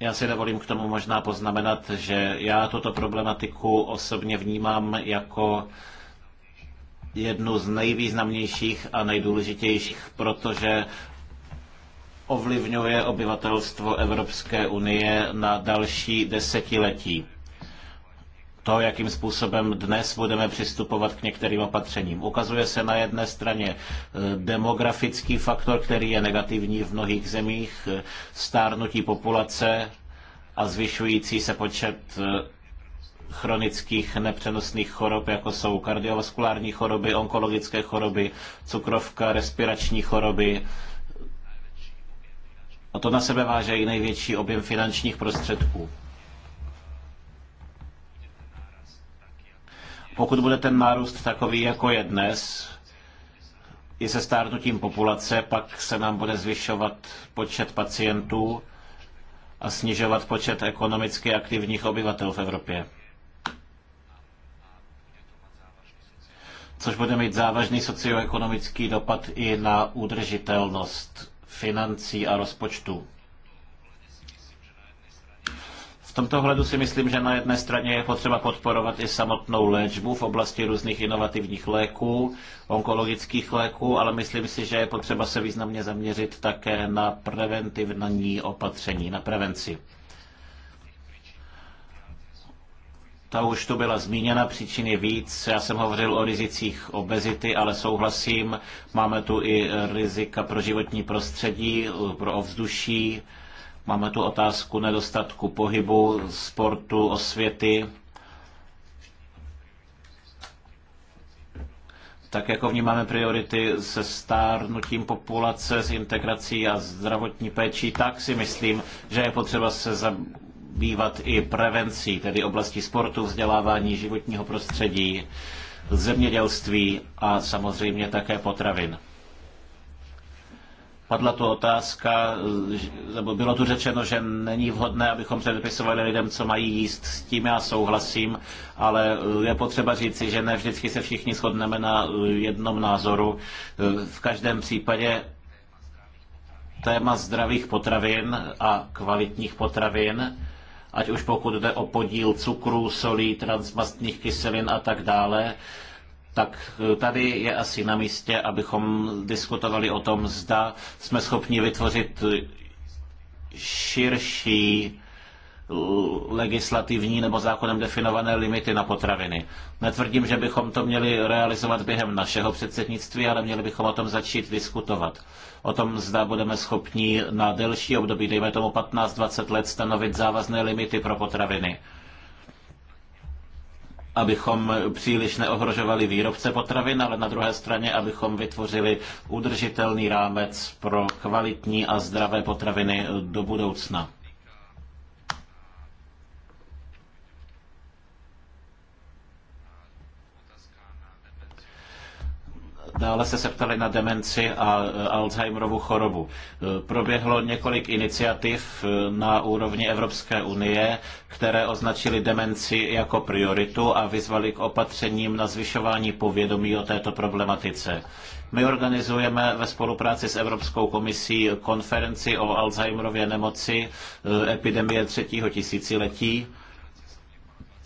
Já si dovolím k tomu možná poznamenat, že já tuto problematiku osobně vnímám jako jednu z nejvýznamnějších a nejdůležitějších, protože ovlivňuje obyvatelstvo Evropské unie na další desetiletí. To, jakým způsobem dnes budeme přistupovat k některým opatřením. Ukazuje se na jedné straně eh, demografický faktor, který je negativní v mnohých zemích, eh, stárnutí populace a zvyšující se počet eh, chronických nepřenosných chorob, jako jsou kardiovaskulární choroby, onkologické choroby, cukrovka, respirační choroby. A to na sebe váže i největší objem finančních prostředků. Pokud bude ten nárůst takový, jako je dnes, i se stárnutím populace, pak se nám bude zvyšovat počet pacientů a snižovat počet ekonomicky aktivních obyvatel v Evropě. což bude mít závažný socioekonomický dopad i na udržitelnost financí a rozpočtu. V tomto hledu si myslím, že na jedné straně je potřeba podporovat i samotnou léčbu v oblasti různých inovativních léků, onkologických léků, ale myslím si, že je potřeba se významně zaměřit také na preventivní opatření, na prevenci. Ta už tu byla zmíněna, příčiny víc. Já jsem hovořil o rizicích obezity, ale souhlasím, máme tu i eh, rizika pro životní prostředí, eh, pro ovzduší, máme tu otázku nedostatku pohybu, sportu, osvěty. tak jako vnímáme priority se stárnutím populace, s integrací a zdravotní péčí, tak si myslím, že je potřeba se zabývat i prevencí, tedy oblastí sportu, vzdělávání, životního prostředí, zemědělství a samozřejmě také potravin. Padla tu otázka, nebo bylo tu řečeno, že není vhodné, abychom předepisovali lidem, co mají jíst. S tím já souhlasím, ale je potřeba říci, že ne vždycky se všichni shodneme na jednom názoru. V každém případě téma zdravých potravin a kvalitních potravin ať už pokud jde o podíl cukru, solí, transmastných kyselin a tak dále, tak e, tady je asi na místě, abychom diskutovali o tom, zda jsme schopni vytvořit širší legislativní nebo zákonem definované limity na potraviny. Netvrdím, že bychom to měli realizovat během našeho předsednictví, ale měli bychom o tom začít diskutovat. O tom zda budeme schopni na delší období, dejme tomu 15-20 let, stanovit závazné limity pro potraviny abychom příliš neohrožovali výrobce potravin, ale na druhé straně, abychom vytvořili udržitelný rámec pro kvalitní a zdravé potraviny do budoucna. Dále se septali na demenci a e, Alzheimerovu chorobu. E, proběhlo několik iniciativ e, na úrovni Evropské unie, které označili demenci jako prioritu a vyzvali k opatřením na zvyšování povědomí o této problematice. My organizujeme ve spolupráci s Evropskou komisí konferenci o Alzheimerově nemoci epidemie třetího tisíciletí.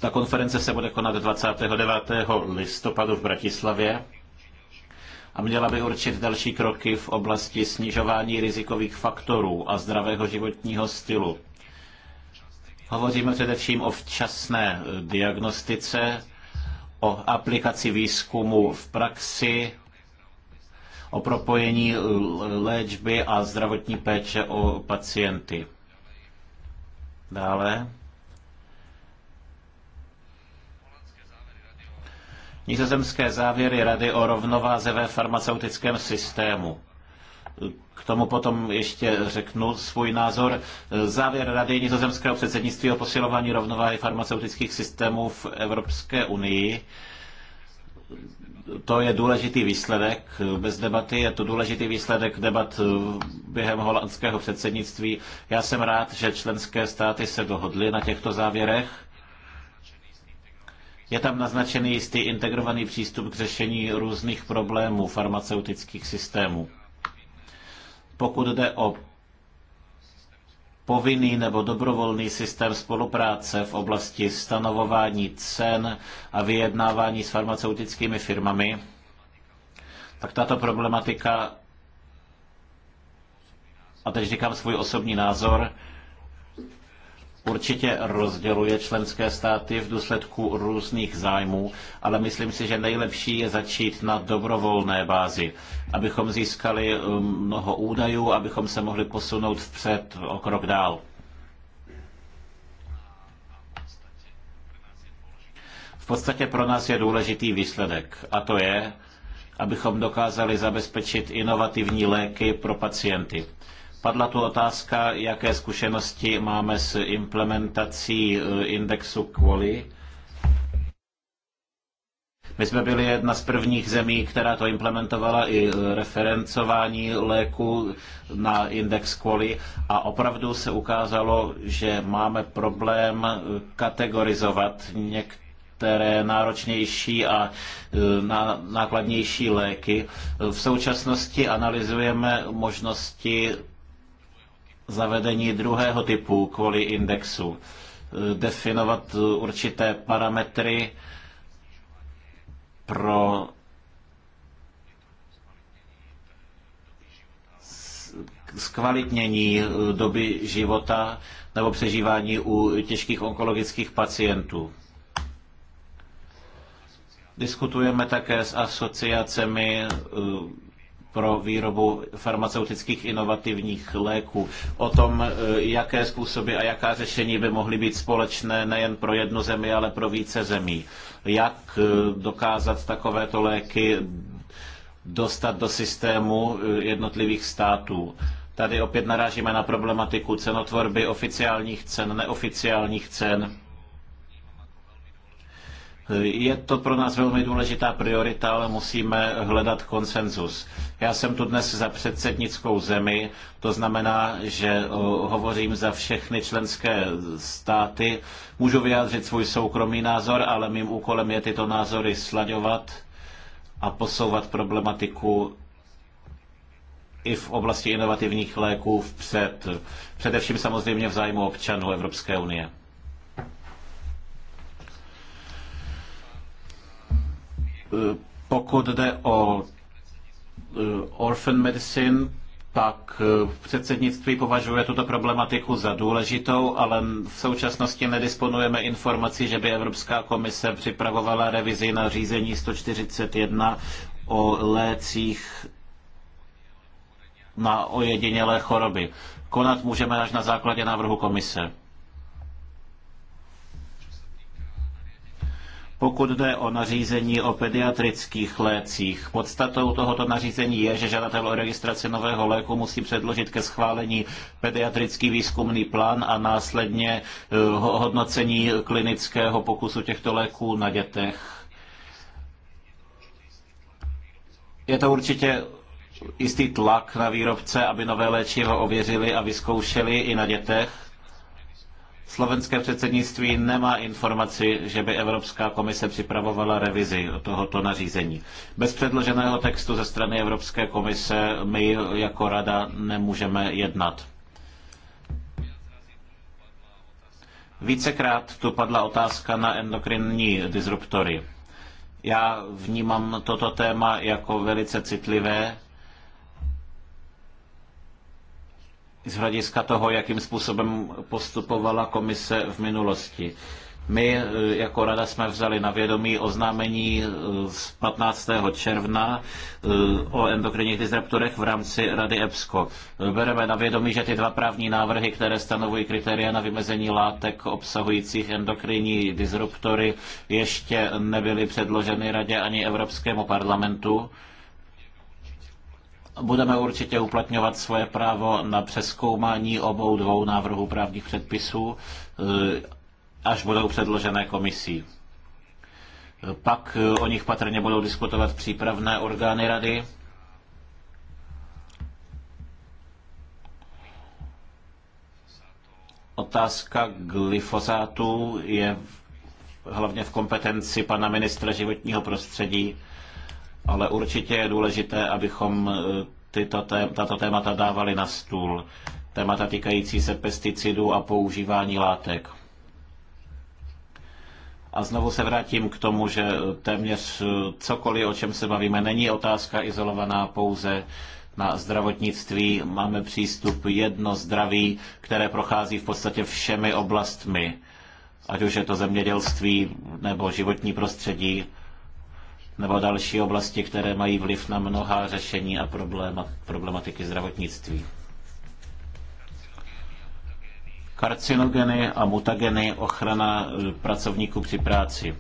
Ta konference se bude konat 29. listopadu v Bratislavě a měla by určit další kroky v oblasti snižování rizikových faktorů a zdravého životního stylu. Hovoříme především o včasné eh, diagnostice, o aplikaci výzkumu v praxi, o propojení eh, léčby a zdravotní péče o pacienty. Dále. nizozemské závěry Rady o rovnováze ve farmaceutickém systému. K tomu potom ještě řeknu svůj názor. Závěr Rady nizozemského předsednictví o posilování rovnováhy farmaceutických systémů v Evropské unii. To je důležitý výsledek bez debaty, je to důležitý výsledek debat během holandského předsednictví. Já jsem rád, že členské státy se dohodly na těchto závěrech je tam naznačený jistý integrovaný přístup k řešení různých problémů farmaceutických systémů. Pokud jde o povinný nebo dobrovolný systém spolupráce v oblasti stanovování cen a vyjednávání s farmaceutickými firmami, tak tato problematika, a teď říkám svůj osobní názor, určitě rozděluje členské státy v důsledku různých zájmů, ale myslím si, že nejlepší je začít na dobrovolné bázi, abychom získali eh, mnoho údajů, abychom se mohli posunout vpřed o krok dál. V podstatě pro nás je důležitý výsledek a to je, abychom dokázali zabezpečit inovativní léky pro pacienty. Padla tu otázka, jaké zkušenosti máme s implementací eh, indexu Quali. My jsme byli jedna z prvních zemí, která to implementovala i eh, referencování léku na index quali a opravdu se ukázalo, že máme problém eh, kategorizovat některé náročnější a nákladnější léky. V současnosti analyzujeme možnosti zavedení druhého typu kvůli indexu, e, definovat určité parametry pro zkvalitnění doby života nebo přežívání u těžkých onkologických pacientů. Diskutujeme také s asociacemi e, pro výrobu farmaceutických inovativních léků, o tom, e, jaké způsoby a jaká řešení by mohly být společné nejen pro jednu zemi, ale pro více zemí. Jak e, dokázat takovéto léky dostat do systému e, jednotlivých států. Tady opět narážíme na problematiku cenotvorby oficiálních cen, neoficiálních cen je to pro nás velmi důležitá priorita, ale musíme hledat konsenzus. Já jsem tu dnes za předsednickou zemi, to znamená, že hovořím za všechny členské státy. Můžu vyjádřit svůj soukromý názor, ale mým úkolem je tyto názory slaďovat a posouvat problematiku i v oblasti inovativních léků vpřed. Především samozřejmě v zájmu občanů Evropské unie. Eh, pokud jde o eh, orphan medicine, tak eh, předsednictví považuje tuto problematiku za důležitou, ale v současnosti nedisponujeme informací, že by Evropská komise připravovala revizi na řízení 141 o lécích na ojedinělé choroby. Konat můžeme až na základě návrhu komise. Pokud jde o nařízení o pediatrických lécích, podstatou tohoto nařízení je, že žadatel o registraci nového léku musí předložit ke schválení pediatrický výzkumný plán a následně eh, hodnocení klinického pokusu těchto léků na dětech. Je to určitě jistý tlak na výrobce, aby nové léčivo ověřili a vyzkoušeli i na dětech Slovenské předsednictví nemá informaci, že by Evropská komise připravovala revizi tohoto nařízení. Bez předloženého textu ze strany Evropské komise my jako rada nemůžeme jednat. Vícekrát tu padla otázka na endokrinní disruptory. Já vnímám toto téma jako velice citlivé z hlediska toho, jakým způsobem postupovala komise v minulosti. My e, jako rada jsme vzali na vědomí oznámení e, z 15. června e, o endokrinních disruptorech v rámci Rady EPSCO. Bereme na vědomí, že ty dva právní návrhy, které stanovují kritéria na vymezení látek obsahujících endokrinní disruptory, ještě nebyly předloženy Radě ani Evropskému parlamentu. Budeme určitě uplatňovat svoje právo na přeskoumání obou dvou návrhů právních předpisů, eh, až budou předložené komisí. Pak eh, o nich patrně budou diskutovat přípravné orgány rady. Otázka glyfosátu je hlavně v kompetenci pana ministra životního prostředí ale určitě je důležité, abychom e, tyto tém, tato témata dávali na stůl. Témata týkající se pesticidů a používání látek. A znovu se vrátím k tomu, že téměř e, cokoliv, o čem se bavíme, není otázka izolovaná pouze na zdravotnictví. Máme přístup jedno zdraví, které prochází v podstatě všemi oblastmi, ať už je to zemědělství nebo životní prostředí nebo další oblasti, které mají vliv na mnoha řešení a problematiky zdravotnictví. Karcinogeny a mutageny, ochrana eh, pracovníků při práci.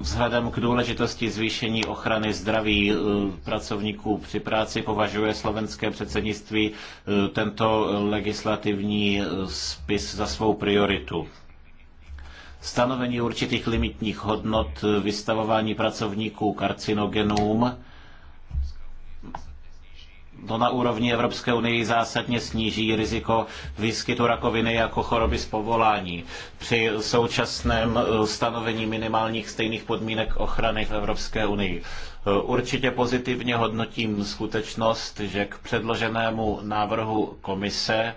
Vzhledem k důležitosti zvýšení ochrany zdraví eh, pracovníků při práci považuje slovenské předsednictví eh, tento legislativní spis za svou prioritu stanovení určitých limitních hodnot vystavování pracovníků karcinogenům to na úrovni Evropské unie zásadně sníží riziko výskytu rakoviny jako choroby z povolání. Při současném eh, stanovení minimálních stejných podmínek ochrany v Evropské unii. Eh, určitě pozitivně hodnotím skutečnost, že k předloženému návrhu komise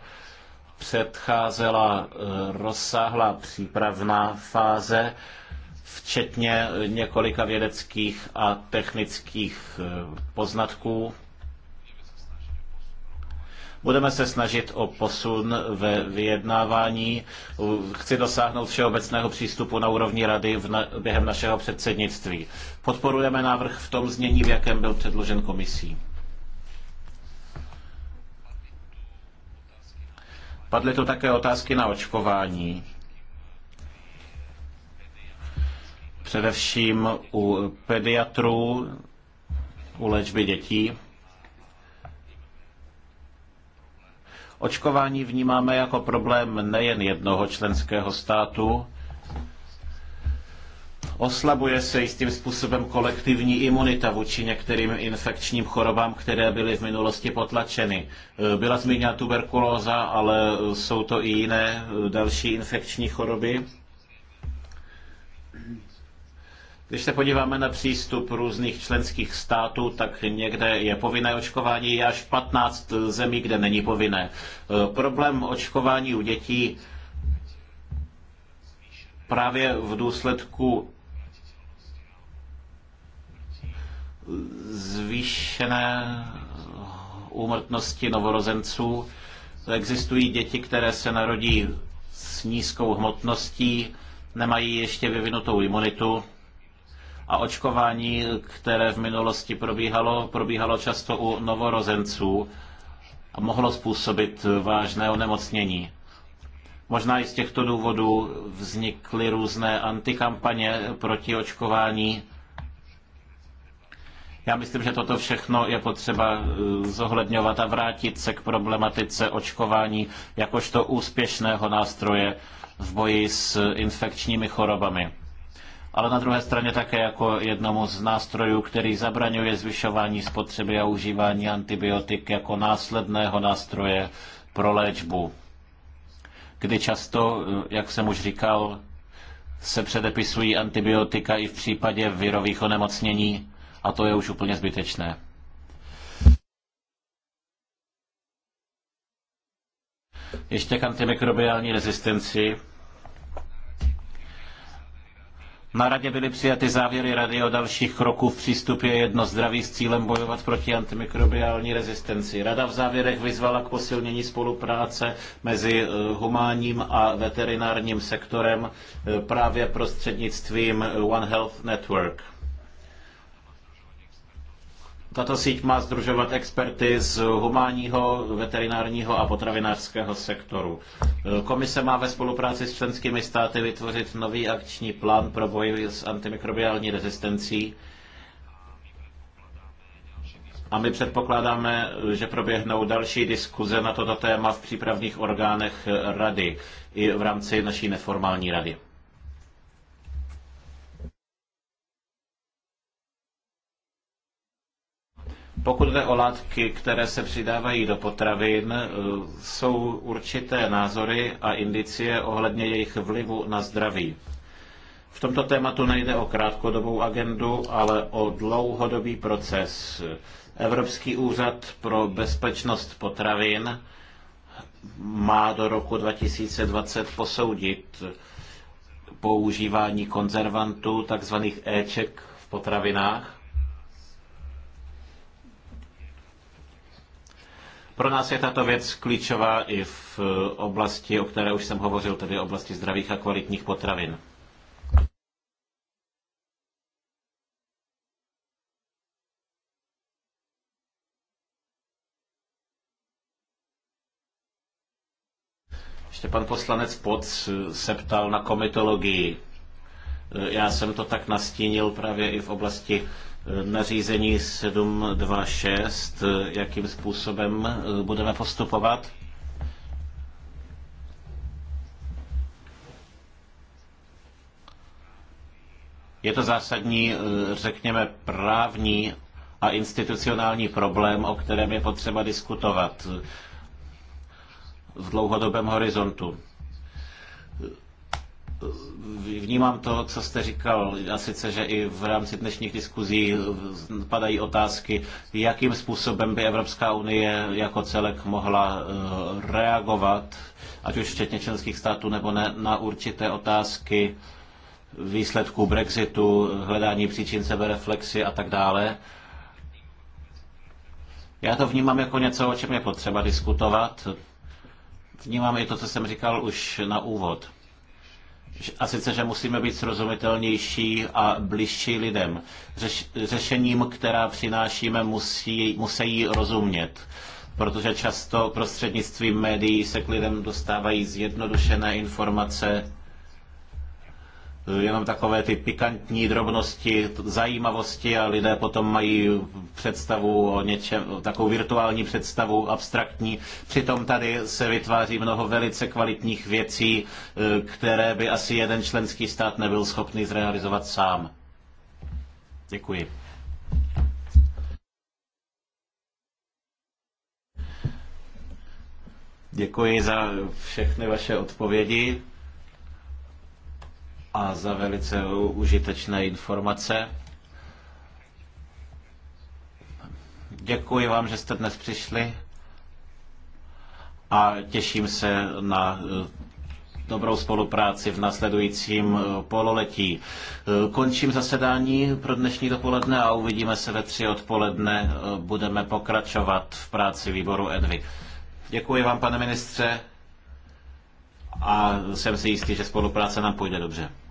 předcházela eh, rozsáhlá přípravná fáze, včetně eh, několika vědeckých a technických eh, poznatků. Budeme se snažit o posun ve vyjednávání. Chci dosáhnout všeobecného přístupu na úrovni rady v na, během našeho předsednictví. Podporujeme návrh v tom znění, v jakém byl předložen komisí. Padly tu také otázky na očkování. Především u pediatrů, u léčby dětí. Očkování vnímáme jako problém nejen jednoho členského státu, Oslabuje se jistým způsobem kolektivní imunita vůči některým infekčním chorobám, které byly v minulosti potlačeny. E, byla zmíněna tuberkulóza, ale jsou to i jiné e, další infekční choroby. Když se podíváme na přístup různých členských států, tak někde je povinné očkování, je až 15 zemí, kde není povinné. E, problém očkování u dětí právě v důsledku zvýšené úmrtnosti novorozenců. Existují děti, které se narodí s nízkou hmotností, nemají ještě vyvinutou imunitu a očkování, které v minulosti probíhalo, probíhalo často u novorozenců a mohlo způsobit vážné onemocnění. Možná i z těchto důvodů vznikly různé antikampaně proti očkování já myslím, že toto všechno je potřeba eh, zohledňovat a vrátit se k problematice očkování jakožto úspěšného nástroje v boji s infekčními chorobami ale na druhé straně také jako jednomu z nástrojů, který zabraňuje zvyšování spotřeby a užívání antibiotik jako následného nástroje pro léčbu. Kdy často, eh, jak jsem už říkal, se předepisují antibiotika i v případě virových onemocnění a to je už úplně zbytečné. Ještě k antimikrobiální rezistenci. Na radě byly přijaty závěry rady o dalších kroků v přístupě jedno zdraví s cílem bojovat proti antimikrobiální rezistenci. Rada v závěrech vyzvala k posilnění spolupráce mezi eh, humánním a veterinárním sektorem eh, právě prostřednictvím eh, One Health Network. Tato síť má združovat experty z humánního, veterinárního a potravinářského sektoru. Komise má ve spolupráci s členskými státy vytvořit nový akční plán pro boj s antimikrobiální rezistencí. A my předpokládáme, že proběhnou další diskuze na toto téma v přípravných orgánech rady i v rámci naší neformální rady. Pokud jde o látky, které se přidávají do potravin, eh, jsou určité názory a indicie ohledně jejich vlivu na zdraví. V tomto tématu nejde o krátkodobou agendu, ale o dlouhodobý proces. Evropský úřad pro bezpečnost potravin má do roku 2020 posoudit používání konzervantů, takzvaných éček v potravinách, Pro nás je tato věc klíčová i v eh, oblasti, o které už jsem hovořil, tedy oblasti zdravých a kvalitních potravin. Ještě pan poslanec Poc eh, se ptal na komitologii. Eh, já jsem to tak nastínil právě i v oblasti nařízení 726, jakým způsobem eh, budeme postupovat? Je to zásadní, eh, řekněme, právní a institucionální problém, o kterém je potřeba diskutovat v dlouhodobém horizontu vnímám to, co jste říkal, a sice, že i v rámci dnešních diskuzí padají otázky, jakým způsobem by Evropská unie jako celek mohla eh, reagovat, ať už včetně členských států nebo ne, na určité otázky výsledků Brexitu, hledání příčin sebereflexy a tak dále. Já to vnímám jako něco, o čem je potřeba diskutovat. Vnímám i to, co jsem říkal už na úvod a sice, že musíme být srozumitelnější a bližší lidem. Řeš, řešením, která přinášíme, musí, musí rozumět protože často prostřednictvím médií se k lidem dostávají zjednodušené informace jenom takové ty pikantní drobnosti, zajímavosti a lidé potom mají představu o něčem, takovou virtuální představu, abstraktní. Přitom tady se vytváří mnoho velice kvalitních věcí, eh, které by asi jeden členský stát nebyl schopný zrealizovat sám. Děkuji. Děkuji za všechny vaše odpovědi a za velice užitečné informace. Děkuji vám, že jste dnes přišli a těším se na eh, dobrou spolupráci v nasledujícím eh, pololetí. Eh, končím zasedání pro dnešní dopoledne a uvidíme se ve tři odpoledne. Budeme pokračovat v práci výboru EDVI. Děkuji vám, pane ministře, a jsem si jistý, že spolupráce nám půjde dobře.